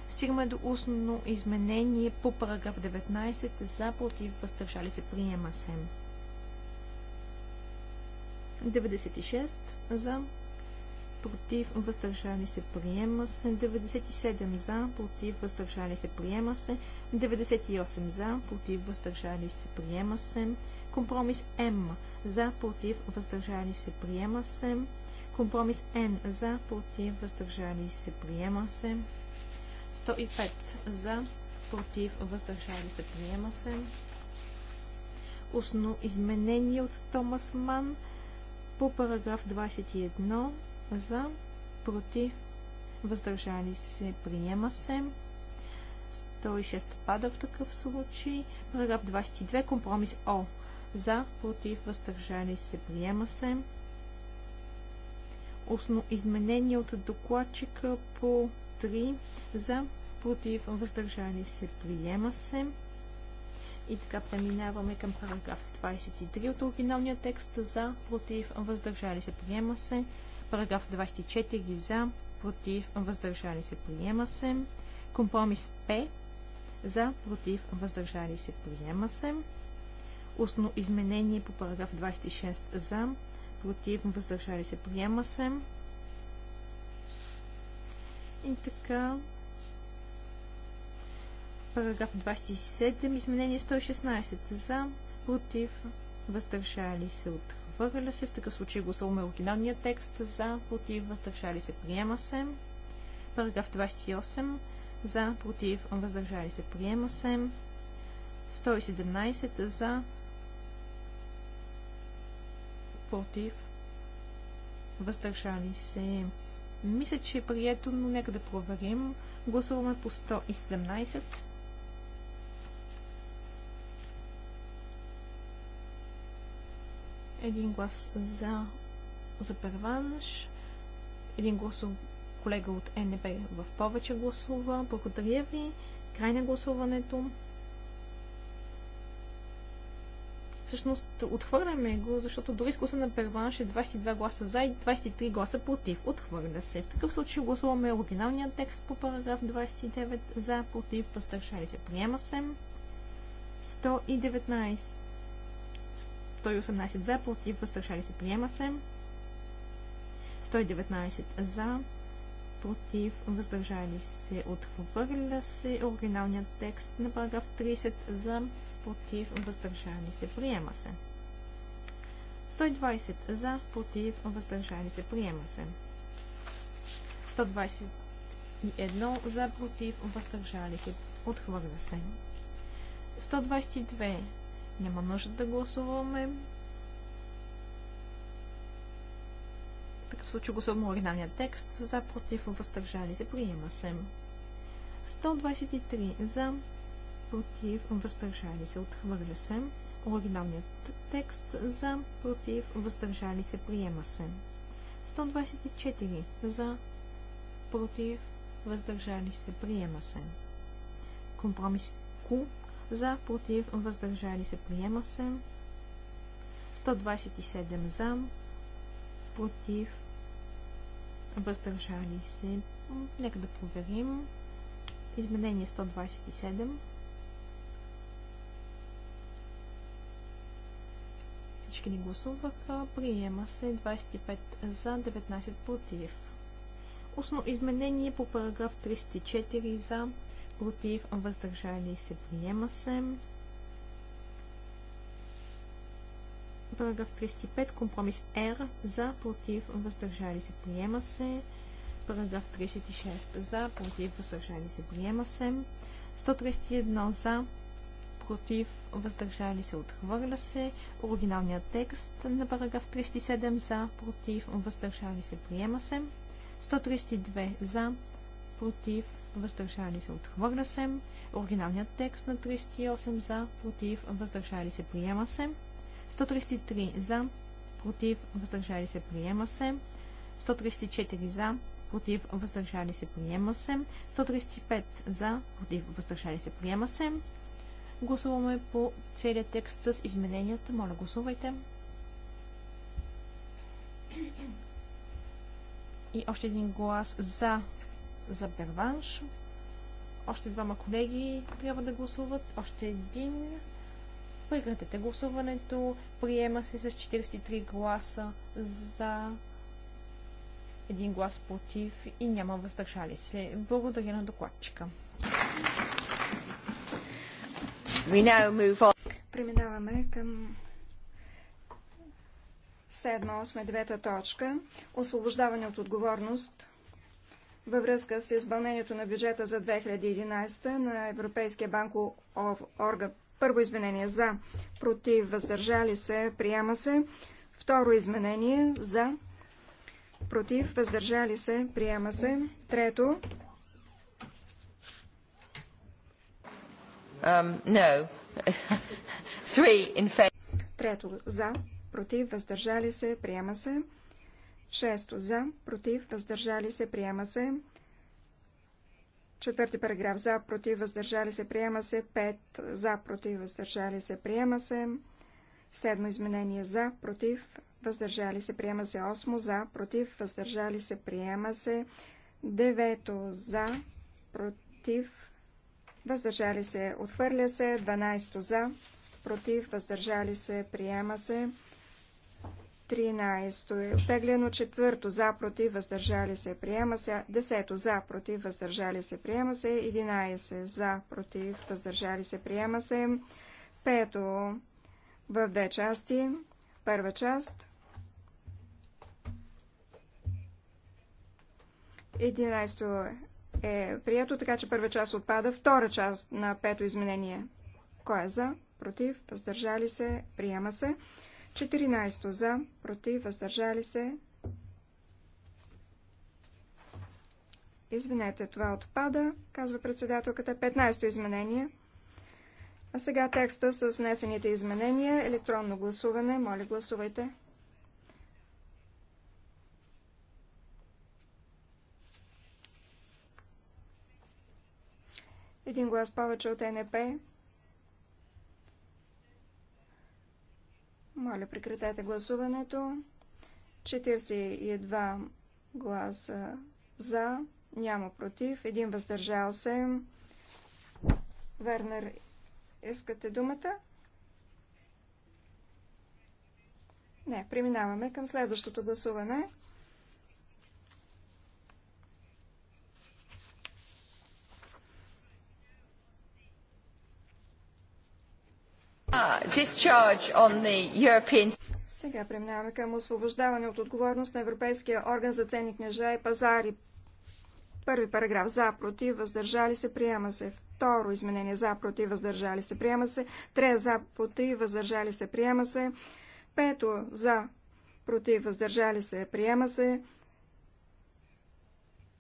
Стигаме до устно изменение по параграф 19 за, против, въздържали се. Приема се. 96 за, против, въздържали се, приема се. 97 за, против, въздържали се, приема се. 98 за, против, въздържали се, приема се. Компромис М за, против, въздържали се, приема се. Компромис Н за, против, въздържали се, приема се. 105 за, против, въздържали се, приема се. Устно изменение от Томас Ман по параграф 21 за, против, въздържали се, приема се. 106 пада в такъв случай. Параграф 22, компромис О. За, против, въздържали се, приема се. Осно изменение от докладчика по 3 за, против, въздържали се, приема се. И така преминаваме към параграф 23 от оригиналния текст за, против, въздържали се, приема се. Параграф 24 за, против, въздържали се, приема се. Компромис П за, против, въздържали се, приема се. Устно изменение по параграф 26 за, против, въздържали се, приема се. И така, параграф 27, изменение 116 за, против, въздържали се, отхвърля се. В такъв случай гласуваме оригиналния текст за, против, въздържали се, приема се. Параграф 28 за, против, въздържали се, приема се. 117 за, против, въздържали се. Мисля, че е прието, но нека да проверим. Гласуваме по 117. един глас за, за перванш, един глас колега от НБ в повече гласува. Благодаря ви. Край на гласуването. Всъщност отхвърляме го, защото дори с гласа на перванш е 22 гласа за и 23 гласа против. Отхвърля се. В такъв случай гласуваме оригиналния текст по параграф 29 за, против, въздържали се. Приема се. 119 118 за, против, въздържали се, приема се. 119 за, против, въздържали се, отхвърля се. Оригиналният текст на параграф 30 за, против, въздържали се, приема се. 120 за, против, въздържали се, приема се. 121 за, против, въздържали се, отхвърля се. 122 няма нужда да гласуваме. В такъв случай гласуваме оригиналния текст. За, против, въздържали се. Приема се. 123 за, против, въздържали се. Отхвърля се. Оригиналният текст за, против, въздържали се. Приема се. 124 за, против, въздържали се. Приема се. Компромис Q за, против, въздържали се, приема се. 127 за, против, въздържали се. Нека да проверим. Изменение 127. Всички ни гласуваха. Приема се 25 за, 19 против. Устно изменение по параграф 304 за, против, въздържали се, приема се. Параграф 35, компромис R, за, против, въздържали се, приема се. Параграф 36, за, против, въздържали се, приема се. 131 за, против, въздържали се, отхвърля се. Оригиналният текст на параграф 37 за, против, въздържали се, приема се. 132 за, против, въздържали се, отхвърля се. Оригиналният текст на 38 за, против, въздържали се, приема се. 133 за, против, въздържали се, приема се. 134 за, против, въздържали се, приема се. 135 за, против, въздържали се, приема се. Гласуваме по целия текст с измененията. Моля, гласувайте. И още един глас за за Берванш. Още двама колеги трябва да гласуват. Още един. Прекратете гласуването. Приема се с 43 гласа за един глас против и няма въздържали се. Благодаря на докладчика. Преминаваме към 7, 8, 9 точка. Освобождаване от отговорност във връзка с изпълнението на бюджета за 2011 на Европейския банко орган. Първо изменение за, против, въздържали се, приема се. Второ изменение за, против, въздържали се, приема се. Трето. Um, no. Three in Трето за, против, въздържали се, приема се. 6 за, против, въздържали се, приема се. Четвърти параграф за, против, въздържали се, приема се. 5 за, против, въздържали се, приема се. Седмо изменение за, против, въздържали се, приема се. Осмо за, против, въздържали се, приема се. Девето за, против, въздържали се, отхвърля се. Дванайсто за, против, въздържали се, приема се. 13. Е оттеглено четвърто за против въздържали се приема се. Десето за против въздържали се приема се. 11 за против въздържали се приема се. Пето в две части. Първа част. 11 е прието, така че първа част отпада. Втора част на пето изменение. Кой е за? Против? Въздържали се? Приема се. 14 за, против, въздържали се. Извинете, това отпада, казва председателката. 15 изменение. А сега текста с внесените изменения. Електронно гласуване. Моля, гласувайте. Един глас повече от НП. Моля, прекратете гласуването. 42 гласа за, няма против, един въздържал се. Вернер, искате думата? Не, преминаваме към следващото гласуване. Сега преминаваме към освобождаване от отговорност на Европейския орган за ценни книжа и пазари. Първи параграф за, против, въздържали се, приема се. Второ изменение за, против, въздържали се, приема се. Трея за, против, въздържали се, приема се. Пето за, против, въздържали се, приема се.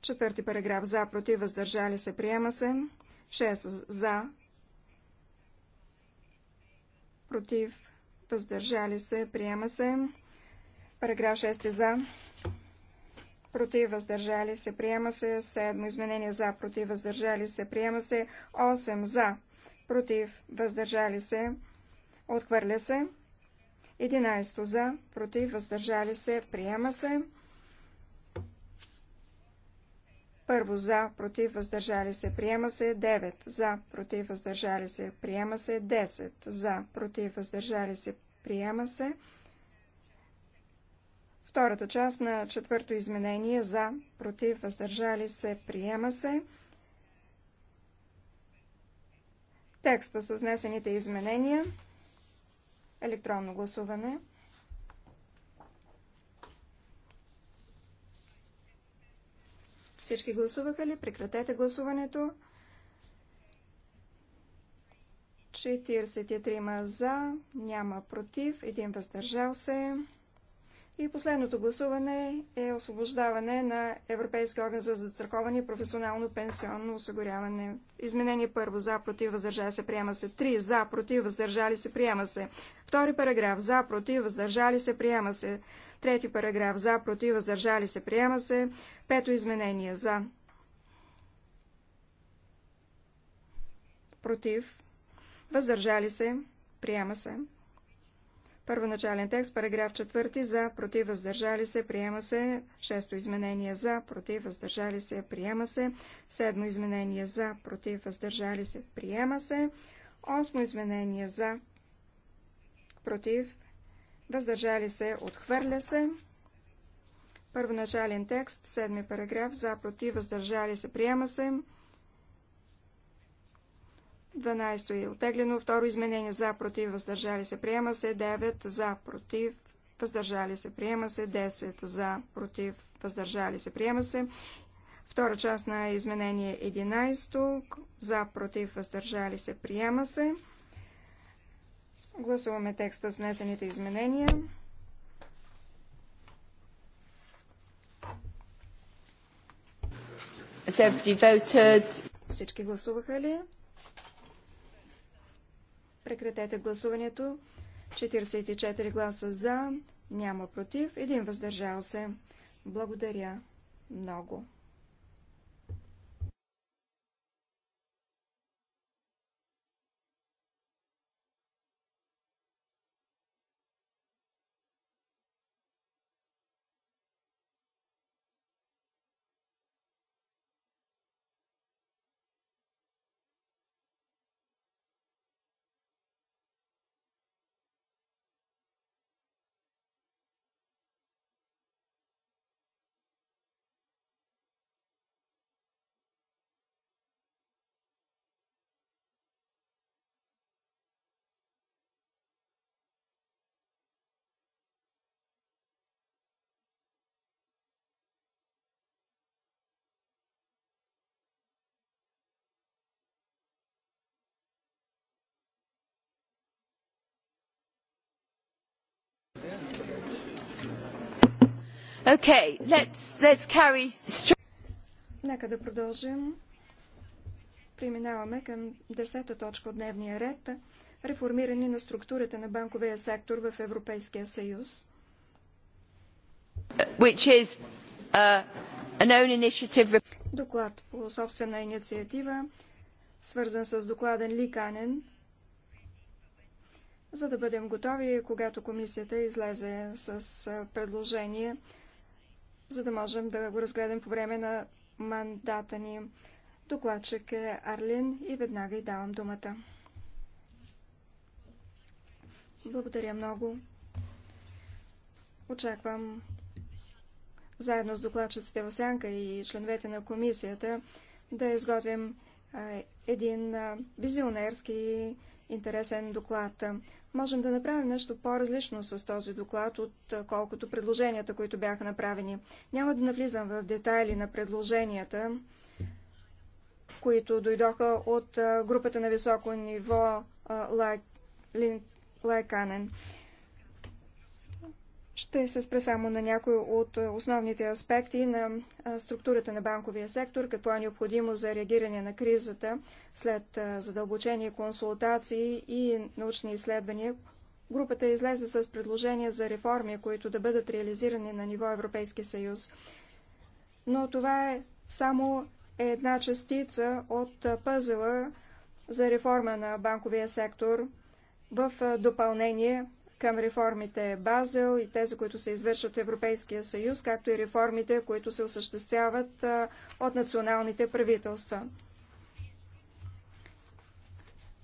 Четвърти параграф за, против, въздържали се, приема се. Шест за, против, въздържали се, приема се. Параграф 6 е за, против, въздържали се, приема се. 7 изменение за, против, въздържали се, приема се. 8 за, против, въздържали се, отхвърля се. 11 за, против, въздържали се, приема се. Първо за, против, въздържали се, приема се 9, за, против, въздържали се, приема се 10, за, против, въздържали се, приема се. Втората част на четвърто изменение за, против, въздържали се, приема се. Текста с внесените изменения. Електронно гласуване. Всички гласуваха ли? Прекратете гласуването. 43 за, няма против, един въздържал се. И последното гласуване е освобождаване на Европейския орган за застраховане и професионално пенсионно осигуряване. Изменение първо. За, против, въздържали се, приема се. Три. За, против, въздържали се, приема се. Втори параграф. За, против, въздържали се, приема се. Трети параграф. За, против, въздържали се, приема се. Пето изменение. За. Против. Въздържали се. Приема се. Първоначален текст, параграф 4 за, против, въздържали се, приема се. Шесто изменение за, против, въздържали се, приема се. Седмо изменение за, против, въздържали се, приема се. Осмо изменение за, против, въздържали се, отхвърля се. Първоначален текст, седми параграф, за, против, въздържали се, приема се. 12 е оттеглено. Второ изменение за, против, въздържали се, приема се. 9 за, против, въздържали се, приема се. 10 за, против, въздържали се, приема се. Втора част на изменение 11 за, против, въздържали се, приема се. Гласуваме текста с внесените изменения. Всички гласуваха ли? Прекратете гласуването. 44 гласа за, няма против, един въздържал се. Благодаря много. Okay, let's, let's carry... Нека да продължим. Преминаваме към десета точка от дневния ред – реформиране на структурата на банковия сектор в Европейския съюз. Which is, uh, an own initiative... Доклад по собствена инициатива, свързан с докладен Ликанен, за да бъдем готови, когато комисията излезе с предложение – за да можем да го разгледам по време на мандата ни. Докладчик е Арлин и веднага й давам думата. Благодаря много. Очаквам заедно с докладчиците в Сянка и членовете на комисията да изготвим един визионерски интересен доклад можем да направим нещо по-различно с този доклад, отколкото предложенията, които бяха направени. Няма да навлизам в детайли на предложенията, които дойдоха от групата на високо ниво Лайканен. Лай ще се спра само на някои от основните аспекти на структурата на банковия сектор, какво е необходимо за реагиране на кризата след задълбочени консултации и научни изследвания. Групата излезе с предложения за реформи, които да бъдат реализирани на ниво Европейски съюз. Но това е само една частица от пъзела за реформа на банковия сектор в допълнение към реформите Базел и тези, които се извършват в Европейския съюз, както и реформите, които се осъществяват от националните правителства.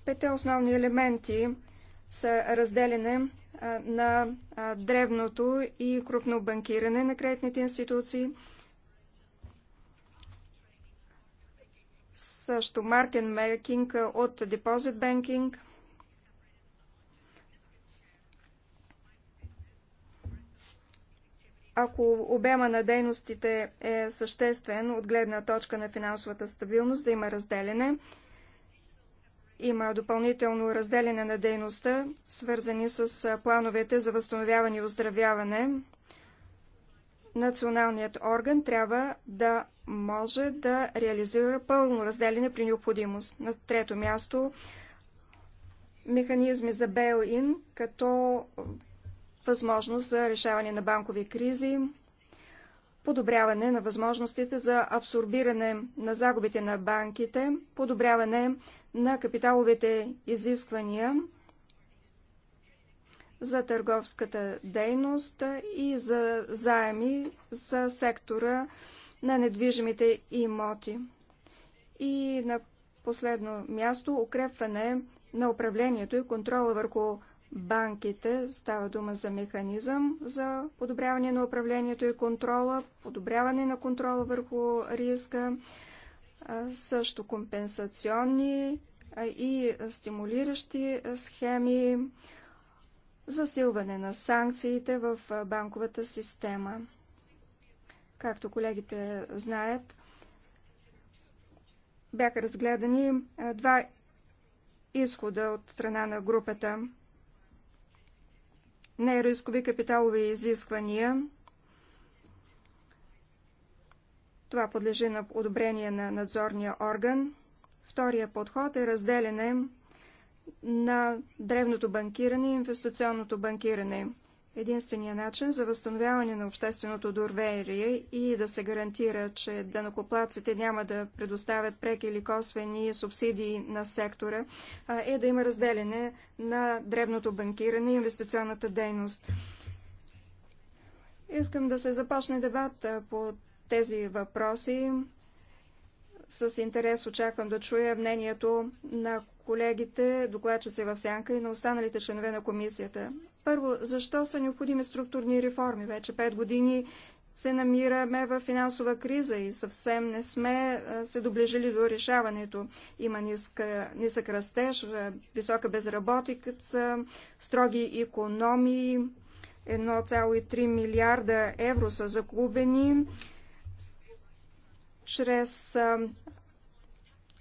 Пете основни елементи са разделени на древното и крупно банкиране на кредитните институции, също маркен мейкинг от депозит бенкинг – ако обема на дейностите е съществен от гледна точка на финансовата стабилност, да има разделене. Има допълнително разделене на дейността, свързани с плановете за възстановяване и оздравяване. Националният орган трябва да може да реализира пълно разделене при необходимост. На трето място механизми за бейл-ин, като възможност за решаване на банкови кризи, подобряване на възможностите за абсорбиране на загубите на банките, подобряване на капиталовите изисквания за търговската дейност и за заеми за сектора на недвижимите имоти. И на последно място укрепване на управлението и контрола върху банките. Става дума за механизъм за подобряване на управлението и контрола, подобряване на контрола върху риска, също компенсационни и стимулиращи схеми, засилване на санкциите в банковата система. Както колегите знаят, бяха разгледани два изхода от страна на групата нерискови капиталови изисквания. Това подлежи на одобрение на надзорния орган. Втория подход е разделене на древното банкиране и инвестиционното банкиране единствения начин за възстановяване на общественото доверие и да се гарантира, че данокоплаците няма да предоставят преки или косвени субсидии на сектора, е да има разделяне на древното банкиране и инвестиционната дейност. Искам да се започне дебат по тези въпроси. С интерес очаквам да чуя мнението на колегите, докладчици в сянка и на останалите членове на комисията. Първо, защо са необходими структурни реформи? Вече 5 години се намираме в финансова криза и съвсем не сме се доближили до решаването. Има ниска, нисък растеж, висока безработица, строги економии, 1,3 милиарда евро са загубени чрез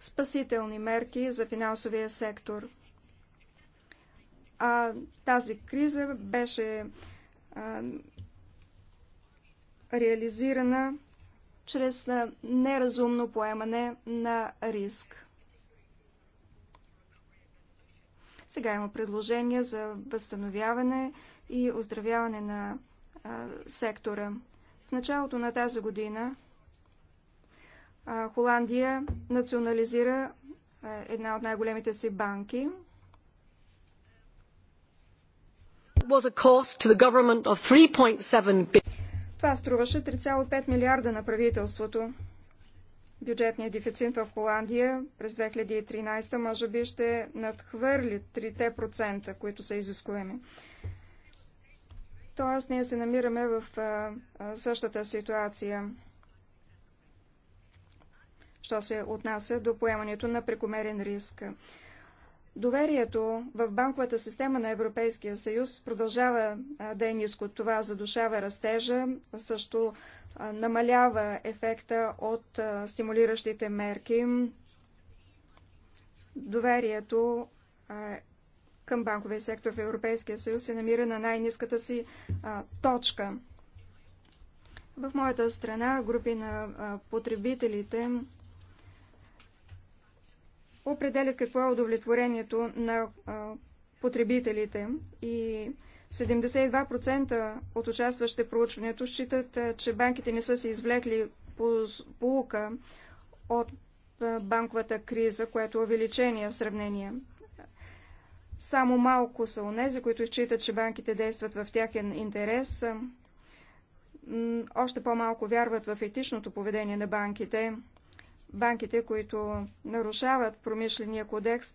спасителни мерки за финансовия сектор а, тази криза беше а, реализирана чрез а, неразумно поемане на риск. Сега има предложение за възстановяване и оздравяване на а, сектора. В началото на тази година а, Холандия национализира а, една от най-големите си банки – Това струваше 3,5 милиарда на правителството. Бюджетният дефицит в Холандия през 2013 може би ще надхвърли 3%, които са изискуеми. Тоест, ние се намираме в същата ситуация, що се отнася до поемането на прекомерен риск. Доверието в банковата система на Европейския съюз продължава да е ниско. Това задушава растежа, също намалява ефекта от стимулиращите мерки. Доверието към банковия сектор в Европейския съюз се намира на най-низката си точка. В моята страна групи на потребителите определят какво е удовлетворението на потребителите и 72% от участващите проучването считат, че банките не са се извлекли по полука от банковата криза, което е увеличение в сравнение. Само малко са онези, които считат, че банките действат в тяхен интерес. Още по-малко вярват в етичното поведение на банките банките, които нарушават промишления кодекс,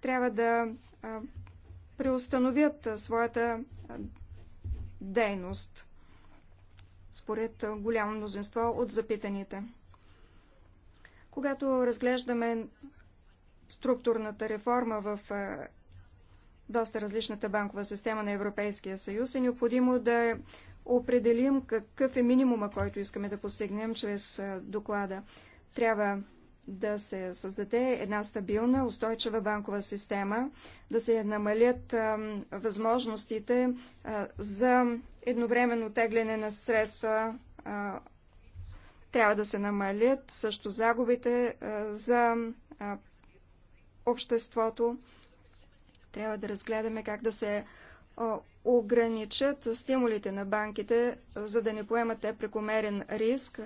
трябва да преустановят своята дейност, според голямо мнозинство от запитаните. Когато разглеждаме структурната реформа в доста различната банкова система на Европейския съюз, е необходимо да определим какъв е минимума, който искаме да постигнем чрез доклада. Трябва да се създаде една стабилна, устойчива банкова система, да се намалят а, възможностите а, за едновременно тегляне на средства. А, трябва да се намалят също загубите а, за а, обществото. Трябва да разгледаме как да се а, ограничат стимулите на банките, за да не поемат те прекомерен риск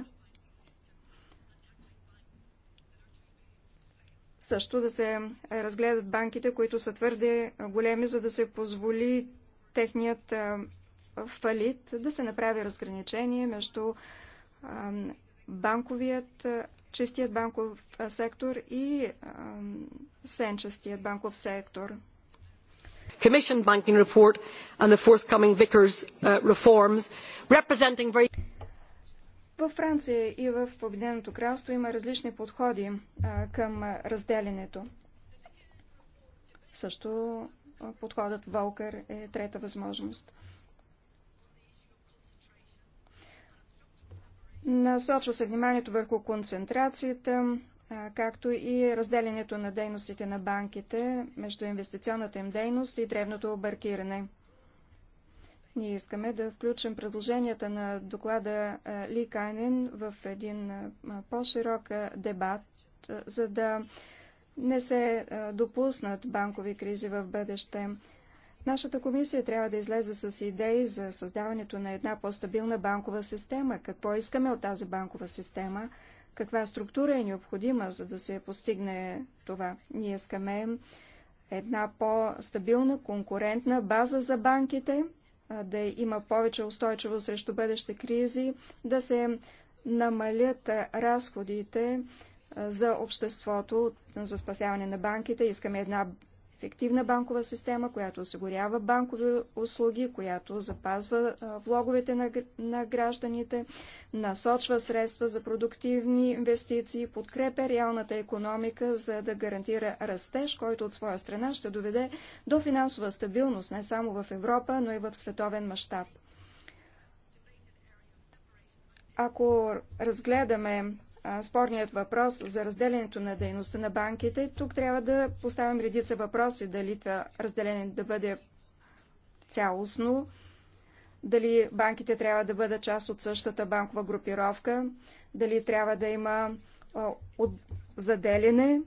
Също да се е, разгледат банките, които са твърде е, големи, за да се позволи техният е, фалит, да се направи разграничение между банковият, чистият банков сектор и сенчестият банков сектор. Commission banking report and the forthcoming Vickers uh, reforms representing very във Франция и в Обединеното кралство има различни подходи а, към разделянето. Също подходът Волкър е трета възможност. Насочва се вниманието върху концентрацията, както и разделянето на дейностите на банките между инвестиционната им дейност и древното баркиране. Ние искаме да включим предложенията на доклада Ли Кайнен в един по-широк дебат, за да не се допуснат банкови кризи в бъдеще. Нашата комисия трябва да излезе с идеи за създаването на една по-стабилна банкова система. Какво искаме от тази банкова система? Каква структура е необходима, за да се постигне това? Ние искаме една по-стабилна конкурентна база за банките – да има повече устойчиво срещу бъдещи кризи, да се намалят разходите за обществото, за спасяване на банките. Искаме една ефективна банкова система, която осигурява банкови услуги, която запазва влоговете на, гражданите, насочва средства за продуктивни инвестиции, подкрепя реалната економика, за да гарантира растеж, който от своя страна ще доведе до финансова стабилност не само в Европа, но и в световен мащаб. Ако разгледаме спорният въпрос за разделянето на дейността на банките. Тук трябва да поставим редица въпроси, дали това разделение да бъде цялостно, дали банките трябва да бъдат част от същата банкова групировка, дали трябва да има заделяне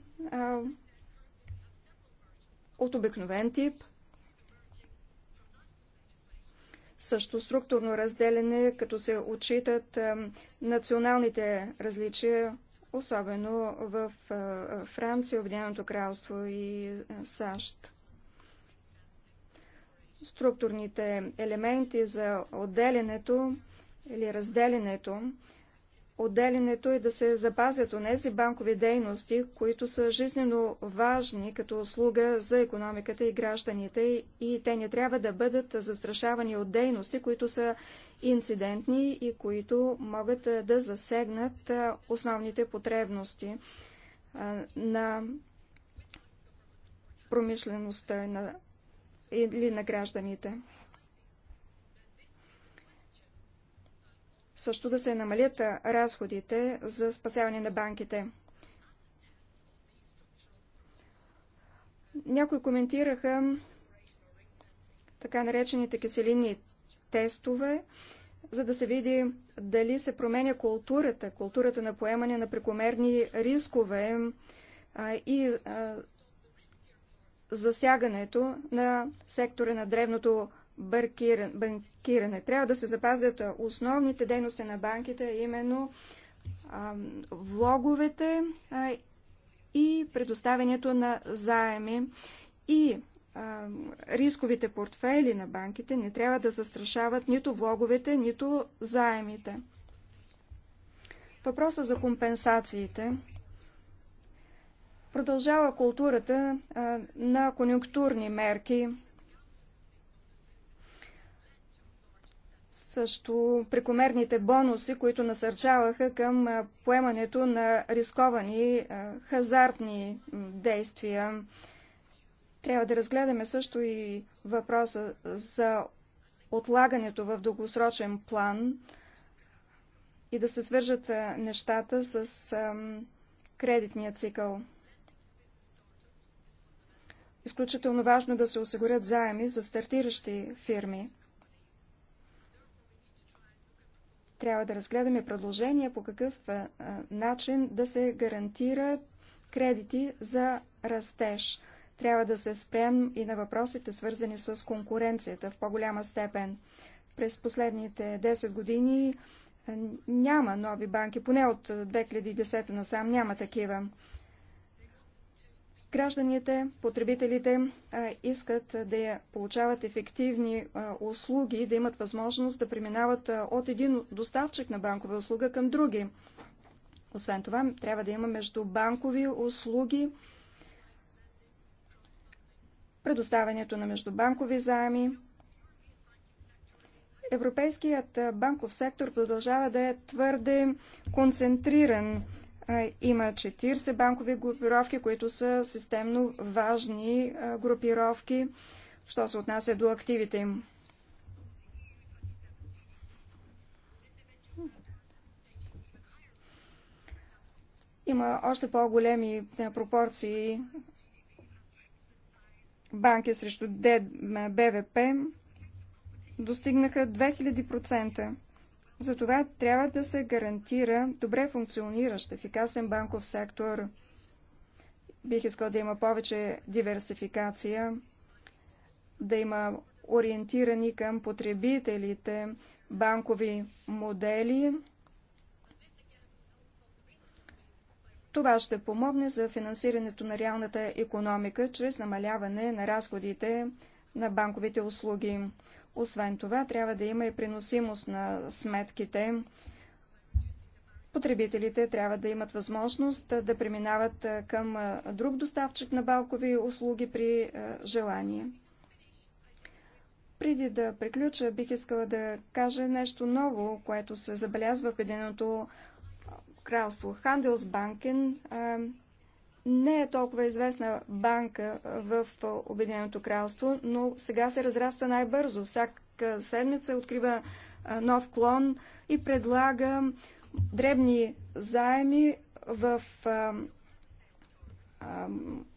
от обикновен тип – също структурно разделяне, като се отчитат е, националните различия, особено в е, Франция, Обединеното кралство и е, САЩ. Структурните елементи за отделянето или разделянето отделянето е да се запазят онези банкови дейности, които са жизненно важни като услуга за економиката и гражданите и те не трябва да бъдат застрашавани от дейности, които са инцидентни и които могат да засегнат основните потребности на промишлеността или на гражданите. също да се намалят разходите за спасяване на банките. Някои коментираха така наречените киселинни тестове, за да се види дали се променя културата, културата на поемане на прекомерни рискове а, и а, засягането на сектора на древното банкиране банкиране. Трябва да се запазят основните дейности на банките, именно влоговете и предоставянето на заеми и рисковите портфели на банките не трябва да застрашават нито влоговете, нито заемите. Въпроса за компенсациите. Продължава културата на конюнктурни мерки – също прекомерните бонуси, които насърчаваха към поемането на рисковани хазартни действия. Трябва да разгледаме също и въпроса за отлагането в дългосрочен план и да се свържат нещата с кредитния цикъл. Изключително важно е да се осигурят заеми за стартиращи фирми. Трябва да разгледаме предложения по какъв начин да се гарантират кредити за растеж. Трябва да се спрем и на въпросите, свързани с конкуренцията в по-голяма степен. През последните 10 години няма нови банки, поне от 2010 насам няма такива. Гражданите, потребителите искат да получават ефективни услуги, да имат възможност да преминават от един доставчик на банкова услуга към други. Освен това, трябва да има междубанкови услуги, предоставянето на междубанкови заеми. Европейският банков сектор продължава да е твърде концентриран има 40 банкови групировки, които са системно важни групировки, що се отнася до активите им. Има още по-големи пропорции банки срещу БВП достигнаха 2000%. Затова трябва да се гарантира добре функциониращ, ефикасен банков сектор. Бих искал да има повече диверсификация, да има ориентирани към потребителите банкови модели. Това ще помогне за финансирането на реалната економика чрез намаляване на разходите на банковите услуги. Освен това, трябва да има и приносимост на сметките. Потребителите трябва да имат възможност да преминават към друг доставчик на балкови услуги при желание. Преди да приключа, бих искала да кажа нещо ново, което се забелязва в Единото кралство. Банкен не е толкова известна банка в Обединеното кралство, но сега се разраства най-бързо. Всяка седмица открива нов клон и предлага дребни заеми в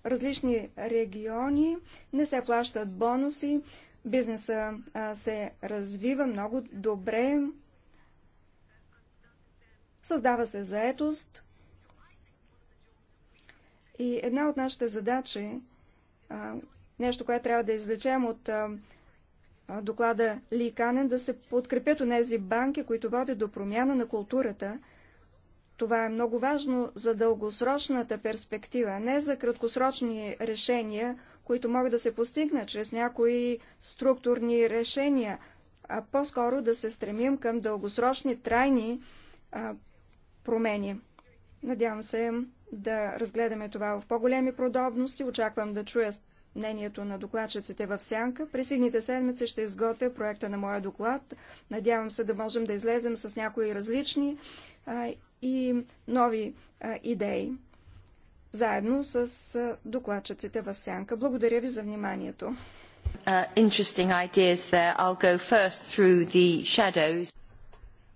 различни региони, не се плащат бонуси, бизнеса се развива много добре, създава се заетост – и една от нашите задачи, нещо, което трябва да извлечем от доклада Ли Канен, да се подкрепят у тези банки, които водят до промяна на културата. Това е много важно за дългосрочната перспектива, не за краткосрочни решения, които могат да се постигнат чрез някои структурни решения, а по-скоро да се стремим към дългосрочни, трайни а, промени. Надявам се да разгледаме това в по-големи продобности. Очаквам да чуя мнението на докладчиците в Сянка. През едните седмици ще изготвя проекта на моя доклад. Надявам се да можем да излезем с някои различни а, и нови а, идеи, заедно с а, докладчиците в Сянка. Благодаря ви за вниманието. Uh, interesting ideas there. I'll go first through the shadows.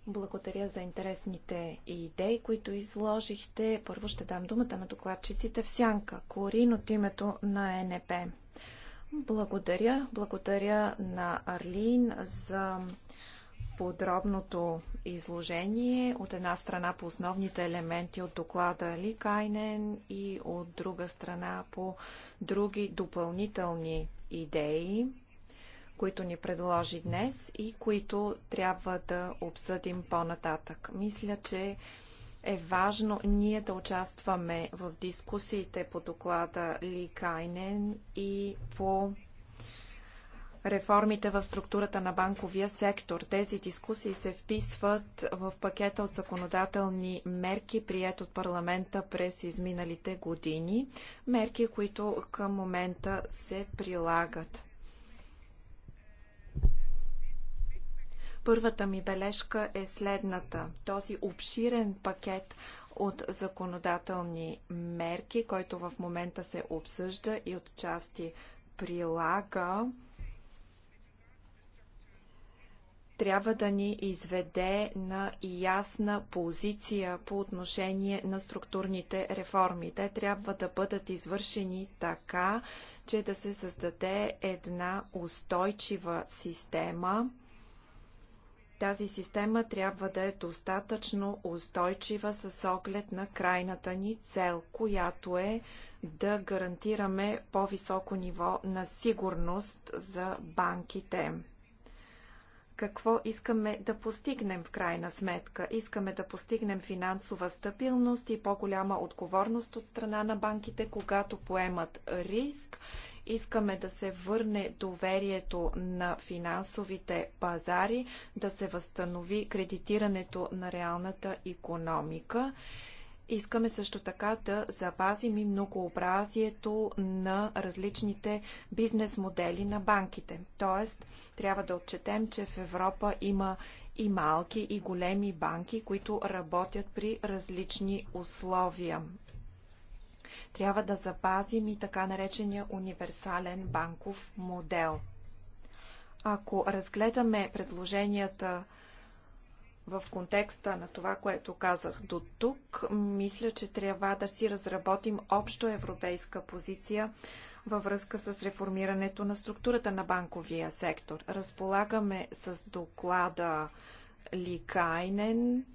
Благодаря за интересните идеи, които изложихте. Първо ще дам думата на докладчиците в Сянка. Корин от името на НП. Благодаря. Благодаря на Арлин за подробното изложение от една страна по основните елементи от доклада Ли Кайнен и от друга страна по други допълнителни идеи които ни предложи днес и които трябва да обсъдим по-нататък. Мисля, че е важно ние да участваме в дискусиите по доклада Ли Кайнен и по реформите в структурата на банковия сектор. Тези дискусии се вписват в пакета от законодателни мерки, прият от парламента през изминалите години. Мерки, които към момента се прилагат. Първата ми бележка е следната. Този обширен пакет от законодателни мерки, който в момента се обсъжда и от части прилага, трябва да ни изведе на ясна позиция по отношение на структурните реформи. Те трябва да бъдат извършени така, че да се създаде една устойчива система, тази система трябва да е достатъчно устойчива с оглед на крайната ни цел, която е да гарантираме по-високо ниво на сигурност за банките какво искаме да постигнем в крайна сметка. Искаме да постигнем финансова стабилност и по-голяма отговорност от страна на банките, когато поемат риск. Искаме да се върне доверието на финансовите пазари, да се възстанови кредитирането на реалната економика Искаме също така да запазим и многообразието на различните бизнес модели на банките. Тоест, трябва да отчетем, че в Европа има и малки, и големи банки, които работят при различни условия. Трябва да запазим и така наречения универсален банков модел. Ако разгледаме предложенията, в контекста на това, което казах до тук, мисля, че трябва да си разработим общо европейска позиция във връзка с реформирането на структурата на банковия сектор. Разполагаме с доклада Ликайнен.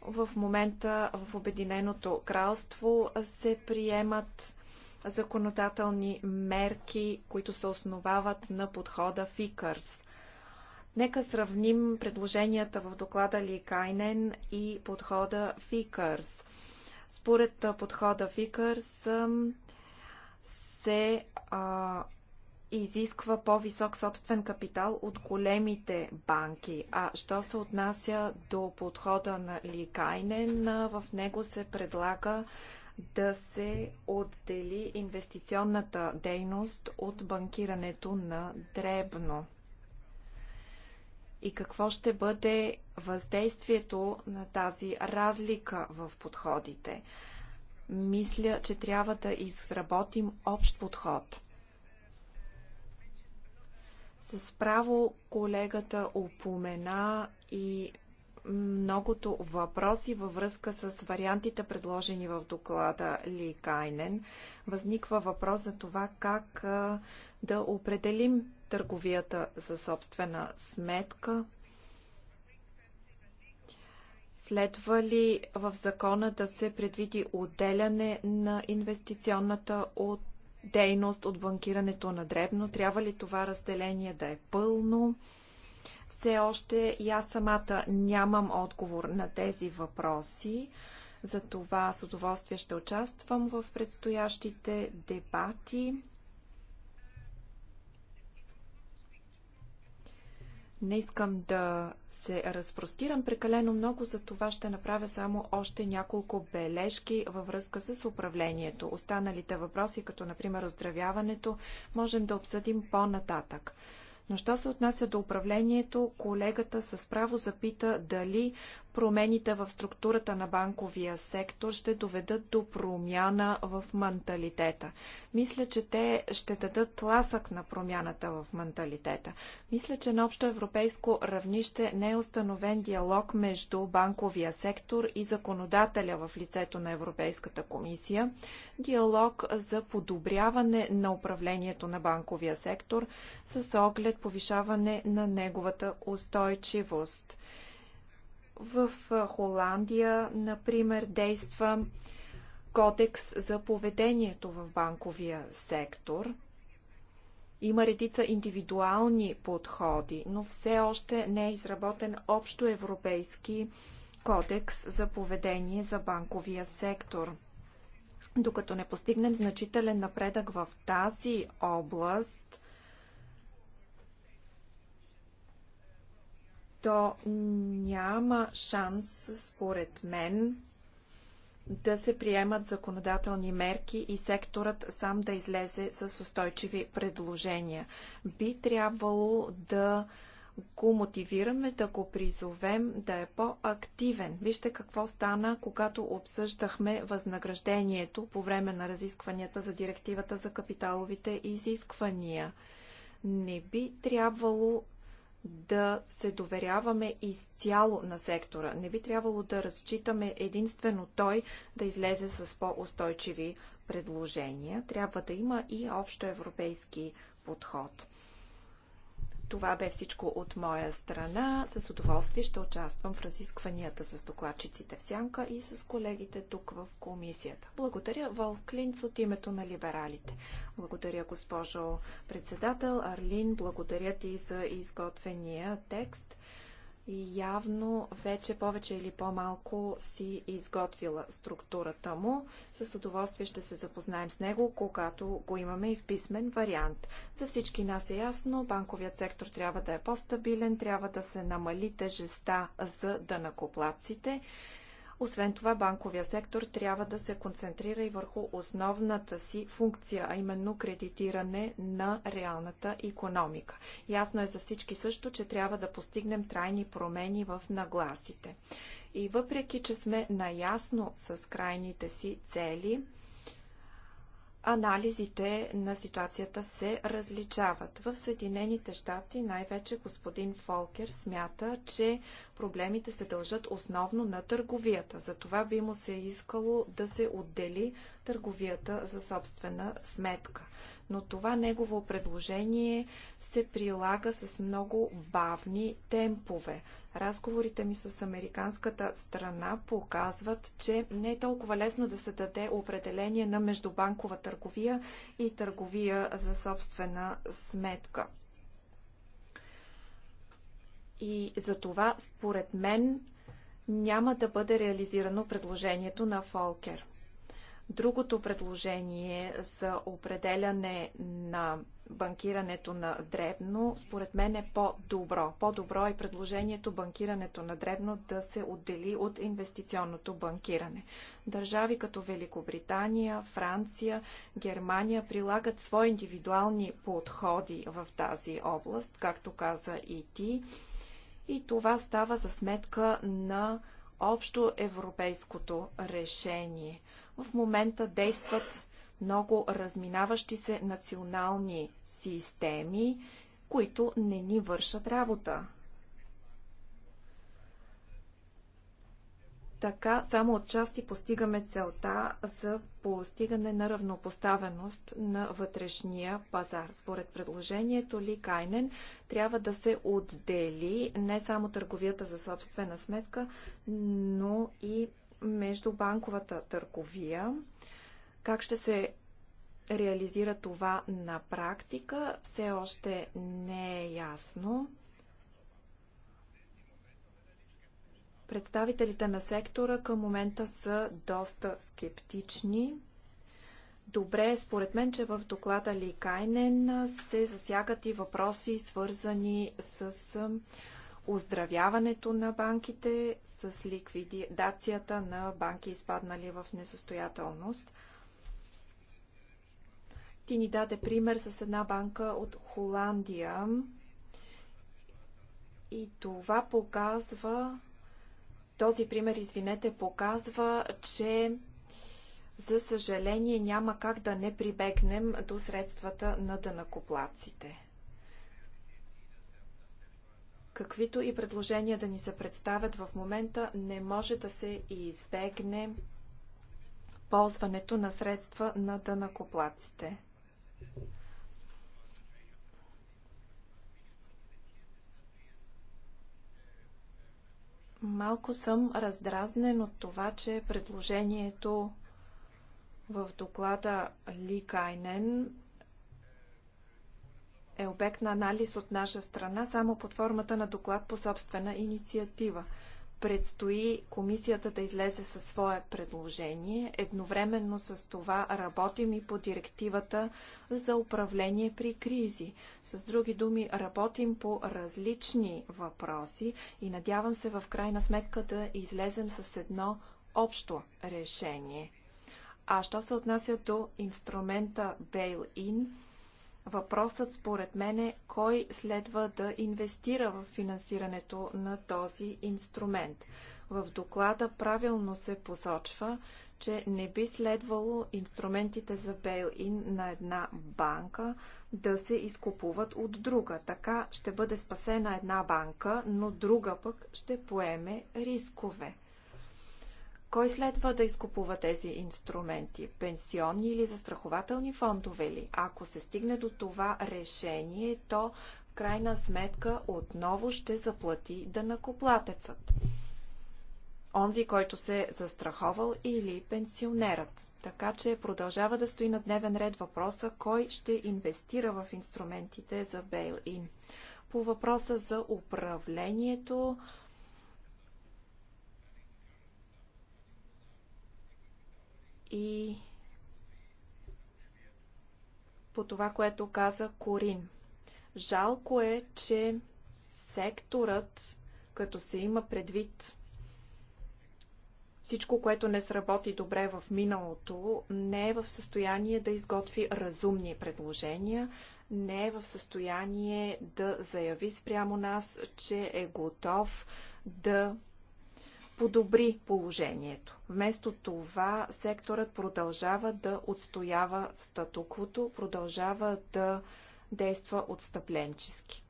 В момента в Обединеното кралство се приемат законодателни мерки, които се основават на подхода ФИКърс – Нека сравним предложенията в доклада Ликайнен и подхода Фикърс. Според подхода Фикърс се а, изисква по-висок собствен капитал от големите банки. А що се отнася до подхода на Ликайнен, в него се предлага да се отдели инвестиционната дейност от банкирането на дребно и какво ще бъде въздействието на тази разлика в подходите. Мисля, че трябва да изработим общ подход. С право колегата упомена и многото въпроси във връзка с вариантите, предложени в доклада Ли Кайнен. Възниква въпрос за това как да определим търговията за собствена сметка? Следва ли в закона да се предвиди отделяне на инвестиционната от дейност от банкирането на дребно? Трябва ли това разделение да е пълно? Все още и аз самата нямам отговор на тези въпроси. Затова с удоволствие ще участвам в предстоящите дебати. Не искам да се разпростирам прекалено много, за това ще направя само още няколко бележки във връзка с управлението. Останалите въпроси, като например оздравяването, можем да обсъдим по-нататък. Но що се отнася до управлението, колегата с право запита дали промените в структурата на банковия сектор ще доведат до промяна в менталитета. Мисля, че те ще дадат тласък на промяната в менталитета. Мисля, че на общо европейско равнище не е установен диалог между банковия сектор и законодателя в лицето на Европейската комисия. Диалог за подобряване на управлението на банковия сектор с оглед повишаване на неговата устойчивост. В Холандия, например, действа кодекс за поведението в банковия сектор. Има редица индивидуални подходи, но все още не е изработен общо европейски кодекс за поведение за банковия сектор. Докато не постигнем значителен напредък в тази област, то няма шанс, според мен, да се приемат законодателни мерки и секторът сам да излезе с устойчиви предложения. Би трябвало да го мотивираме, да го призовем да е по-активен. Вижте какво стана, когато обсъждахме възнаграждението по време на разискванията за директивата за капиталовите изисквания. Не би трябвало да се доверяваме изцяло на сектора. Не би трябвало да разчитаме единствено той да излезе с по-устойчиви предложения. Трябва да има и общо европейски подход. Това бе всичко от моя страна. С удоволствие ще участвам в разискванията с докладчиците в Сянка и с колегите тук в комисията. Благодаря, Волф Клинц, от името на либералите. Благодаря, госпожо председател. Арлин, благодаря ти за изготвения текст явно вече повече или по-малко си изготвила структурата му. С удоволствие ще се запознаем с него, когато го имаме и в писмен вариант. За всички нас е ясно, банковият сектор трябва да е по-стабилен, трябва да се намали тежеста за дънакоплаците. Да освен това, банковия сектор трябва да се концентрира и върху основната си функция, а именно кредитиране на реалната економика. Ясно е за всички също, че трябва да постигнем трайни промени в нагласите. И въпреки, че сме наясно с крайните си цели, анализите на ситуацията се различават. В Съединените щати най-вече господин Фолкер смята, че проблемите се дължат основно на търговията. За това би му се искало да се отдели търговията за собствена сметка но това негово предложение се прилага с много бавни темпове. Разговорите ми с американската страна показват, че не е толкова лесно да се даде определение на междубанкова търговия и търговия за собствена сметка. И за това, според мен, няма да бъде реализирано предложението на Фолкер. Другото предложение за определяне на банкирането на дребно, според мен е по-добро. По-добро е предложението банкирането на дребно да се отдели от инвестиционното банкиране. Държави като Великобритания, Франция, Германия прилагат свои индивидуални подходи в тази област, както каза и ти. И това става за сметка на общо европейското решение. В момента действат много разминаващи се национални системи, които не ни вършат работа. Така само отчасти постигаме целта за постигане на равнопоставеност на вътрешния пазар. Според предложението Ли Кайнен трябва да се отдели не само търговията за собствена сметка, но и между банковата търговия. Как ще се реализира това на практика, все още не е ясно. Представителите на сектора към момента са доста скептични. Добре, е според мен, че в доклада Ликайнен се засягат и въпроси, свързани с оздравяването на банките, с ликвидацията на банки, изпаднали в несъстоятелност. Ти ни даде пример с една банка от Холандия. И това показва, този пример, извинете, показва, че за съжаление няма как да не прибегнем до средствата на дънакоплаците. Каквито и предложения да ни се представят в момента, не може да се избегне ползването на средства на дънакоплаците. Малко съм раздразнен от това, че предложението в доклада Ли Кайнен е обект на анализ от наша страна само под формата на доклад по собствена инициатива. Предстои комисията да излезе със свое предложение. Едновременно с това работим и по директивата за управление при кризи. С други думи, работим по различни въпроси и надявам се в крайна сметка да излезем с едно общо решение. А що се отнася до инструмента Bail-in, Въпросът според мен е кой следва да инвестира в финансирането на този инструмент. В доклада правилно се посочва, че не би следвало инструментите за бейл-ин на една банка да се изкупуват от друга. Така ще бъде спасена една банка, но друга пък ще поеме рискове. Кой следва да изкупува тези инструменти? Пенсионни или застрахователни фондове ли? Ако се стигне до това решение, то в крайна сметка отново ще заплати дънакоплатецът. Онзи, който се е застраховал или пенсионерът. Така че продължава да стои на дневен ред въпроса кой ще инвестира в инструментите за бейл-ин. По въпроса за управлението, и по това, което каза Корин. Жалко е, че секторът, като се има предвид всичко, което не сработи добре в миналото, не е в състояние да изготви разумни предложения, не е в състояние да заяви спрямо нас, че е готов да подобри положението. Вместо това секторът продължава да отстоява статуквото, продължава да действа отстъпленчески,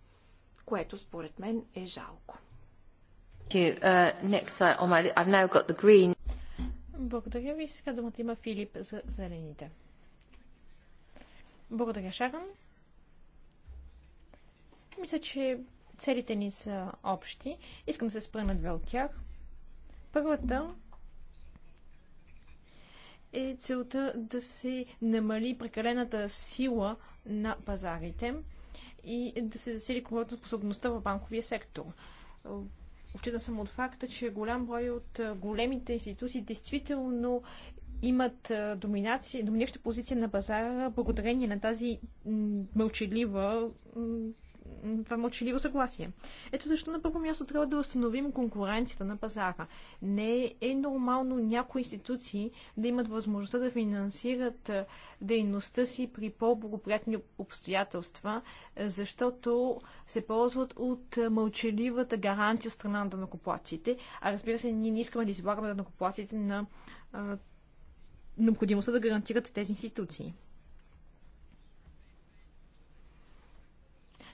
което според мен е жалко. Uh, Благодаря ви. Сега думата има Филип за зелените. Благодаря, Шаран. Мисля, че целите ни са общи. Искам да се спра на две от тях. Първата е целта да се намали прекалената сила на пазарите и да се засили способността в банковия сектор. Очита съм от факта, че голям брой от големите институции действително имат доминация, доминираща позиция на пазара благодарение на тази мълчалива това мълчаливо съгласие. Ето защо на първо място трябва да възстановим конкуренцията на пазара. Не е нормално някои институции да имат възможността да финансират дейността си при по-благоприятни обстоятелства, защото се ползват от мълчаливата гаранция от страна на данокоплаците. А разбира се, ние не искаме да излагаме данокоплаците на необходимостта да гарантират тези институции.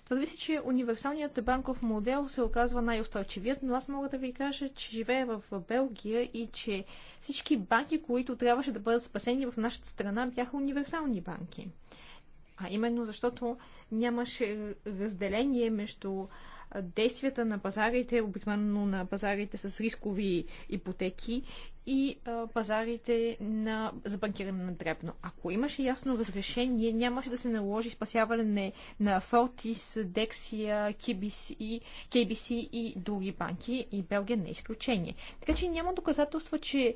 Твърди се, че универсалният банков модел се оказва най-устойчивият, но аз мога да ви кажа, че живея в Белгия и че всички банки, които трябваше да бъдат спасени в нашата страна, бяха универсални банки. А именно защото нямаше разделение между действията на пазарите, обикновено на пазарите с рискови ипотеки и а, пазарите на, за банкиране на дребно. Ако имаше ясно разрешение, нямаше да се наложи спасяване на Фортис, Дексия, KBC, KBC и други банки и Белгия не е изключение. Така че няма доказателства, че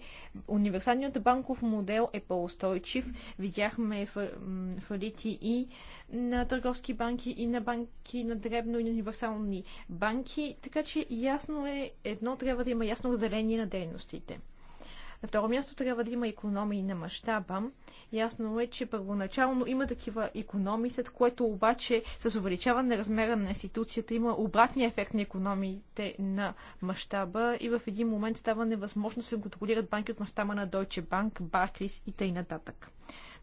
универсалният банков модел е по-устойчив. Видяхме фалити и на търговски банки, и на банки на дребно, и на универсални банки. Така че ясно е, едно трябва да има ясно разделение на дейностите. На второ място трябва да има економии на мащаба. Ясно е, че първоначално има такива економии, след което обаче с увеличаване на размера на институцията има обратния ефект на економиите на мащаба и в един момент става невъзможно да се контролират банки от мащаба на Deutsche Bank, Barclays и т.н.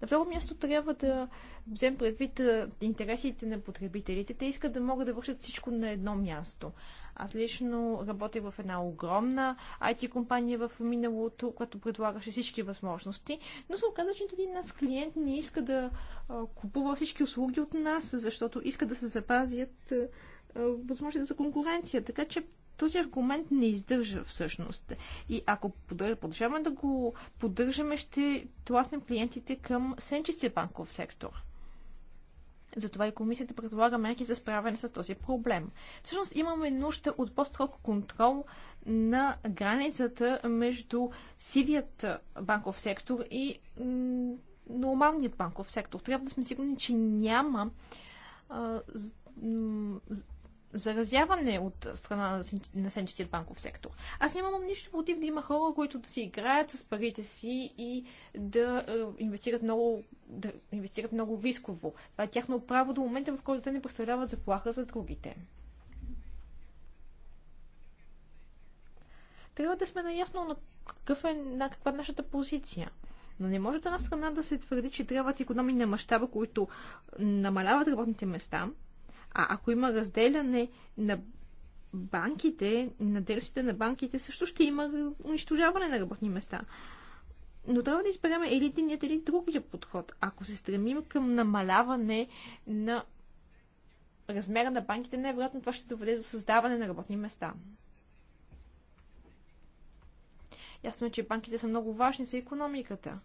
На второ място трябва да вземем предвид интересите на потребителите. Те искат да могат да вършат всичко на едно място. Аз лично работя в една огромна IT компания в миналото, която предлагаше всички възможности, но се оказа, че нито един нас клиент не иска да купува всички услуги от нас, защото иска да се запазят възможности за конкуренция. Така че този аргумент не издържа всъщност. И ако продължаваме да го поддържаме, ще тласнем клиентите към сенчестия банков сектор. Затова и комисията предлага мерки за справяне с този проблем. Всъщност имаме нужда от по-строг контрол на границата между сивият банков сектор и нормалният банков сектор. Трябва да сме сигурни, че няма а, заразяване от страна на сенчестият банков сектор. Аз нямам нищо против да има хора, които да си играят с парите си и да е, инвестират много, да инвестират много рисково. Това е тяхно право до момента, в който те не представляват заплаха за другите. Трябва да сме наясно на, какъв е, на каква е нашата позиция. Но не може от една страна да се твърди, че трябват економии на мащаба, които намаляват работните места – а ако има разделяне на банките, на дърсите на банките, също ще има унищожаване на работни места. Но трябва да изберем или единият, или другия подход. Ако се стремим към намаляване на размера на банките, най-вероятно това ще доведе до създаване на работни места. Ясно е, че банките са много важни за економиката.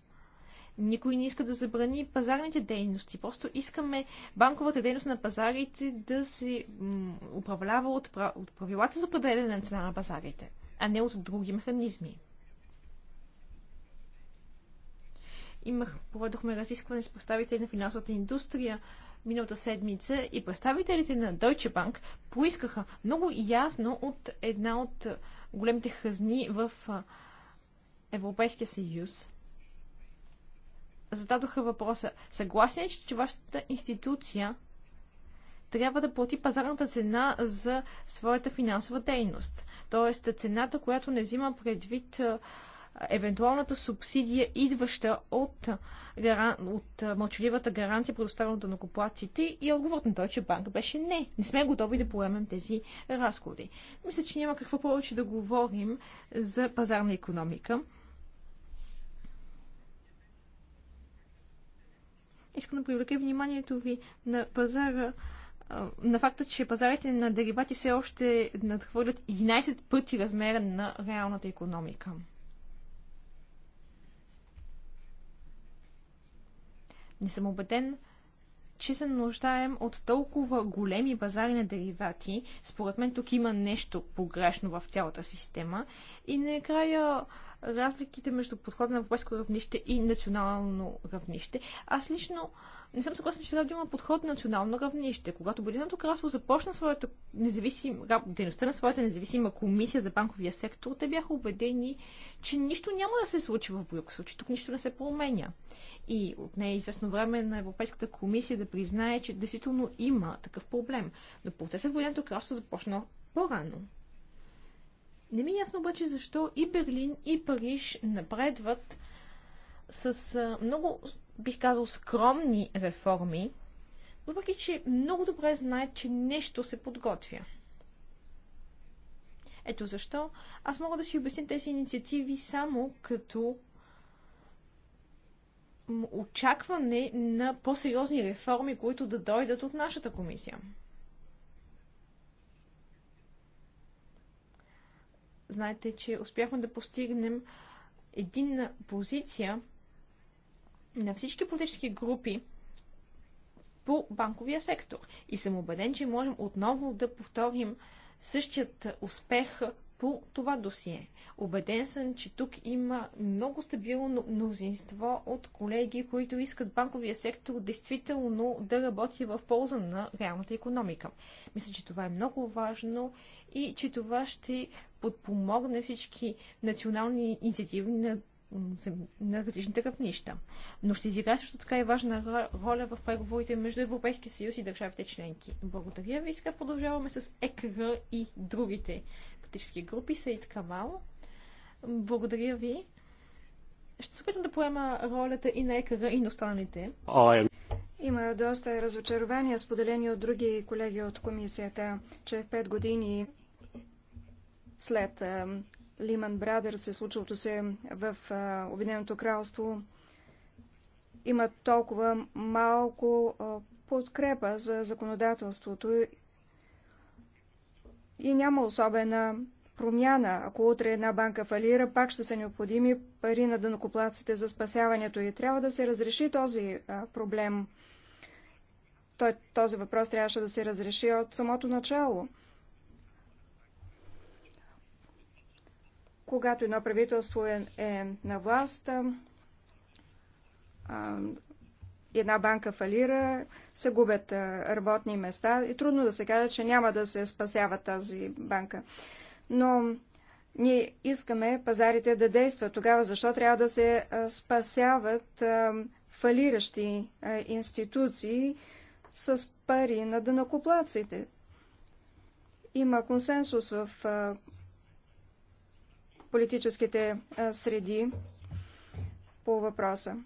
Никой не иска да забрани пазарните дейности. Просто искаме банковата дейност на пазарите да се управлява от, от правилата за определене на цена на пазарите, а не от други механизми. Имах, проведохме разискване с представители на финансовата индустрия миналата седмица и представителите на Deutsche Bank поискаха много ясно от една от големите хазни в Европейския съюз зададоха въпроса. Съгласен ли, че вашата институция трябва да плати пазарната цена за своята финансова дейност? Тоест цената, която не взима предвид евентуалната субсидия, идваща от, гаран... от мълчаливата гаранция, предоставена от накоплаците и е отговор на Deutsche Bank беше не, не сме готови да поемем тези разходи. Мисля, че няма какво повече да говорим за пазарна економика. Искам да привлека вниманието ви на пазара, на факта, че пазарите на деривати все още надхвърлят 11 пъти размера на реалната економика. Не съм убеден, че се нуждаем от толкова големи пазари на деривати. Според мен тук има нещо погрешно в цялата система. И накрая разликите между подхода на европейско равнище и национално равнище. Аз лично не съм съгласен, че трябва да има подход на национално равнище. Когато Обединеното кралство започна своята независим, дейността на своята независима комисия за банковия сектор, те бяха убедени, че нищо няма да се случи в Брюксел, че тук нищо не се променя. И от нея е известно време на Европейската комисия да признае, че действително има такъв проблем. Но процесът в Обединеното кралство започна по-рано. Не ми е ясно обаче защо и Берлин, и Париж напредват с много, бих казал, скромни реформи, въпреки че много добре знаят, че нещо се подготвя. Ето защо аз мога да си обясня тези инициативи само като очакване на по-сериозни реформи, които да дойдат от нашата комисия. Знаете, че успяхме да постигнем единна позиция на всички политически групи по банковия сектор. И съм убеден, че можем отново да повторим същият успех по това досие. Обеден съм, че тук има много стабилно мнозинство от колеги, които искат банковия сектор действително да работи в полза на реалната економика. Мисля, че това е много важно и че това ще подпомогне всички национални инициативи на, на различните равнища. Но ще изиграе също така и важна роля в преговорите между Европейския съюз и държавите членки. Благодаря ви. Сега продължаваме с ЕКР и другите политически групи. Саид Камал. Благодаря ви. Ще се опитам да поема ролята и на ЕКР и на останалите. Има доста разочарования, споделени от други колеги от комисията, че в пет години след Лиман Брадър се случилото се в Обединеното кралство, има толкова малко подкрепа за законодателството и няма особена промяна. Ако утре една банка фалира, пак ще са необходими пари на дънокоплаците за спасяването и трябва да се разреши този проблем. Той, този въпрос трябваше да се разреши от самото начало. когато едно правителство е, е на власт, а, една банка фалира, се губят а, работни места и трудно да се каже, че няма да се спасява тази банка. Но ние искаме пазарите да действат. Тогава защо трябва да се а, спасяват а, фалиращи а, институции с пари на дънакоплаците? Има консенсус в политическите среди по въпроса.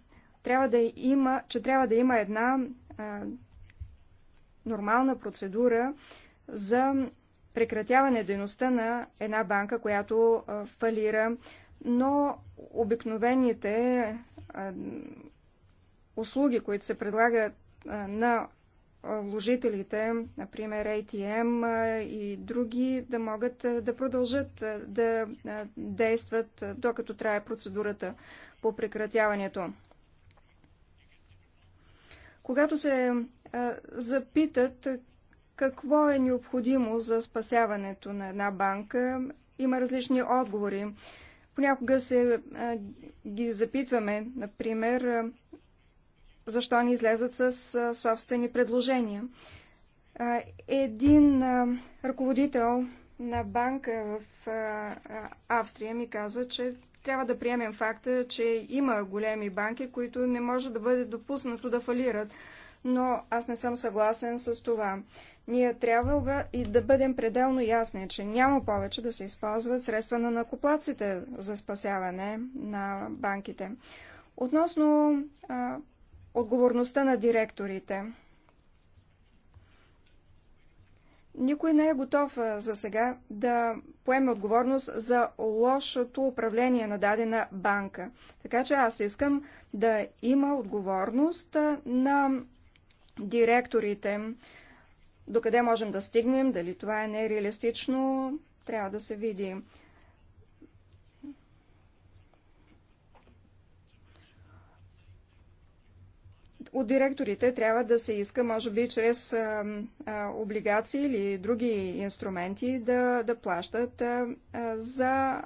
Трябва да има, че трябва да има една а, нормална процедура за прекратяване дейността на една банка, която а, фалира, но обикновените а, услуги, които се предлагат а, на вложителите, например ATM и други, да могат да продължат да действат докато трае процедурата по прекратяването. Когато се запитат какво е необходимо за спасяването на една банка, има различни отговори. Понякога се ги запитваме, например, защо не излезат с собствени предложения. Един ръководител на банка в Австрия ми каза, че трябва да приемем факта, че има големи банки, които не може да бъде допуснато да фалират. Но аз не съм съгласен с това. Ние трябва и да бъдем пределно ясни, че няма повече да се използват средства на накоплаците за спасяване на банките. Относно а, отговорността на директорите. Никой не е готов за сега да поеме отговорност за лошото управление на дадена банка. Така че аз искам да има отговорност на директорите. Докъде можем да стигнем, дали това е нереалистично, трябва да се види. От директорите трябва да се иска, може би, чрез а, а, облигации или други инструменти да, да плащат а, а, за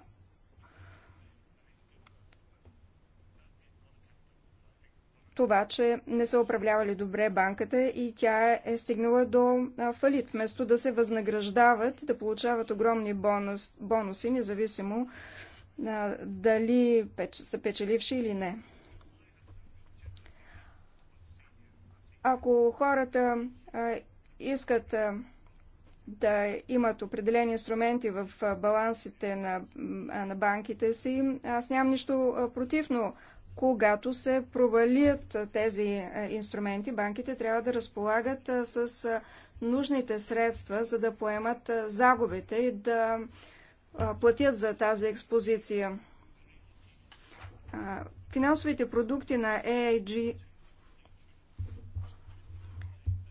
това, че не са управлявали добре банката и тя е стигнала до фалит, вместо да се възнаграждават, да получават огромни бонус, бонуси, независимо а, дали печ, са печеливши или не. Ако хората искат да имат определени инструменти в балансите на, на банките си, аз нямам нищо против, но когато се провалят тези инструменти, банките трябва да разполагат с нужните средства, за да поемат загубите и да платят за тази експозиция. Финансовите продукти на AIG,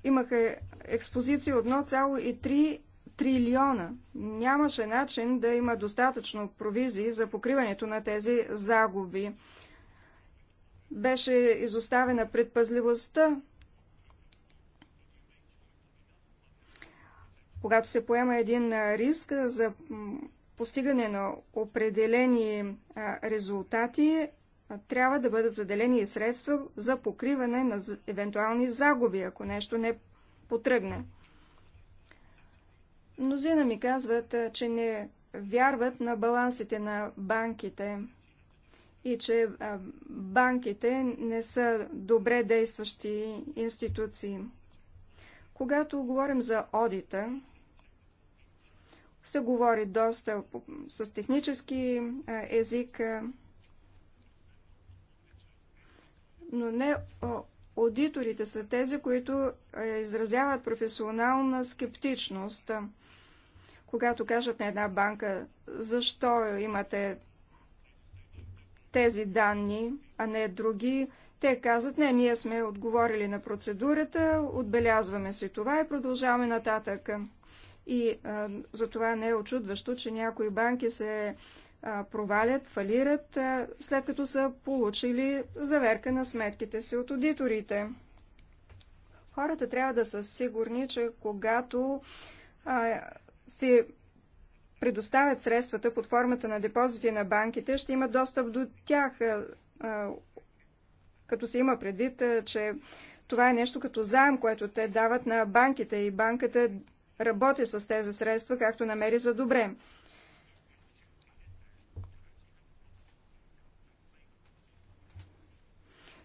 имаха експозиции от 1,3 трилиона. Нямаше начин да има достатъчно провизии за покриването на тези загуби. Беше изоставена предпазливостта. Когато се поема един риск за постигане на определени резултати, трябва да бъдат заделени и средства за покриване на евентуални загуби, ако нещо не потръгне. Мнозина ми казват, че не вярват на балансите на банките и че банките не са добре действащи институции. Когато говорим за одита, се говори доста с технически език, но не аудиторите са тези, които изразяват професионална скептичност. Когато кажат на една банка, защо имате тези данни, а не други, те казват, не, ние сме отговорили на процедурата, отбелязваме си това и продължаваме нататък. И а, за това не е очудващо, че някои банки се провалят, фалират, след като са получили заверка на сметките си от аудиторите. Хората трябва да са сигурни, че когато а, си предоставят средствата под формата на депозити на банките, ще имат достъп до тях, а, като се има предвид, а, че това е нещо като заем, което те дават на банките и банката работи с тези средства, както намери за добре.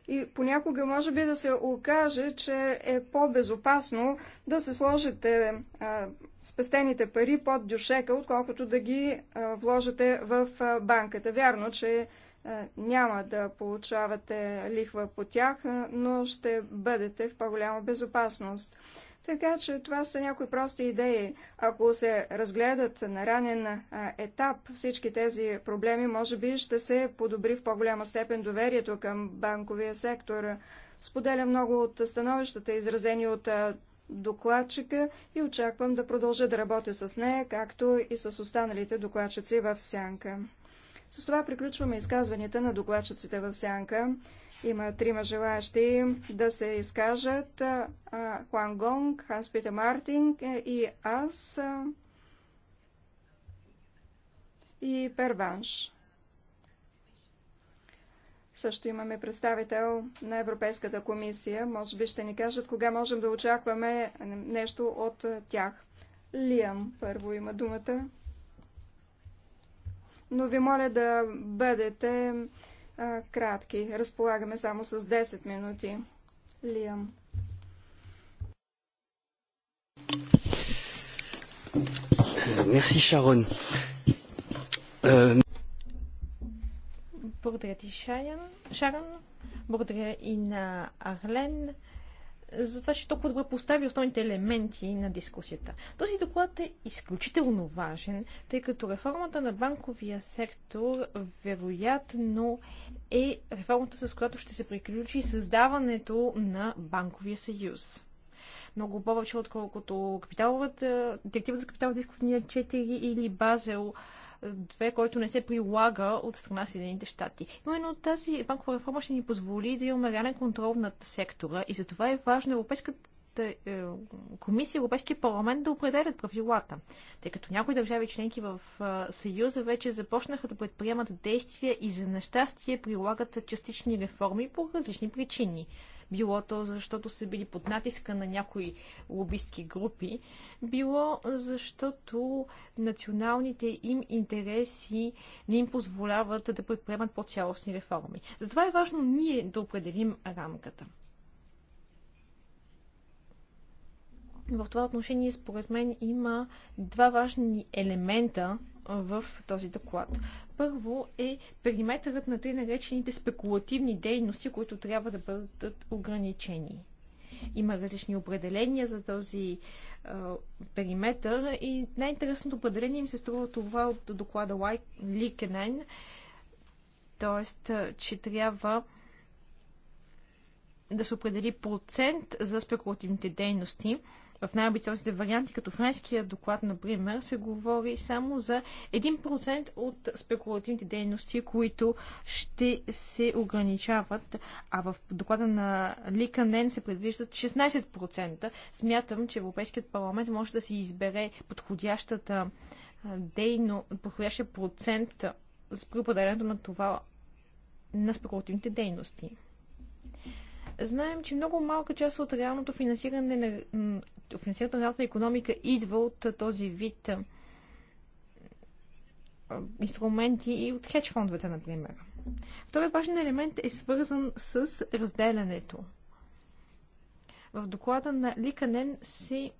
И понякога може би да се окаже, че е по-безопасно да се сложите а, спестените пари под дюшека, отколкото да ги а, вложите в а, банката. Вярно, че а, няма да получавате лихва по тях, а, но ще бъдете в по-голяма безопасност. Така че това са някои прости идеи. Ако се разгледат на ранен етап всички тези проблеми, може би ще се подобри в по-голяма степен доверието към банковия сектор. Споделя много от становищата, изразени от докладчика и очаквам да продължа да работя с нея, както и с останалите докладчици в сянка. С това приключваме изказванията на докладчиците в сянка. Има трима желаящи да се изкажат. Хуан Гонг, Ханс Питер Мартин е, и аз. И Перванш. Също имаме представител на Европейската комисия. Може би ще ни кажат кога можем да очакваме нещо от тях. Лиам първо има думата. Но ви моля да бъдете а, кратки. Разполагаме само с 10 минути. Лиам. Мерси, Шарон. Euh, Благодаря ти, Шарон. Благодаря и на Арлен за това, че е толкова добре постави основните елементи на дискусията. Този доклад е изключително важен, тъй като реформата на банковия сектор вероятно е реформата, с която ще се приключи създаването на банковия съюз. Много повече, отколкото директива за капитал изисквания 4 или Базел две, който не се прилага от страна Съединените щати. Именно тази банкова реформа ще ни позволи да имаме реален контрол над сектора и затова е важно Европейската е, комисия, Европейския парламент да определят правилата. Тъй като някои държави членки в е, Съюза вече започнаха да предприемат действия и за нещастие прилагат частични реформи по различни причини било то защото са били под натиска на някои лобистки групи, било защото националните им интереси не им позволяват да предприемат по-цялостни реформи. Затова е важно ние да определим рамката. В това отношение, според мен, има два важни елемента в този доклад. Първо е периметърът на тъй наречените спекулативни дейности, които трябва да бъдат ограничени. Има различни определения за този а, периметър и най-интересното определение им се струва това от доклада Ликенен, т.е. че трябва да се определи процент за спекулативните дейности. В най-обичайните варианти, като френския доклад, например, се говори само за 1% от спекулативните дейности, които ще се ограничават, а в доклада на Лика Нен се предвиждат 16%. Смятам, че Европейският парламент може да си избере подходящата дейно, подходящия процент за преподаването на това на спекулативните дейности знаем, че много малка част от реалното финансиране на, финансирането на реалната економика идва от този вид инструменти и от хедж фондовете, например. Вторият важен елемент е свързан с разделянето. В доклада на Ликанен се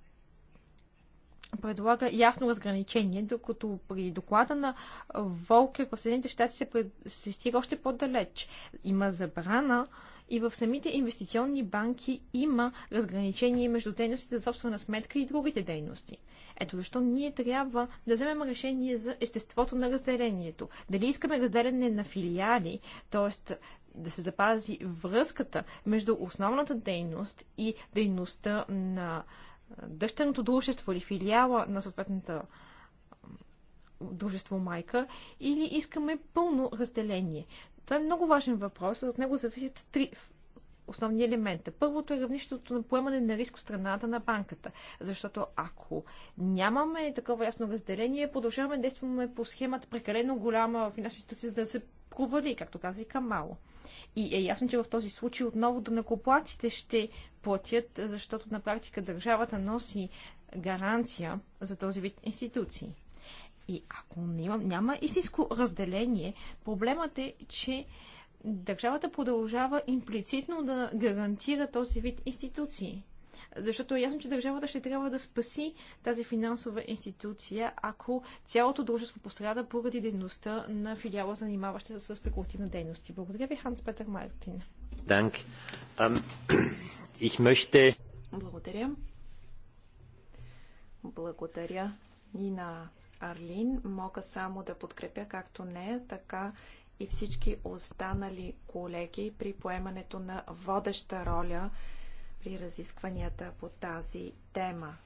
предлага ясно разграничение, докато при доклада на Волкер в Съединените щати се, пред... се стига още по-далеч. Има забрана и в самите инвестиционни банки има разграничение между дейностите за собствена сметка и другите дейности. Ето защо ние трябва да вземем решение за естеството на разделението. Дали искаме разделяне на филиали, т.е. да се запази връзката между основната дейност и дейността на дъщерното дружество или филиала на съответната дружество майка или искаме пълно разделение. Това е много важен въпрос. От него зависят три основни елемента. Първото е равнището на поемане на риск от страната на банката. Защото ако нямаме такова ясно разделение, продължаваме да действаме по схемата прекалено голяма финансова институция, за да се провали, както каза и Камало. И е ясно, че в този случай отново данакоплаците ще платят, защото на практика държавата носи гаранция за този вид институции. И ако няма, няма истинско разделение, проблемът е, че държавата продължава имплицитно да гарантира този вид институции. Защото е ясно, че държавата ще трябва да спаси тази финансова институция, ако цялото дружество пострада поради дейността на филиала, занимаваща се с спекулативна дейност. Благодаря ви, Ханс Петър Мартин. Данк. Благодаря. Благодаря и на Арлин. Мога само да подкрепя както нея, така и всички останали колеги при поемането на водеща роля при разискванията по тази тема.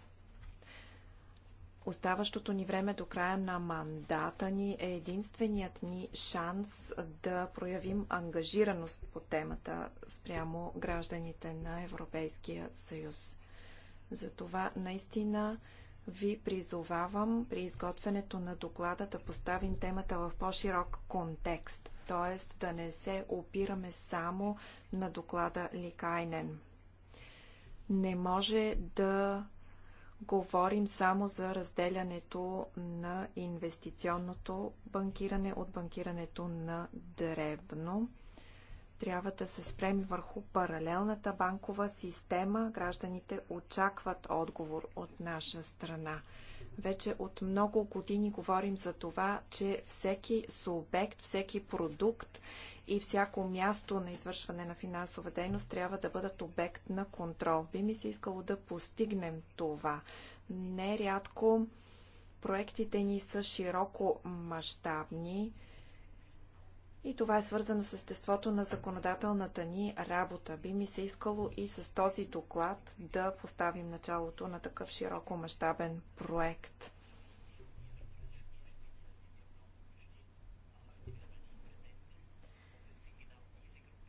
Оставащото ни време до края на мандата ни е единственият ни шанс да проявим ангажираност по темата спрямо гражданите на Европейския съюз. Затова наистина ви призовавам при изготвянето на доклада да поставим темата в по-широк контекст, т.е. да не се опираме само на доклада Ликайнен. Не може да говорим само за разделянето на инвестиционното банкиране от банкирането на дребно. Трябва да се спреми върху паралелната банкова система. Гражданите очакват отговор от наша страна. Вече от много години говорим за това, че всеки субект, всеки продукт и всяко място на извършване на финансова дейност трябва да бъдат обект на контрол. Би ми се искало да постигнем това. Нерядко проектите ни са широко мащабни. И това е свързано с естеството на законодателната ни работа. Би ми се искало и с този доклад да поставим началото на такъв широко мащабен проект.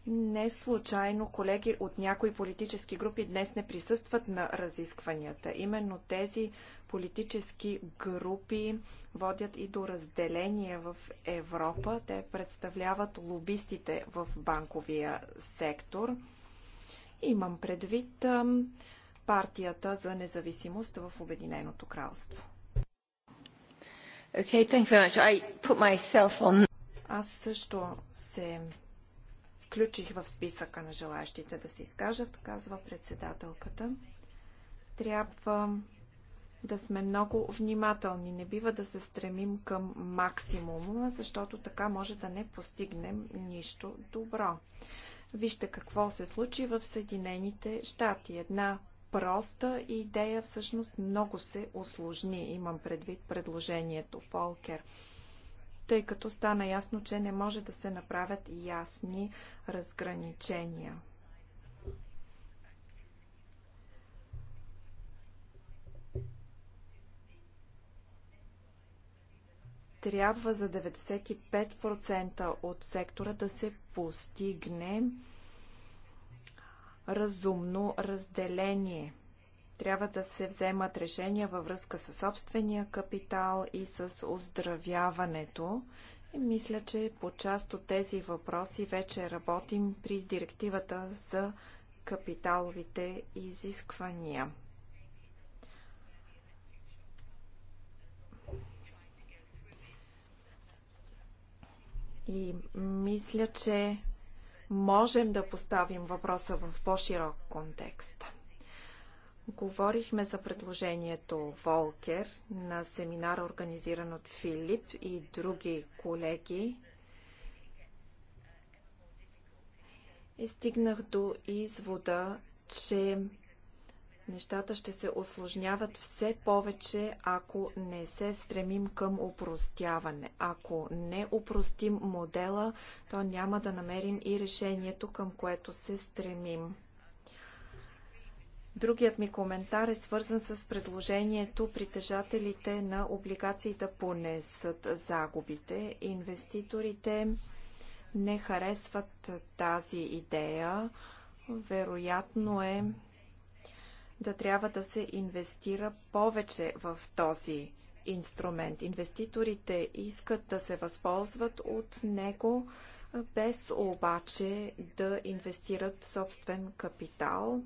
Не случайно колеги от някои политически групи днес не присъстват на разискванията. Именно тези политически групи водят и до разделение в Европа. Те представляват лобистите в банковия сектор. Имам предвид партията за независимост в Обединеното кралство. Okay, thank you very much. I put myself on... Аз също се включих в списъка на желащите да се изкажат, казва председателката. Трябва да сме много внимателни. Не бива да се стремим към максимума, защото така може да не постигнем нищо добро. Вижте какво се случи в Съединените щати. Една проста идея всъщност много се осложни. Имам предвид предложението Фолкер тъй като стана ясно, че не може да се направят ясни разграничения. трябва за 95% от сектора да се постигне разумно разделение. Трябва да се вземат решения във връзка с собствения капитал и с оздравяването. И мисля, че по част от тези въпроси вече работим при директивата за капиталовите изисквания. И мисля, че можем да поставим въпроса в по-широк контекст. Говорихме за предложението Волкер на семинара, организиран от Филип и други колеги. И стигнах до извода, че Нещата ще се осложняват все повече, ако не се стремим към упростяване. Ако не упростим модела, то няма да намерим и решението, към което се стремим. Другият ми коментар е свързан с предложението притежателите на облигации да понесат загубите. Инвеститорите не харесват тази идея. Вероятно е да трябва да се инвестира повече в този инструмент. Инвеститорите искат да се възползват от него, без обаче да инвестират собствен капитал.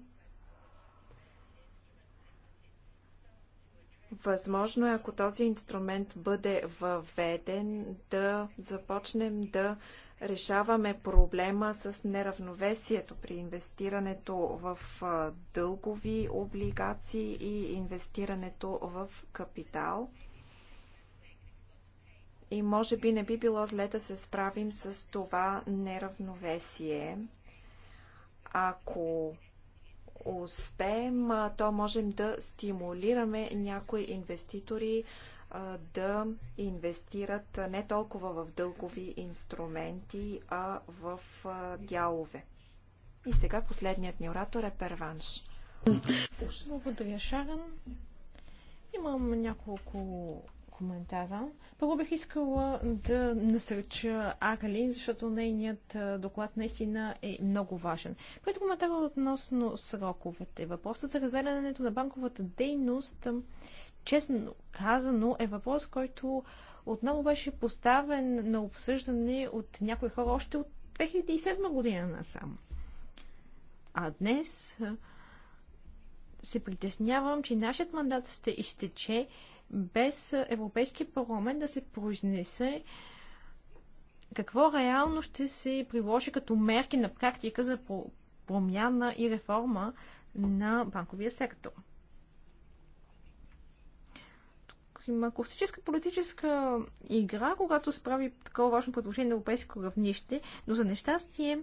Възможно е, ако този инструмент бъде въведен, да започнем да решаваме проблема с неравновесието при инвестирането в дългови облигации и инвестирането в капитал. И може би не би било зле да се справим с това неравновесие. Ако успеем, то можем да стимулираме някои инвеститори да инвестират не толкова в дългови инструменти, а в дялове. И сега последният ни оратор е Перванш. Благодаря, Шаран. Имам няколко коментара. Първо бих искала да насърча Агалин, защото нейният доклад наистина е много важен. Който коментар е относно сроковете. Въпросът за разделянето на банковата дейност честно казано, е въпрос, който отново беше поставен на обсъждане от някои хора още от 2007 година насам. А днес се притеснявам, че нашият мандат ще изтече без Европейския парламент да се произнесе какво реално ще се приложи като мерки на практика за промяна и реформа на банковия сектор. има класическа политическа игра, когато се прави такова важно предложение на европейско равнище, но за нещастие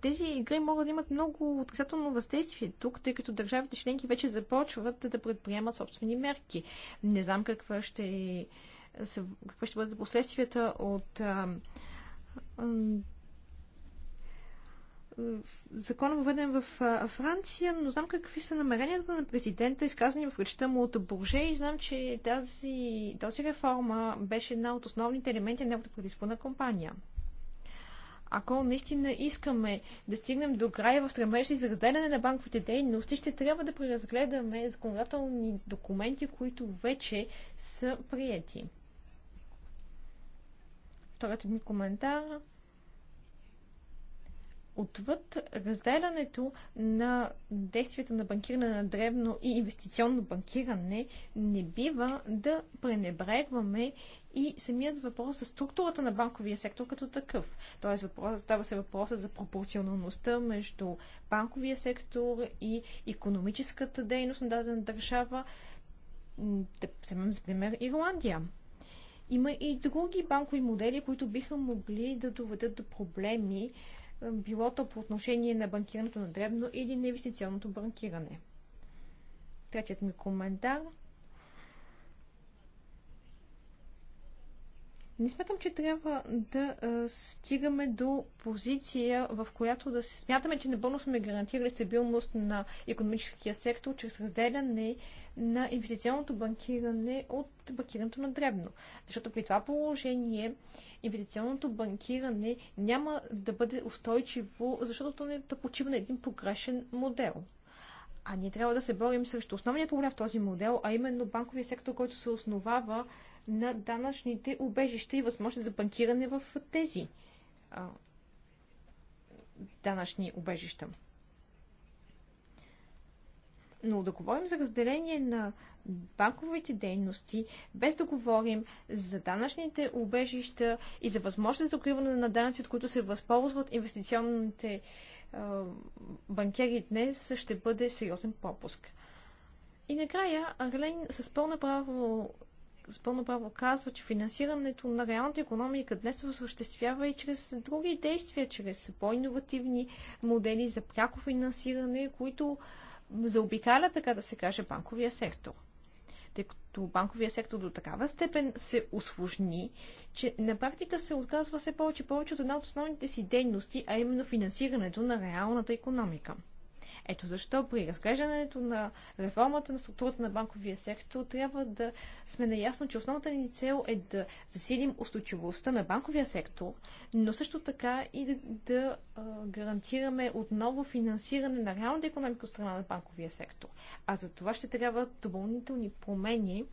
тези игри могат да имат много отрицателно въздействие тук, тъй като държавите членки вече започват да предприемат собствени мерки. Не знам каква ще, е- каква ще бъдат последствията от закон въведен в Франция, но знам какви са намеренията на президента, изказани в речта му от Бурже и знам, че тази, тази реформа беше една от основните елементи на неговата предизборна кампания. Ако наистина искаме да стигнем до края в стремежи за разделяне на банковите дейности, ще трябва да преразгледаме законодателни документи, които вече са приети. Вторият ми коментар отвъд разделянето на действията на банкиране на древно и инвестиционно банкиране, не бива да пренебрегваме и самият въпрос за структурата на банковия сектор като такъв. Тоест, въпрос, става се въпроса за пропорционалността между банковия сектор и економическата дейност на дадена държава. Да вземем за пример Ирландия. Има и други банкови модели, които биха могли да доведат до проблеми, било то по отношение на банкирането на дребно или на инвестиционното банкиране. Третият ми коментар – Не смятам, че трябва да а, стигаме до позиция, в която да се смятаме, че напълно сме гарантирали стабилност на економическия сектор чрез разделяне на инвестиционното банкиране от банкирането на дребно. Защото при това положение инвестиционното банкиране няма да бъде устойчиво, защото то не да почива на един погрешен модел. А ние трябва да се борим срещу основния проблем в този модел, а именно банковия сектор, който се основава на данъчните убежища и възможност за банкиране в тези а, данъчни убежища. Но да говорим за разделение на банковите дейности, без да говорим за данъчните убежища и за възможност за укриване на данъци, от които се възползват инвестиционните а, банкери днес, ще бъде сериозен пропуск. И накрая Арлен с пълна право с пълно право казва, че финансирането на реалната економика днес се осъществява и чрез други действия, чрез по-инновативни модели за пряко финансиране, които заобикалят така да се каже, банковия сектор. Тъй като банковия сектор до такава степен се осложни, че на практика се отказва все повече повече от една от основните си дейности, а именно финансирането на реалната економика. Ето защо при разглеждането на реформата на структурата на банковия сектор трябва да сме наясно, че основната ни цел е да засилим устойчивостта на банковия сектор, но също така и да, да гарантираме отново финансиране на реалната економика от страна на банковия сектор. А за това ще трябва допълнителни промени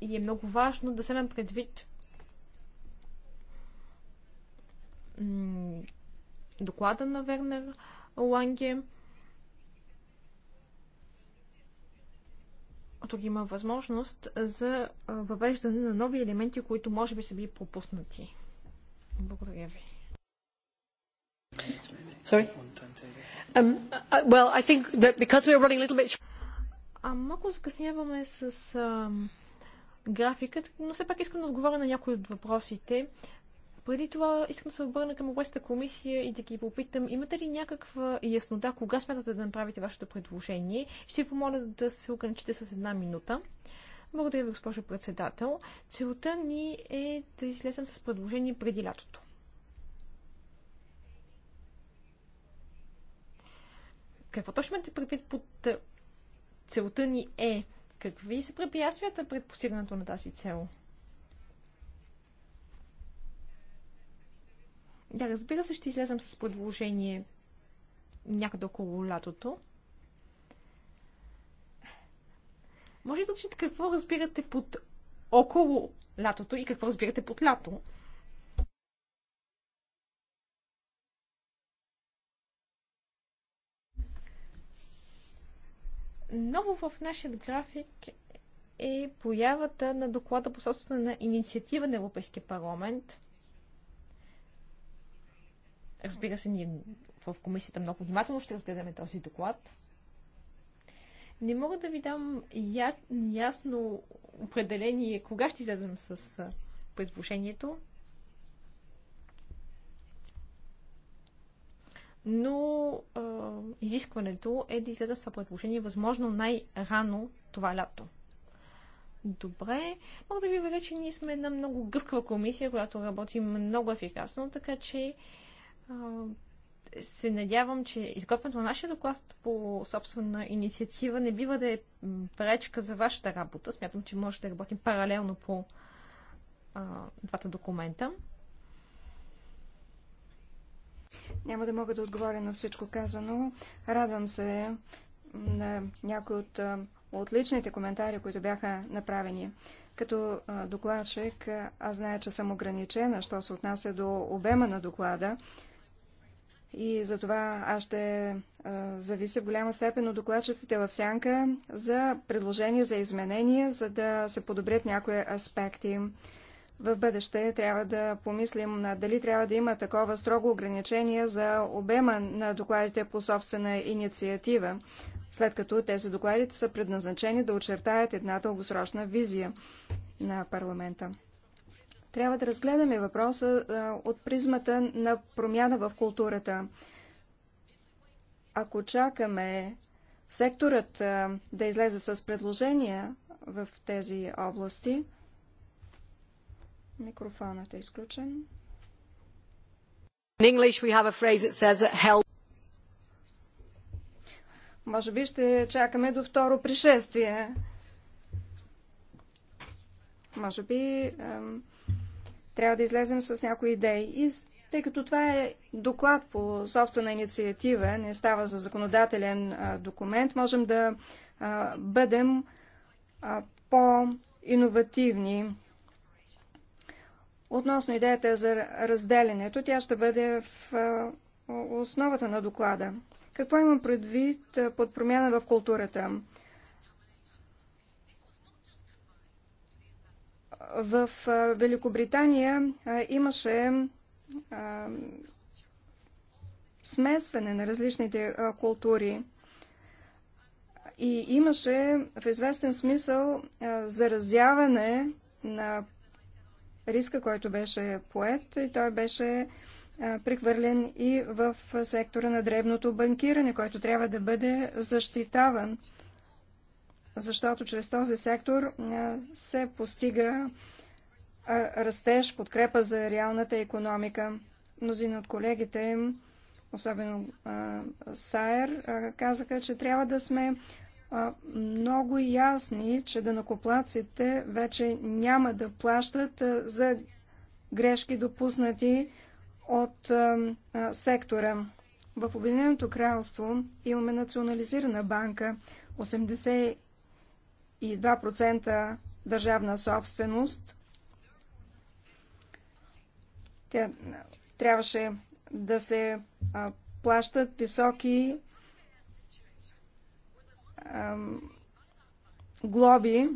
и е много важно да вземем предвид доклада на Вернер, Ланге. Тук има възможност за въвеждане на нови елементи, които може би са били пропуснати. Благодаря ви. Sorry? Um, uh, uh, well, I think that because running a little bit... А малко закъсняваме с а, графикът, но все пак искам да отговоря на някои от въпросите. Преди това искам да се обърна към Уеста комисия и да ги попитам, имате ли някаква яснота, кога смятате да направите вашето предложение? Ще ви помоля да се ограничите с една минута. Благодаря ви, госпожо председател. Целта ни е да излезем с предложение преди лятото. Какво точно имате предвид под целта ни е? Какви са препятствията пред постигането на тази цел? Да, разбира се, ще излезам с предложение някъде около лятото. Може да уточните какво разбирате под около лятото и какво разбирате под лято? Ново в нашия график е появата на доклада по собствена инициатива на Европейския парламент – Разбира се, ние в комисията много внимателно ще разгледаме този доклад. Не мога да ви дам я, ясно определение кога ще излезем с предложението. но е, изискването е да излезе с това предложение възможно най-рано това лято. Добре. Мога да ви уверя, че ние сме една много гъвкава комисия, която работи много ефикасно, така че се надявам, че изготвянето на нашия доклад по собствена инициатива не бива да е пречка за вашата работа. Смятам, че може да работим паралелно по а, двата документа. Няма да мога да отговоря на всичко казано. Радвам се на някои от отличните коментари, които бяха направени. Като докладчик, аз зная, че съм ограничена, що се отнася до обема на доклада. И затова аз ще завися в голяма степен от докладчиците в сянка за предложения за изменения, за да се подобрят някои аспекти. В бъдеще трябва да помислим дали трябва да има такова строго ограничение за обема на докладите по собствена инициатива, след като тези доклади са предназначени да очертаят една дългосрочна визия на парламента. Трябва да разгледаме въпроса от призмата на промяна в културата. Ако чакаме секторът да излезе с предложения в тези области, микрофонът е изключен. In English we have a phrase that says that help. може би ще чакаме до второ пришествие. Може би трябва да излезем с някои идеи. И тъй като това е доклад по собствена инициатива, не става за законодателен документ, можем да бъдем по-инновативни. Относно идеята за разделянето, тя ще бъде в основата на доклада. Какво имам предвид под промяна в културата? В Великобритания имаше смесване на различните култури и имаше в известен смисъл заразяване на риска, който беше поет и той беше прехвърлен и в сектора на дребното банкиране, който трябва да бъде защитаван защото чрез този сектор се постига растеж, подкрепа за реалната економика. Мнозина от колегите, особено Сайер, казаха, че трябва да сме много ясни, че данакоплаците вече няма да плащат за грешки допуснати от сектора. В Обединеното кралство имаме национализирана банка и 2% държавна собственост. Те трябваше да се а, плащат високи а, глоби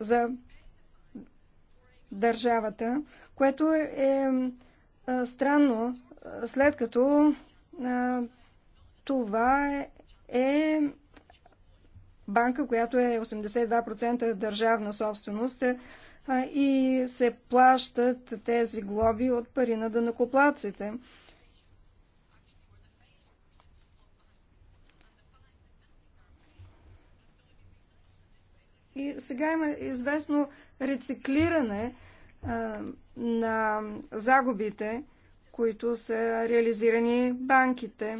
за държавата, което е, е а, странно, след като а, това е, е банка, която е 82% държавна собственост и се плащат тези глоби от пари на дънакоплаците. И сега има известно рециклиране а, на загубите, които са реализирани банките,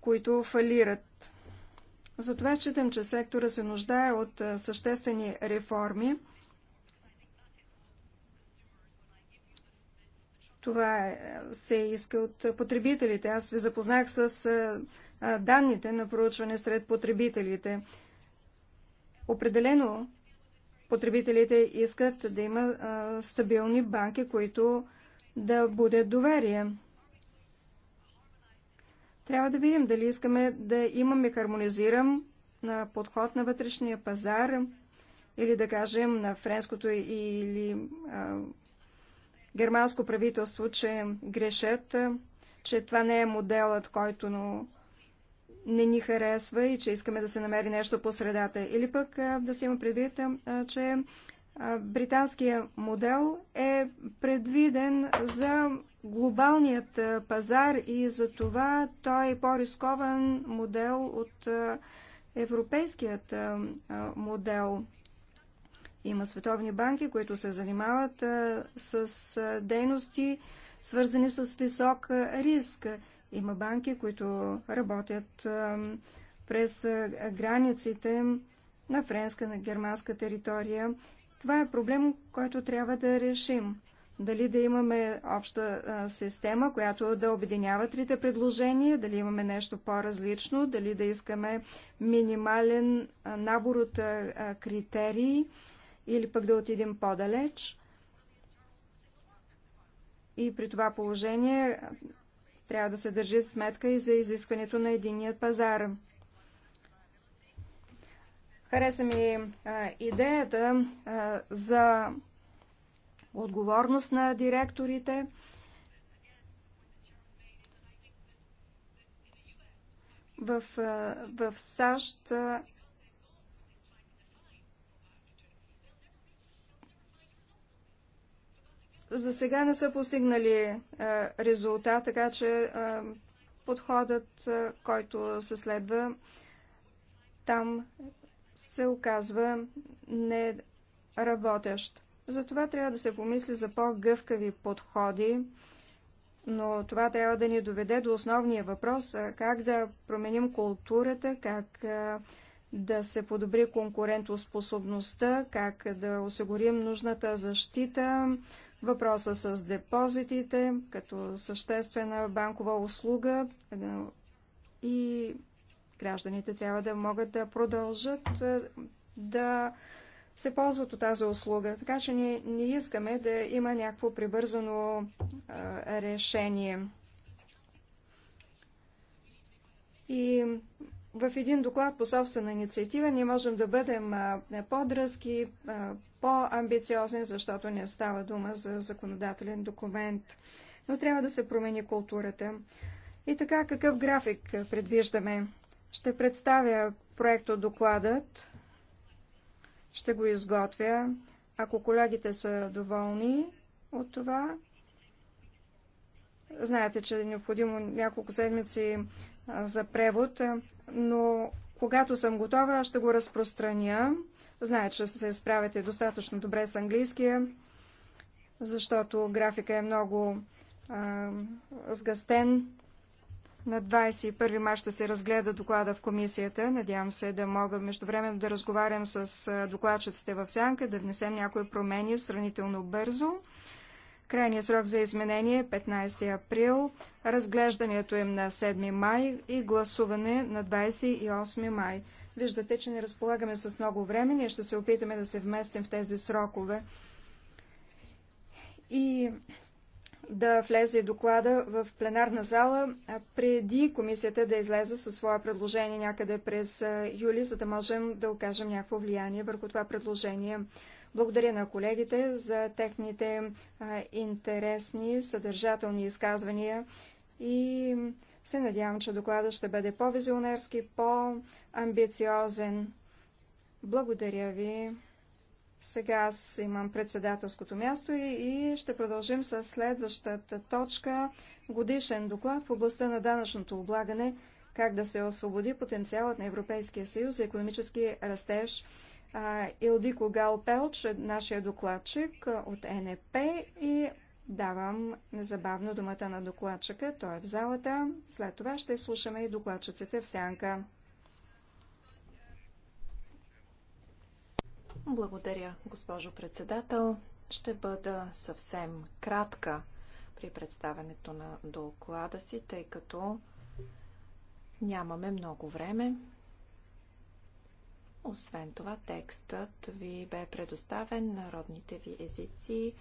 които фалират. Затова считам, че сектора се нуждае от съществени реформи. Това е, се иска от потребителите. Аз ви запознах с данните на проучване сред потребителите. Определено потребителите искат да има стабилни банки, които да будят доверие. Трябва да видим дали искаме да имаме хармонизиран на подход на вътрешния пазар или да кажем на френското или а, германско правителство, че грешат, че това не е моделът, който но не ни харесва и че искаме да се намери нещо по средата. Или пък а, да си има предвид, а, че британския модел е предвиден за глобалният пазар и за това той е по-рискован модел от европейският модел. Има световни банки, които се занимават с дейности, свързани с висок риск. Има банки, които работят през границите на френска, на германска територия. Това е проблем, който трябва да решим дали да имаме обща система, която да обединява трите предложения, дали имаме нещо по-различно, дали да искаме минимален набор от критерии или пък да отидем по-далеч. И при това положение трябва да се държи сметка и за изискването на единият пазар. Хареса ми а, идеята а, за отговорност на директорите. В, в САЩ за сега не са постигнали резултат, така че подходът, който се следва, там се оказва неработещ. Затова трябва да се помисли за по-гъвкави подходи, но това трябва да ни доведе до основния въпрос как да променим културата, как да се подобри конкурентоспособността, как да осигурим нужната защита, въпроса с депозитите като съществена банкова услуга и гражданите трябва да могат да продължат да се ползват от тази услуга. Така че ние не искаме да има някакво прибързано а, решение. И в един доклад по собствена инициатива ние можем да бъдем по-дръзки, по-амбициозни, защото не става дума за законодателен документ. Но трябва да се промени културата. И така, какъв график предвиждаме? Ще представя проекто докладът ще го изготвя. Ако колегите са доволни от това, знаете, че е необходимо няколко седмици за превод, но когато съм готова, ще го разпространя. Зная, че се справяте достатъчно добре с английския, защото графика е много а, сгъстен. На 21 марта ще се разгледа доклада в комисията. Надявам се да мога междувременно да разговарям с докладчиците в сянка, да внесем някои промени сравнително бързо. Крайният срок за изменение е 15 април, разглеждането им на 7 май и гласуване на 28 май. Виждате, че не разполагаме с много време, ние ще се опитаме да се вместим в тези срокове. И да влезе доклада в пленарна зала преди комисията да излезе със свое предложение някъде през юли, за да можем да окажем някакво влияние върху това предложение. Благодаря на колегите за техните а, интересни, съдържателни изказвания и се надявам, че докладът ще бъде по-визионерски, по-амбициозен. Благодаря ви. Сега аз имам председателското място и ще продължим с следващата точка – годишен доклад в областта на данъчното облагане, как да се освободи потенциалът на Европейския съюз за економически растеж. Илдико Гал Пелч нашия докладчик от НЕП и давам незабавно думата на докладчика. Той е в залата. След това ще слушаме и докладчиците в сянка. Благодаря, госпожо председател. Ще бъда съвсем кратка при представенето на доклада си, тъй като нямаме много време. Освен това, текстът ви бе предоставен на родните ви езици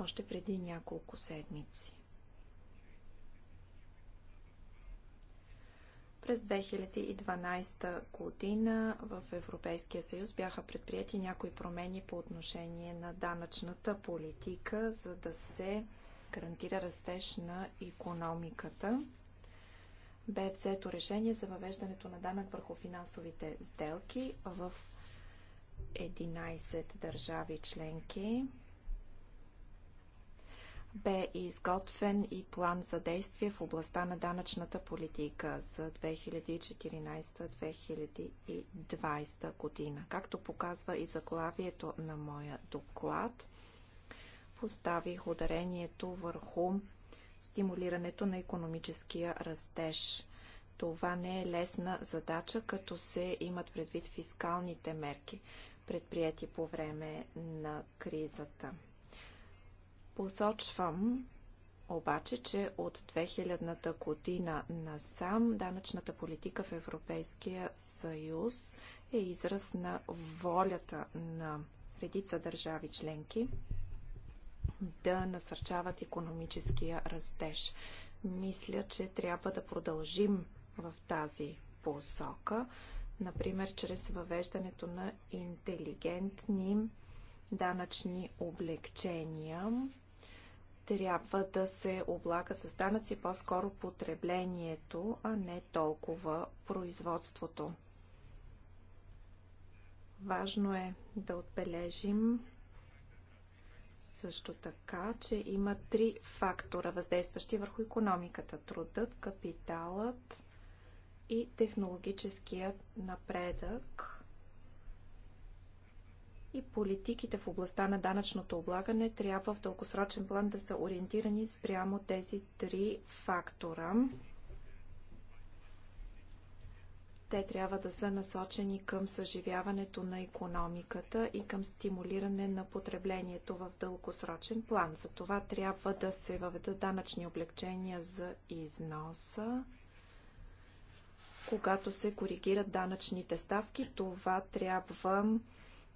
още преди няколко седмици. През 2012 година в Европейския съюз бяха предприяти някои промени по отношение на данъчната политика, за да се гарантира растеж на економиката. Бе взето решение за въвеждането на данък върху финансовите сделки в 11 държави членки бе изготвен и план за действие в областта на данъчната политика за 2014-2020 година. Както показва и заглавието на моя доклад, поставих ударението върху стимулирането на економическия растеж. Това не е лесна задача, като се имат предвид фискалните мерки, предприяти по време на кризата. Посочвам обаче, че от 2000-та година насам данъчната политика в Европейския съюз е израз на волята на редица държави членки да насърчават економическия растеж. Мисля, че трябва да продължим в тази посока, например чрез въвеждането на интелигентни данъчни облегчения трябва да се облага с данъци по-скоро потреблението, а не толкова производството. Важно е да отбележим също така, че има три фактора, въздействащи върху економиката трудът, капиталът и технологическият напредък и политиките в областта на данъчното облагане трябва в дългосрочен план да са ориентирани спрямо тези три фактора. Те трябва да са насочени към съживяването на економиката и към стимулиране на потреблението в дългосрочен план. За това трябва да се въведат данъчни облегчения за износа. Когато се коригират данъчните ставки, това трябва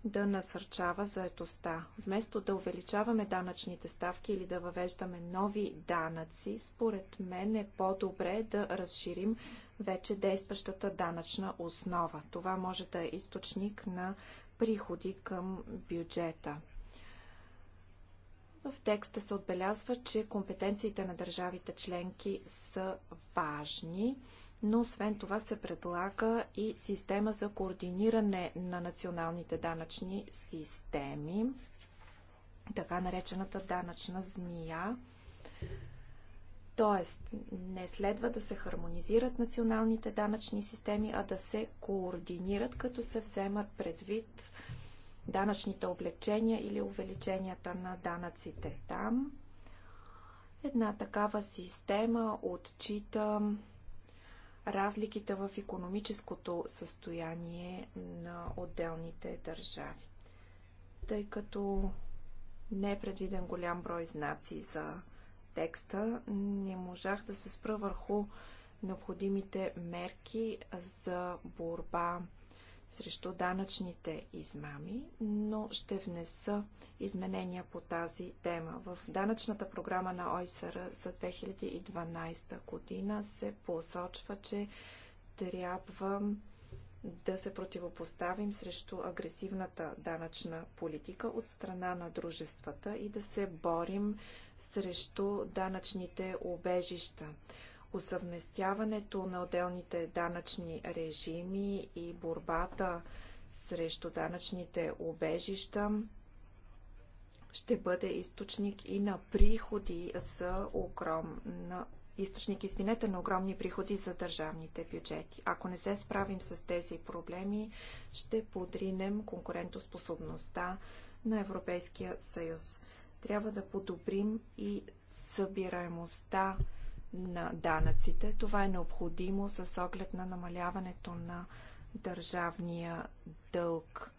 да насърчава заетостта. Вместо да увеличаваме данъчните ставки или да въвеждаме нови данъци, според мен е по-добре да разширим вече действащата данъчна основа. Това може да е източник на приходи към бюджета. В текста се отбелязва, че компетенциите на държавите членки са важни но освен това се предлага и система за координиране на националните данъчни системи, така наречената данъчна змия. Тоест, не следва да се хармонизират националните данъчни системи, а да се координират, като се вземат предвид данъчните облегчения или увеличенията на данъците там. Една такава система отчита разликите в економическото състояние на отделните държави. Тъй като не е предвиден голям брой знаци за текста, не можах да се спра върху необходимите мерки за борба срещу данъчните измами, но ще внеса изменения по тази тема. В данъчната програма на ОИСР за 2012 година се посочва, че трябва да се противопоставим срещу агресивната данъчна политика от страна на дружествата и да се борим срещу данъчните обежища усъвместяването на отделните данъчни режими и борбата срещу данъчните обежища ще бъде източник и на приходи за огромна източник, извинете, на огромни приходи за държавните бюджети. Ако не се справим с тези проблеми, ще подринем конкурентоспособността на Европейския съюз. Трябва да подобрим и събираемостта на данъците. Това е необходимо с оглед на намаляването на държавния дълг.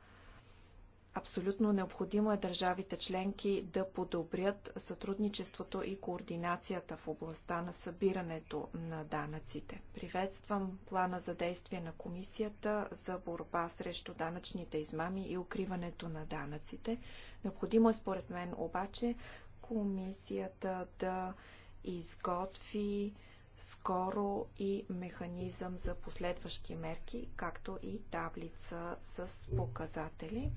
Абсолютно необходимо е държавите членки да подобрят сътрудничеството и координацията в областта на събирането на данъците. Приветствам плана за действие на комисията за борба срещу данъчните измами и укриването на данъците. Необходимо е според мен обаче комисията да изготви скоро и механизъм за последващи мерки, както и таблица с показатели.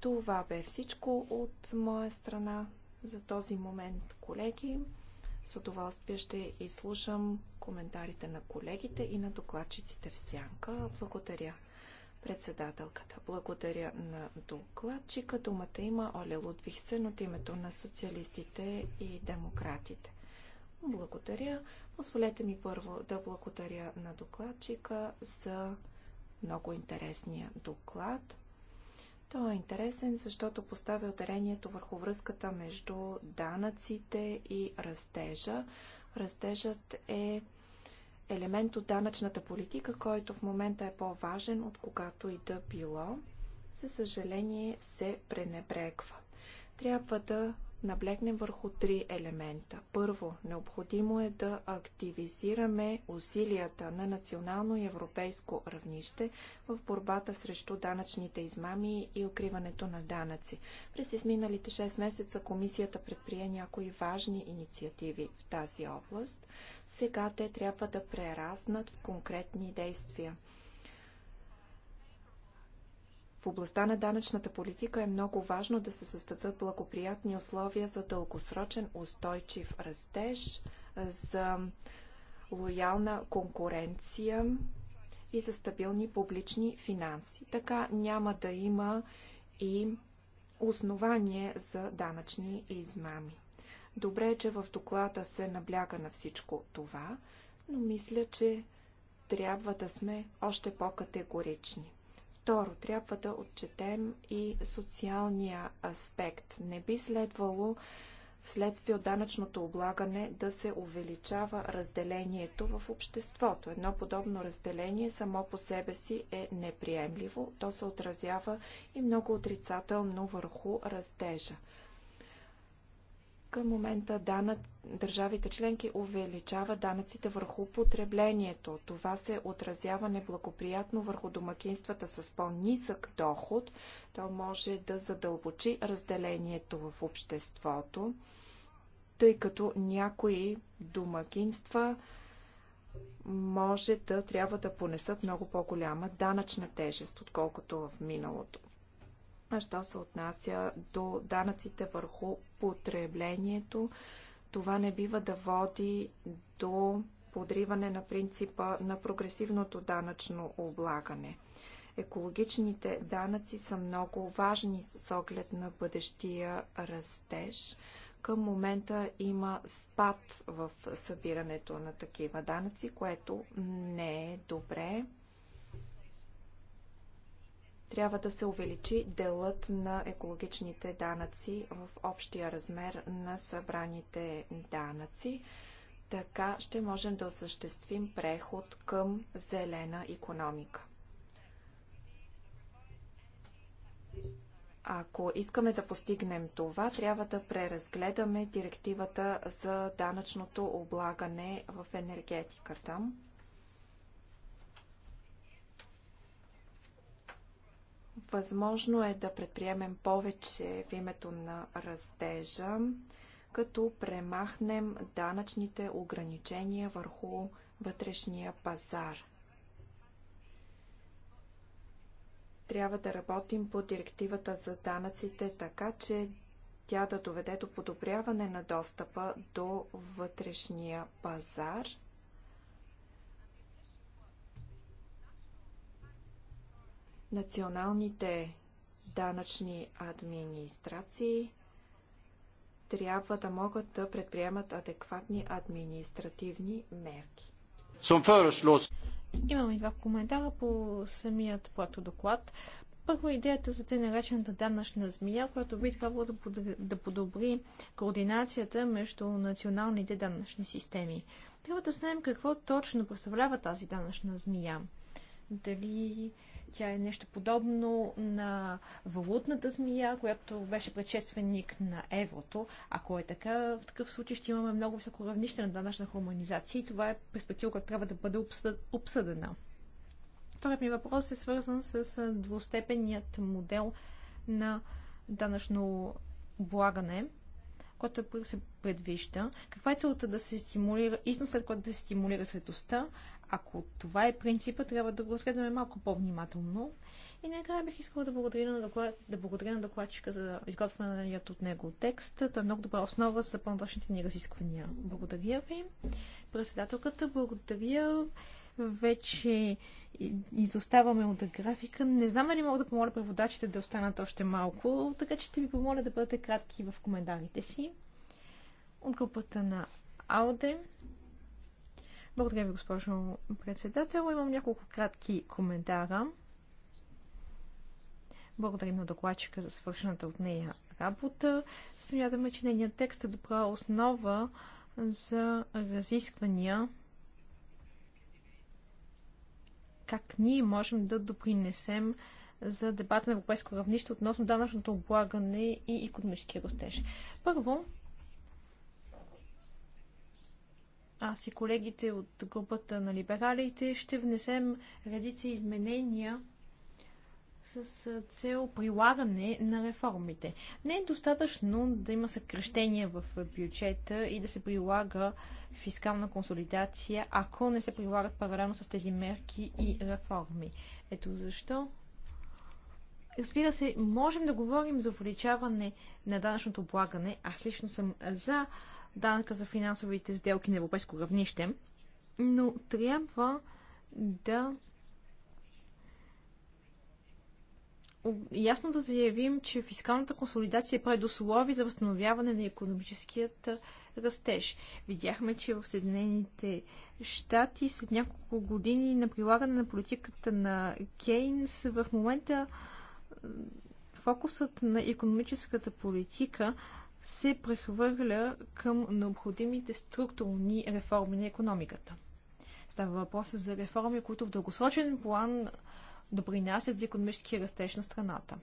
Това бе всичко от моя страна за този момент, колеги. С удоволствие ще изслушам коментарите на колегите и на докладчиците в сянка. Благодаря. Председателката. Благодаря на докладчика. Думата има Оля Лудвихсен от името на социалистите и демократите. Благодаря. Позволете ми първо да благодаря на докладчика за много интересния доклад. Той е интересен, защото поставя ударението върху връзката между данъците и растежа. Растежът е елемент от данъчната политика, който в момента е по-важен от когато и да било, за съжаление се пренебрегва. Трябва да наблегнем върху три елемента. Първо, необходимо е да активизираме усилията на национално и европейско равнище в борбата срещу данъчните измами и укриването на данъци. През изминалите 6 месеца комисията предприе някои важни инициативи в тази област. Сега те трябва да прераснат в конкретни действия. В областта на данъчната политика е много важно да се създадат благоприятни условия за дългосрочен устойчив растеж, за лоялна конкуренция и за стабилни публични финанси. Така няма да има и основание за данъчни измами. Добре е, че в доклада се набляга на всичко това, но мисля, че трябва да сме още по-категорични. Второ, трябва да отчетем и социалния аспект. Не би следвало вследствие от данъчното облагане да се увеличава разделението в обществото. Едно подобно разделение само по себе си е неприемливо. То се отразява и много отрицателно върху растежа. Към момента данък, държавите членки увеличават данъците върху потреблението. Това се отразява неблагоприятно върху домакинствата с по-нисък доход. То може да задълбочи разделението в обществото, тъй като някои домакинства може да трябва да понесат много по-голяма данъчна тежест, отколкото в миналото. А що се отнася до данъците върху потреблението, това не бива да води до подриване на принципа на прогресивното данъчно облагане. Екологичните данъци са много важни с оглед на бъдещия растеж. Към момента има спад в събирането на такива данъци, което не е добре трябва да се увеличи делът на екологичните данъци в общия размер на събраните данъци. Така ще можем да осъществим преход към зелена економика. Ако искаме да постигнем това, трябва да преразгледаме директивата за данъчното облагане в енергетиката. Възможно е да предприемем повече в името на растежа, като премахнем данъчните ограничения върху вътрешния пазар. Трябва да работим по директивата за данъците така, че тя да доведе до подобряване на достъпа до вътрешния пазар – националните данъчни администрации трябва да могат да предприемат адекватни административни мерки. Имаме два коментара по самият плато доклад. Първо идеята за те наречената данъчна змия, която би трябвало да, да подобри координацията между националните данъчни системи. Трябва да знаем какво точно представлява тази данъчна змия. Дали тя е нещо подобно на валутната змия, която беше предшественик на еврото. Ако е така, в такъв случай ще имаме много високо равнище на данъчна хуманизация, и това е перспектива, която трябва да бъде обсъдена. Вторият ми въпрос е свързан с двустепенният модел на данъчно облагане което е, се предвижда? Каква е целта да се стимулира след което да се стимулира светостта? Ако това е принципа, трябва да го разгледаме малко по-внимателно. И накрая бих искала да благодаря на, доклад, да благодаря на докладчика за изготвянето от него текст. Той е много добра основа за по-нататъчните ни разисквания. Благодаря ви. Председателката, благодаря вече изоставаме от графика. Не знам дали мога да помоля преводачите да останат още малко, така че ще ви помоля да бъдете кратки в коментарите си. От групата на Ауде. Благодаря ви, госпожо председател. Имам няколко кратки коментара. Благодарим на докладчика за свършената от нея работа. Смятаме, че нейният текст е добра основа за разисквания как ние можем да допринесем за дебата на европейско равнище относно данъчното облагане и економически растеж. Първо, аз и колегите от групата на либералите ще внесем редица изменения – с цел прилагане на реформите. Не е достатъчно да има съкрещения в бюджета и да се прилага фискална консолидация, ако не се прилагат паралелно с тези мерки и реформи. Ето защо. Разбира се, можем да говорим за увеличаване на данъчното облагане. Аз лично съм за данъка за финансовите сделки на европейско равнище, но трябва да ясно да заявим, че фискалната консолидация е предуслови за възстановяване на економическият растеж. Видяхме, че в Съединените щати след няколко години на прилагане на политиката на Кейнс в момента фокусът на економическата политика се прехвърля към необходимите структурни реформи на економиката. Става въпрос за реформи, които в дългосрочен план допринасят за економически растеж на страната.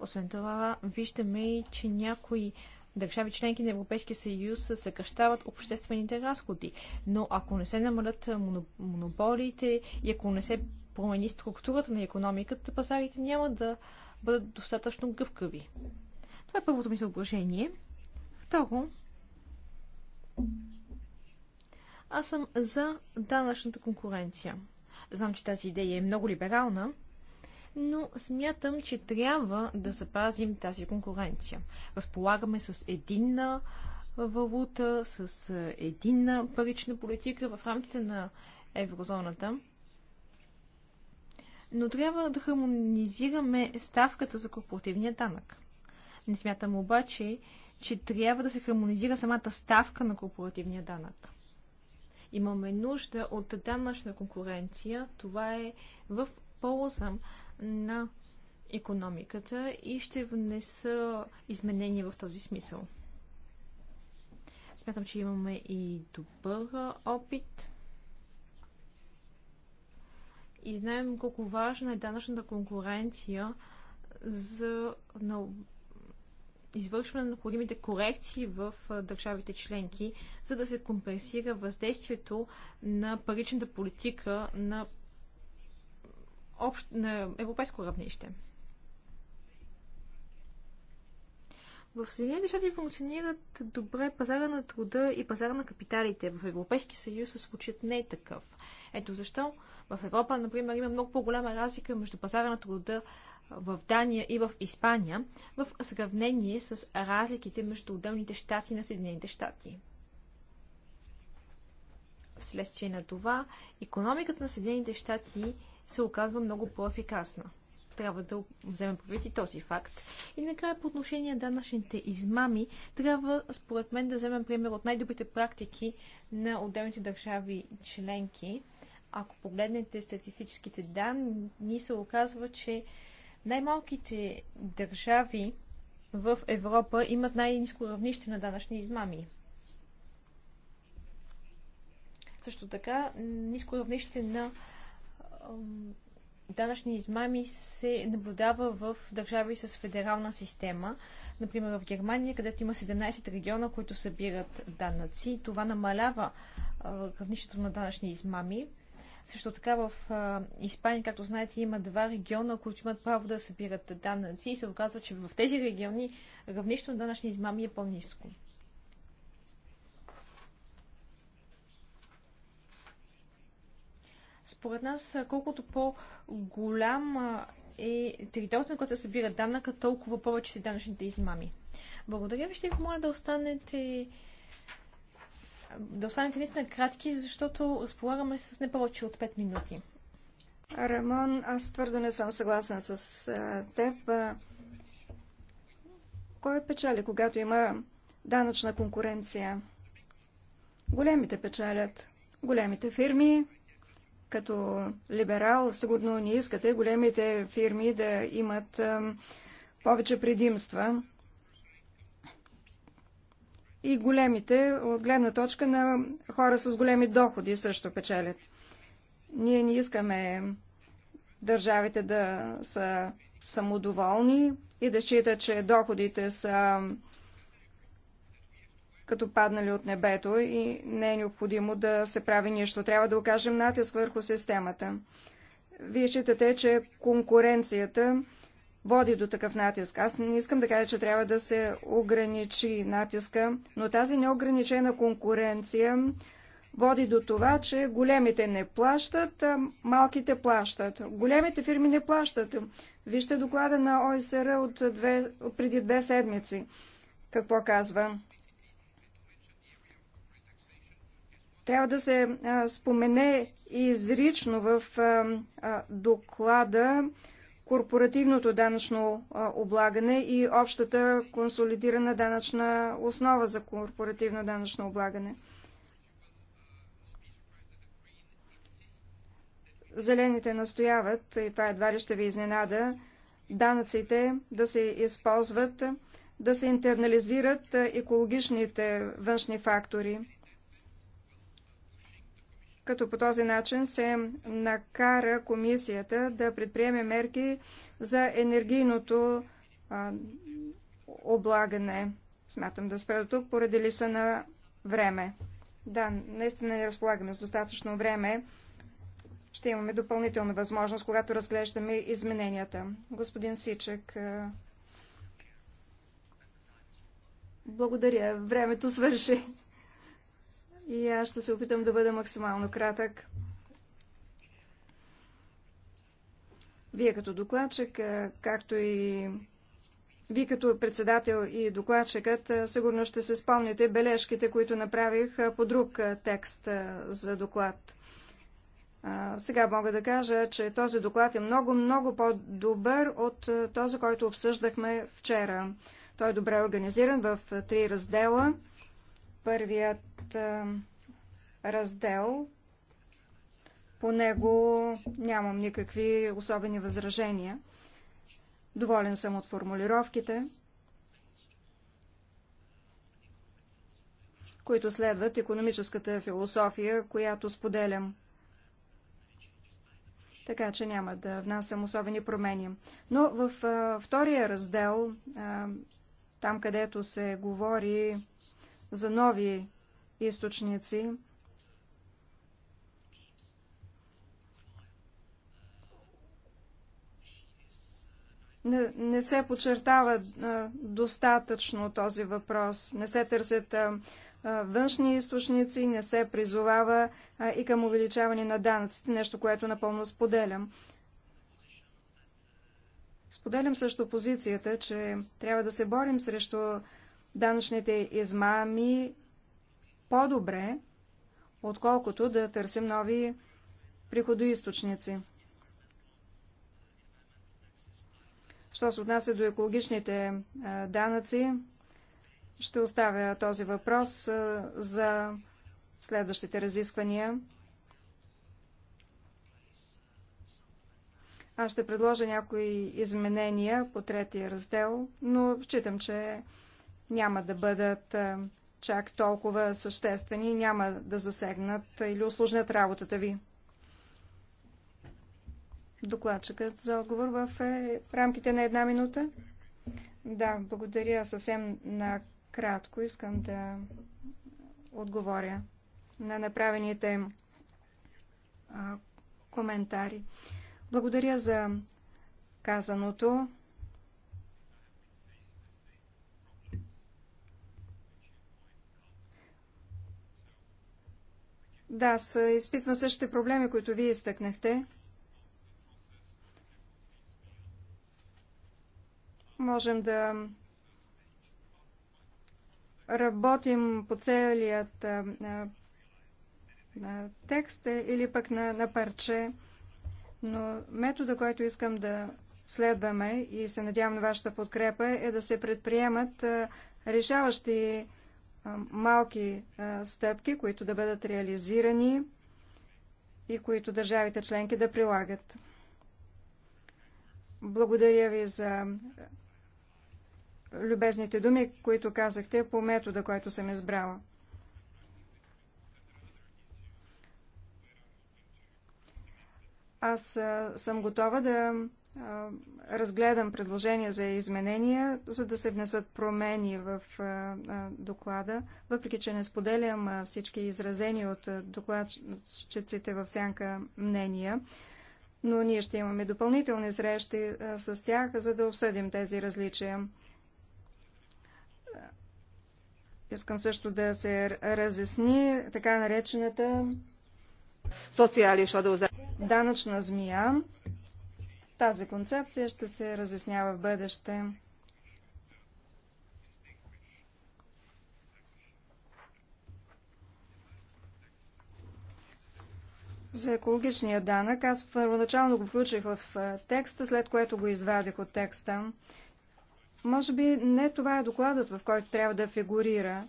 Освен това, виждаме, и, че някои държави членки на Европейския съюз съкръщават обществените разходи. Но ако не се намалят монополите и ако не се промени структурата на економиката, пазарите няма да бъдат достатъчно гъвкави. Това е първото ми съображение. Второ, аз съм за данъчната конкуренция. Знам, че тази идея е много либерална, но смятам, че трябва да запазим тази конкуренция. Разполагаме с единна валута, с единна парична политика в рамките на еврозоната. Но трябва да хармонизираме ставката за корпоративния данък. Не смятам обаче, че трябва да се хармонизира самата ставка на корпоративния данък. Имаме нужда от данъчна конкуренция. Това е в полза на економиката и ще внеса изменения в този смисъл. Смятам, че имаме и добър опит. И знаем колко важна е данъчната конкуренция за извършване на необходимите корекции в държавите членки, за да се компенсира въздействието на паричната политика на, общ... на европейско равнище. В Съединените щати функционират добре пазара на труда и пазара на капиталите. В Европейския съюз се случат не е такъв. Ето защо в Европа, например, има много по-голяма разлика между пазара на труда в Дания и в Испания в сравнение с разликите между отделните щати на Съединените щати. Вследствие на това, економиката на Съединените щати се оказва много по-ефикасна. Трябва да вземем предвид и този факт. И накрая по отношение на данъчните измами, трябва според мен да вземем пример от най-добрите практики на отделните държави членки. Ако погледнете статистическите данни, ни се оказва, че най-малките държави в Европа имат най-низко равнище на данъчни измами. Също така, ниско равнище на данъчни измами се наблюдава в държави с федерална система. Например, в Германия, където има 17 региона, които събират данъци. Това намалява равнището на данъчни измами. Също така в Испания, както знаете, има два региона, които имат право да събират данъци и се оказва, че в тези региони равнището на данъчни измами е по-низко. Според нас, колкото по-голям е територията, на която се събира данъка, толкова повече са данъчните измами. Благодаря ви, ще ви помоля да останете да останете наистина кратки, защото разполагаме с не повече от 5 минути. Рамон, аз твърдо не съм съгласен с теб. Кой е печали, когато има данъчна конкуренция? Големите печалят. Големите фирми, като либерал, сигурно не искате големите фирми да имат повече предимства и големите, от гледна точка на хора с големи доходи, също печелят. Ние не искаме държавите да са самодоволни и да считат, че доходите са като паднали от небето и не е необходимо да се прави нищо. Трябва да окажем натиск върху системата. Вие считате, че конкуренцията води до такъв натиск. Аз не искам да кажа, че трябва да се ограничи натиска, но тази неограничена конкуренция води до това, че големите не плащат, а малките плащат. Големите фирми не плащат. Вижте доклада на ОСР от, две, от преди две седмици. Какво казва? Трябва да се а, спомене изрично в а, а, доклада корпоративното данъчно облагане и общата консолидирана данъчна основа за корпоративно данъчно облагане. Зелените настояват, и това едва ли ще ви изненада, данъците да се използват, да се интернализират екологичните външни фактори като по този начин се накара комисията да предприеме мерки за енергийното а, облагане. Смятам да спра до тук поради липса на време. Да, наистина не разполагаме с достатъчно време. Ще имаме допълнителна възможност, когато разглеждаме измененията. Господин Сичек, благодаря. Времето свърши и аз ще се опитам да бъда максимално кратък. Вие като докладчик, както и вие като председател и докладчикът, сигурно ще се спомните бележките, които направих по друг текст за доклад. Сега мога да кажа, че този доклад е много, много по-добър от този, който обсъждахме вчера. Той е добре организиран в три раздела. Първият раздел, по него нямам никакви особени възражения. Доволен съм от формулировките, които следват економическата философия, която споделям. Така че няма да внасям особени промени. Но в а, втория раздел, а, там където се говори за нови източници. Не, не се подчертава достатъчно този въпрос. Не се търсят а, външни източници, не се призовава а, и към увеличаване на данъците, нещо, което напълно споделям. Споделям също позицията, че трябва да се борим срещу данъчните измами по-добре, отколкото да търсим нови приходоисточници. Що се отнася до екологичните данъци, ще оставя този въпрос за следващите разисквания. Аз ще предложа някои изменения по третия раздел, но считам, че няма да бъдат чак толкова съществени и няма да засегнат или осложнят работата ви. Докладчикът за отговор е, в рамките на една минута. Да, благодаря съвсем накратко. Искам да отговоря на направените коментари. Благодаря за казаното. Да, аз изпитвам същите проблеми, които вие изтъкнахте. Можем да работим по целият а, а, текст е, или пък на, на парче, но метода, който искам да следваме и се надявам на вашата подкрепа, е да се предприемат решаващи малки стъпки, които да бъдат реализирани и които държавите членки да прилагат. Благодаря ви за любезните думи, които казахте по метода, който съм избрала. Аз съм готова да разгледам предложения за изменения, за да се внесат промени в доклада, въпреки че не споделям всички изразени от докладчиците в сянка мнения, но ние ще имаме допълнителни срещи с тях, за да обсъдим тези различия. Искам също да се разясни така наречената социалиш данъчна змия. Тази концепция ще се разяснява в бъдеще. За екологичния данък аз първоначално го включих в текста, след което го извадих от текста. Може би не това е докладът, в който трябва да фигурира.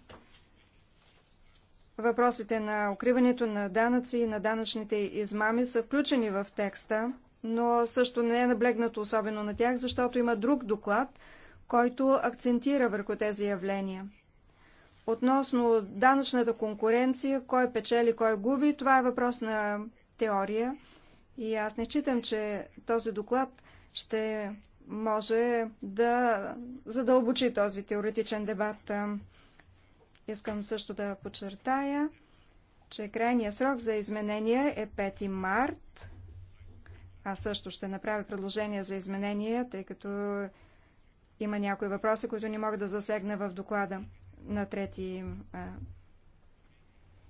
Въпросите на укриването на данъци и на данъчните измами са включени в текста но също не е наблегнато особено на тях, защото има друг доклад, който акцентира върху тези явления. Относно данъчната конкуренция, кой печели, кой губи, това е въпрос на теория. И аз не считам, че този доклад ще може да задълбочи този теоретичен дебат. Искам също да подчертая, че крайният срок за изменения е 5 март аз също ще направя предложения за изменения, тъй като има някои въпроси, които не мога да засегна в доклада на 3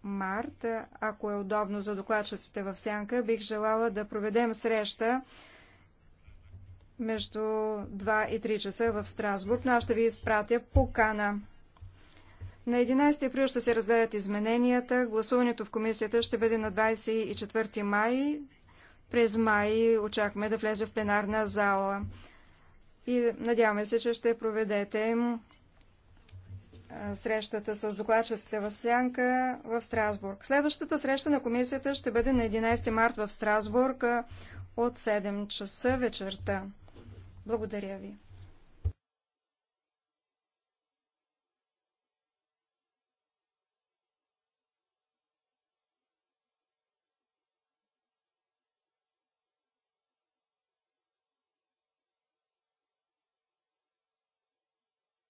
март. Ако е удобно за докладчиците в Сянка, бих желала да проведем среща между 2 и 3 часа в Страсбург, но аз ще ви изпратя покана. На 11 април ще се разгледат измененията. Гласуването в комисията ще бъде на 24 май. През май очакваме да влезе в пленарна зала. И надяваме се, че ще проведете срещата с докладчиците в Сянка в Страсбург. Следващата среща на комисията ще бъде на 11 март в Страсбург от 7 часа вечерта. Благодаря ви.